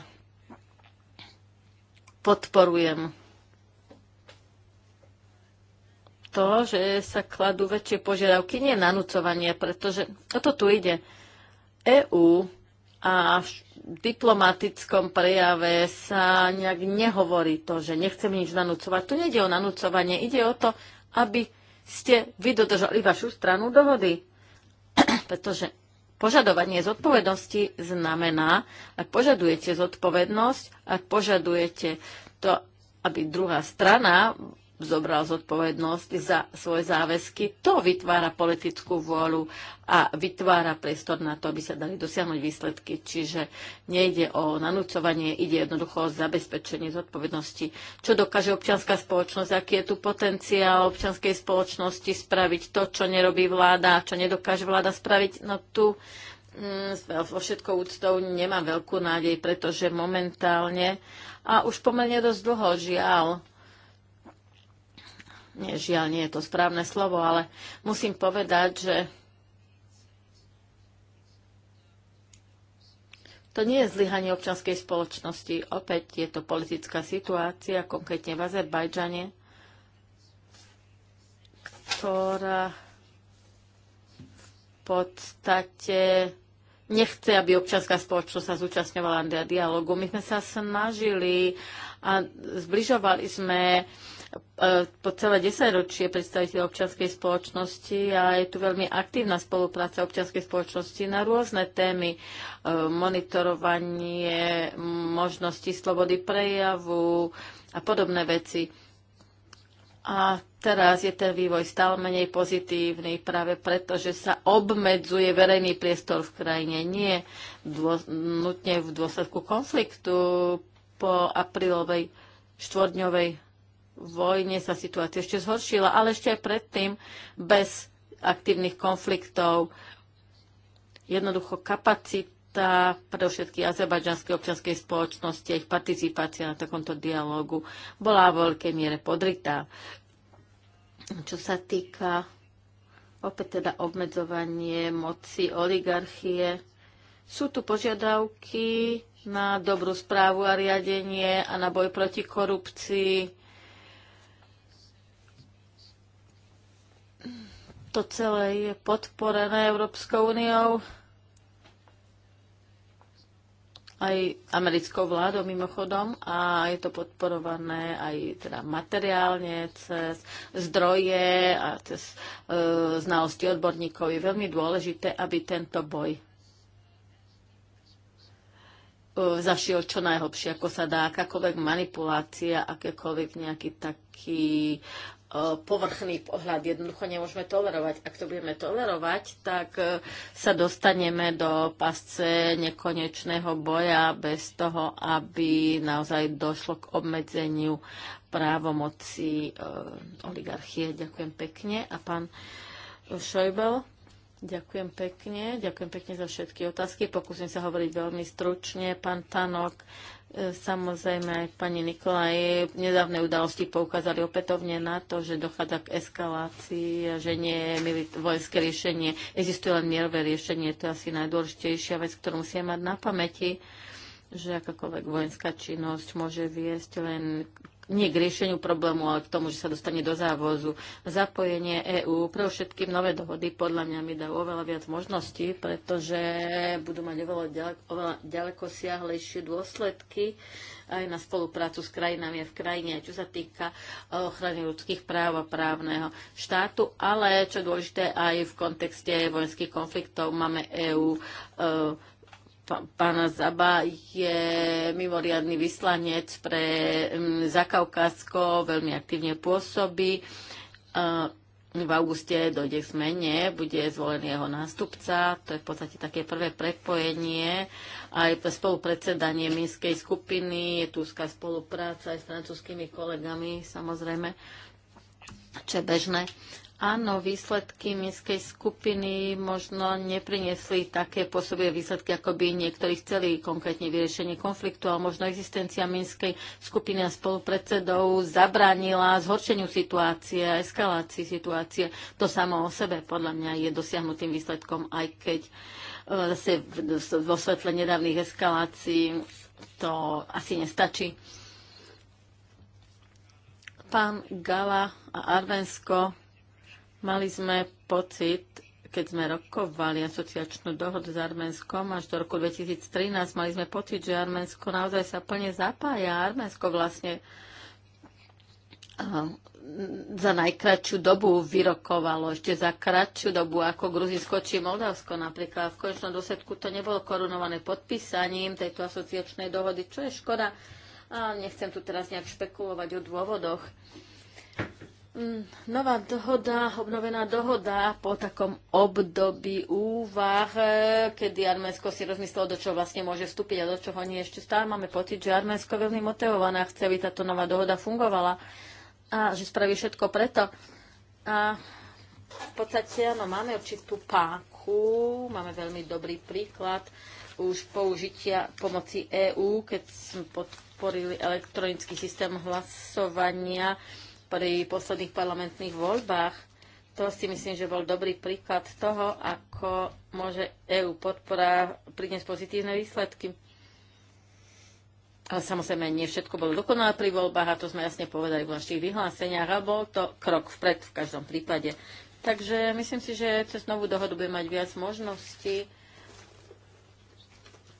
Speaker 2: podporujem to, že sa kladú väčšie požiadavky, nie nanúcovanie, pretože o to tu ide. EÚ a v diplomatickom prejave sa nejak nehovorí to, že nechcem nič nanúcovať. Tu nejde o nanúcovanie, ide o to, aby ste vy dodržali vašu stranu dohody. Pretože požadovanie zodpovednosti znamená, ak požadujete zodpovednosť, ak požadujete to, aby druhá strana zobral zodpovednosť za svoje záväzky. To vytvára politickú vôľu a vytvára priestor na to, aby sa dali dosiahnuť výsledky. Čiže nejde o nanúcovanie, ide jednoducho o zabezpečenie zodpovednosti. Čo dokáže občianská spoločnosť, aký je tu potenciál občianskej spoločnosti spraviť to, čo nerobí vláda, čo nedokáže vláda spraviť. No tu vo mm, všetkou úctou nemám veľkú nádej, pretože momentálne a už pomerne dosť dlho, žiaľ, nie, žiaľ, nie je to správne slovo, ale musím povedať, že To nie je zlyhanie občanskej spoločnosti. Opäť je to politická situácia, konkrétne v Azerbajdžane, ktorá v podstate nechce, aby občianská spoločnosť sa zúčastňovala na dialogu. My sme sa snažili a zbližovali sme E, po celé 10 ročie predstaviteľ občianskej spoločnosti a je tu veľmi aktívna spolupráca občianskej spoločnosti na rôzne témy, e, monitorovanie možnosti slobody prejavu a podobné veci. A teraz je ten vývoj stále menej pozitívny práve preto, že sa obmedzuje verejný priestor v krajine. Nie dô, nutne v dôsledku konfliktu po aprílovej štvorňovej vojne sa situácia ešte zhoršila, ale ešte aj predtým bez aktívnych konfliktov. Jednoducho kapacita pre všetky azerbajdžanskej občianskej spoločnosti a ich participácia na takomto dialogu bola vo veľkej miere podritá. Čo sa týka opäť teda obmedzovanie moci oligarchie, sú tu požiadavky na dobrú správu a riadenie a na boj proti korupcii, to celé je podporené Európskou úniou aj americkou vládou mimochodom a je to podporované aj teda materiálne cez zdroje a cez e, znalosti odborníkov. Je veľmi dôležité, aby tento boj e, zašiel čo najhlbšie, ako sa dá, akákoľvek manipulácia, akékoľvek nejaký taký E, povrchný pohľad. Jednoducho nemôžeme tolerovať. Ak to budeme tolerovať, tak e, sa dostaneme do pasce nekonečného boja bez toho, aby naozaj došlo k obmedzeniu právomoci e, oligarchie. Ďakujem pekne. A pán Šojbel, ďakujem pekne. Ďakujem pekne za všetky otázky. Pokúsim sa hovoriť veľmi stručne. Pán Tanok, E, samozrejme, aj pani Nikolaj, nedávne udalosti poukázali opätovne na to, že dochádza k eskalácii, že nie je vojenské riešenie, existuje len mierové riešenie, to je asi najdôležitejšia vec, ktorú musíme mať na pamäti že akákoľvek vojenská činnosť môže viesť len nie k riešeniu problému, ale k tomu, že sa dostane do závozu. Zapojenie EÚ, pre všetkým nové dohody podľa mňa mi dajú oveľa viac možností, pretože budú mať oveľa, ďaleko, oveľa ďaleko siahlejšie dôsledky aj na spoluprácu s krajinami a v krajine, čo sa týka eh, ochrany ľudských práv a právneho štátu, ale čo dôležité aj v kontexte vojenských konfliktov máme EÚ pána Zaba je mimoriadný vyslanec pre Zakaukásko, veľmi aktívne pôsobí. V auguste dojde k zmene, bude zvolený jeho nástupca. To je v podstate také prvé prepojenie. Aj spolupredsedanie Minskej skupiny, je tu spolupráca aj s francúzskými kolegami, samozrejme, čo je bežné. Áno, výsledky mestskej skupiny možno neprinesli také pôsobivé výsledky, ako by niektorí chceli, konkrétne vyriešenie konfliktu, ale možno existencia mestskej skupiny a spolupredsedov zabránila zhoršeniu situácie a eskalácii situácie. To samo o sebe podľa mňa je dosiahnutým výsledkom, aj keď e, zase vo svetle nedávnych eskalácií to asi nestačí. Pán Gala a Arvensko Mali sme pocit, keď sme rokovali asociačnú dohodu s Arménskom až do roku 2013, mali sme pocit, že Arménsko naozaj sa plne zapája. Arménsko vlastne eh, za najkračšiu dobu vyrokovalo, ešte za kratšiu dobu ako Gruzinsko či Moldavsko napríklad. V konečnom dôsledku to nebolo korunované podpísaním tejto asociačnej dohody, čo je škoda. A nechcem tu teraz nejak špekulovať o dôvodoch. Mm, nová dohoda, obnovená dohoda po takom období úvah, eh, kedy Arménsko si rozmyslelo, do čoho vlastne môže vstúpiť a do čoho nie. Ešte stále máme pocit, že Arménsko je veľmi motivované a chce, aby táto nová dohoda fungovala a že spraví všetko preto. A v podstate, áno, máme určitú páku, máme veľmi dobrý príklad už použitia pomoci EÚ, keď sme podporili elektronický systém hlasovania pri posledných parlamentných voľbách. To si myslím, že bol dobrý príklad toho, ako môže EU podpora priniesť pozitívne výsledky. Ale samozrejme, nie všetko bolo dokonalé pri voľbách a to sme jasne povedali v našich vyhláseniach a bol to krok vpred v každom prípade. Takže myslím si, že cez novú dohodu bude mať viac možností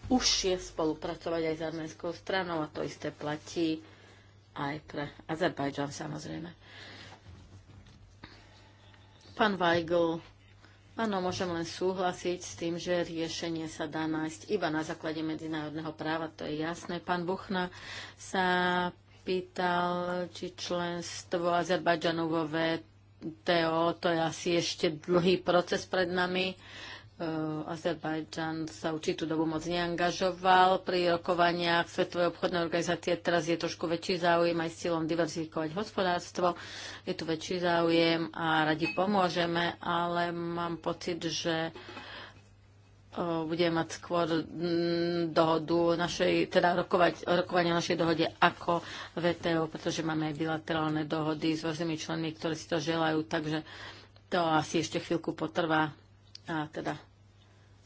Speaker 2: užšie spolupracovať aj s arménskou stranou a to isté platí aj pre Azerbajdžan samozrejme. Pán Weigl, áno, môžem len súhlasiť s tým, že riešenie sa dá nájsť iba na základe medzinárodného práva, to je jasné. Pán Buchna sa pýtal, či členstvo Azerbajdžanu vo VTO, to je asi ešte dlhý proces pred nami. Uh, Eh, Azerbajdžan sa určitú dobu moc neangažoval pri rokovaniach Svetovej obchodnej organizácie. Teraz je trošku väčší záujem aj s cieľom diverzifikovať hospodárstvo. Je tu väčší záujem a radi pomôžeme, ale mám pocit, že eh, budeme mať skôr mm, dohodu našej, teda rokovať, rokovanie našej dohode ako VTO, pretože máme aj bilaterálne dohody s rôznymi členmi, ktorí si to želajú, takže to asi ešte chvíľku potrvá a teda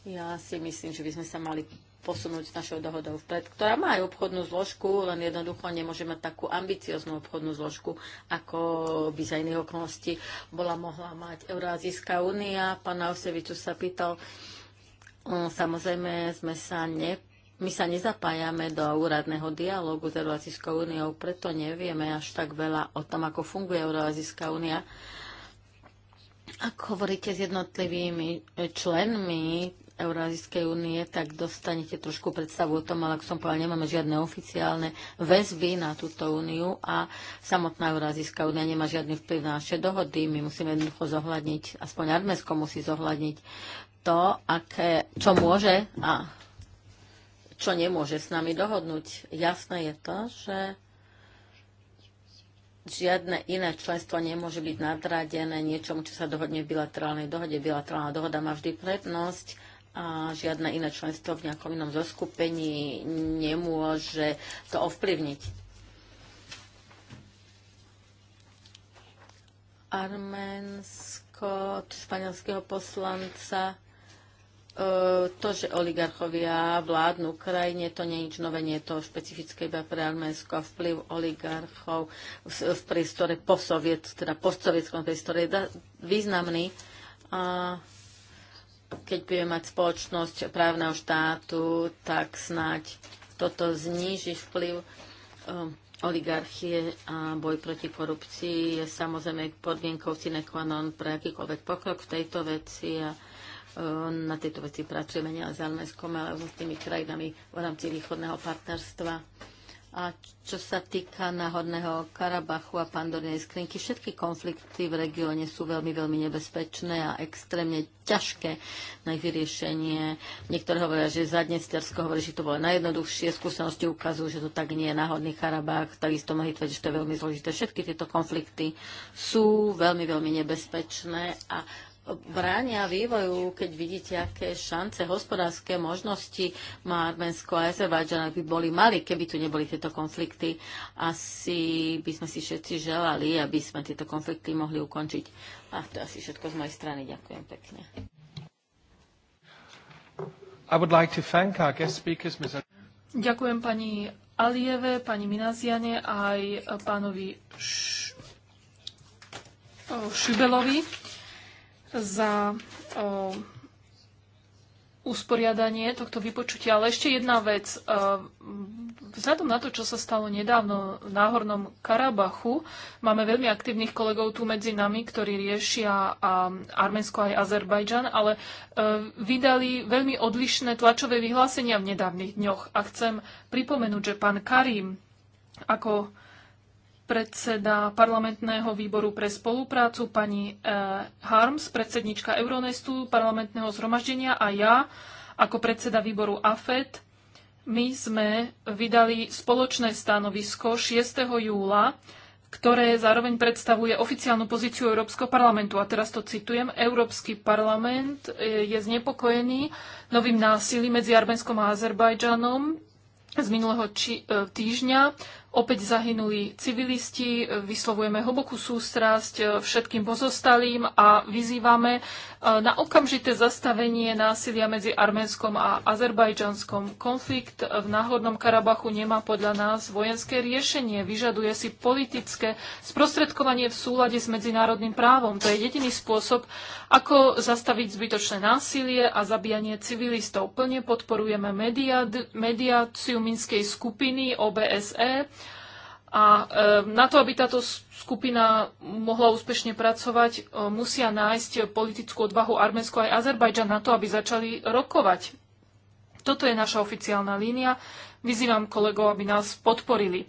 Speaker 2: ja si myslím, že by sme sa mali posunúť s našou dohodou vpred, ktorá má aj obchodnú zložku, len jednoducho nemôže mať takú ambicioznú obchodnú zložku, ako by za iných okolností bola mohla mať Eurázijská únia. Pán Auseviču sa pýtal, samozrejme sme sa ne, my sa nezapájame do úradného dialógu s Eurázijskou úniou, preto nevieme až tak veľa o tom, ako funguje Eurázijská únia. Ak hovoríte s jednotlivými e, členmi Eurázijskej únie, tak dostanete trošku predstavu o tom, ale ak som povedal, nemáme žiadne oficiálne väzby na túto úniu a samotná Eurázijská únia nemá žiadny vplyv na naše dohody. My musíme jednoducho zohľadniť, aspoň Armesko musí zohľadniť to, aké, čo môže a čo nemôže s nami dohodnúť. Jasné je to, že žiadne iné členstvo nemôže byť nadradené niečomu, čo sa dohodne v bilaterálnej dohode. Bilaterálna dohoda má vždy prednosť a žiadne iné členstvo v nejakom inom zoskupení nemôže to ovplyvniť. Arménsko od španielského poslanca E, to, že oligarchovia vládnu krajine, to nie je nič nové, nie je to špecifické iba pre Arménsko a vplyv oligarchov v priestore posoviet, teda postsovietskom priestore je významný. A keď budeme mať spoločnosť právneho štátu, tak snáď toto zníži vplyv e, oligarchie a boj proti korupcii je samozrejme podmienkou sine qua non pre akýkoľvek pokrok v tejto veci. A E, na tejto veci pracujeme nielen s Almeskom, ale s tými krajinami v rámci východného partnerstva. A čo sa týka náhodného Karabachu a pandornej skrinky, všetky konflikty v regióne sú veľmi, veľmi nebezpečné a extrémne ťažké na ich vyriešenie. Niektorí hovoria, že za Dnestersko hovorí, že to bolo najjednoduchšie. Skúsenosti ukazujú, že to tak nie je náhodný Karabach. Takisto mnohí tvrdia, že to je veľmi zložité. Všetky tieto konflikty sú veľmi, veľmi nebezpečné a bránia vývoju, keď vidíte, aké šance, hospodárske možnosti má Arménsko a Azerbajdžan, by boli mali, keby tu neboli tieto konflikty. Asi by sme si všetci želali, aby sme tieto konflikty mohli ukončiť. A to asi všetko z mojej strany. Ďakujem pekne.
Speaker 1: I would like to thank our guest speakers, Ms. Ďakujem pani Alieve, pani Minaziane aj pánovi Š... Šibelovi za o, usporiadanie tohto vypočutia. Ale ešte jedna vec. Vzhľadom na to, čo sa stalo nedávno v Náhornom Karabachu, máme veľmi aktívnych kolegov tu medzi nami, ktorí riešia Arménsko aj Azerbajdžan, ale vydali veľmi odlišné tlačové vyhlásenia v nedávnych dňoch. A chcem pripomenúť, že pán Karim ako predseda parlamentného výboru pre spoluprácu, pani eh, Harms, predsednička Euronestu, parlamentného zhromaždenia a ja ako predseda výboru AFET. My sme vydali spoločné stanovisko 6. júla, ktoré zároveň predstavuje oficiálnu pozíciu Európskeho parlamentu. A teraz to citujem. Európsky parlament eh, je znepokojený novým násilím medzi Arménskom a Azerbajdžanom z minulého eh, týždňa Opäť zahynuli civilisti, vyslovujeme hlbokú sústrasť e, všetkým pozostalým a vyzývame na okamžité zastavenie násilia medzi arménskom a azerbajdžanskom. Konflikt v náhodnom Karabachu nemá podľa nás vojenské riešenie. Vyžaduje si politické sprostredkovanie v súlade s medzinárodným právom. To je jediný spôsob, ako zastaviť zbytočné násilie a zabíjanie civilistov. Plne podporujeme mediáciu Minskej skupiny OBSE a e, na to, aby táto skupina mohla úspešne pracovať, e, musia nájsť politickú odvahu Arménsko aj Azerbajdžan na to, aby začali rokovať. Toto je naša oficiálna línia. Vyzývam kolegov, aby nás podporili.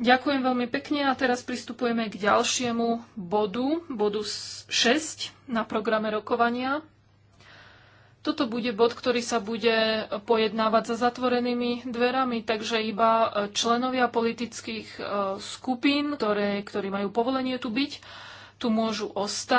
Speaker 1: Ďakujem veľmi pekne a teraz pristupujeme k ďalšiemu bodu, bodu 6 na programe rokovania. Toto bude bod, ktorý sa bude pojednávať za zatvorenými dverami, takže iba e, členovia politických e, skupín, ktoré, ktorí majú povolenie tu byť, tu môžu ostať.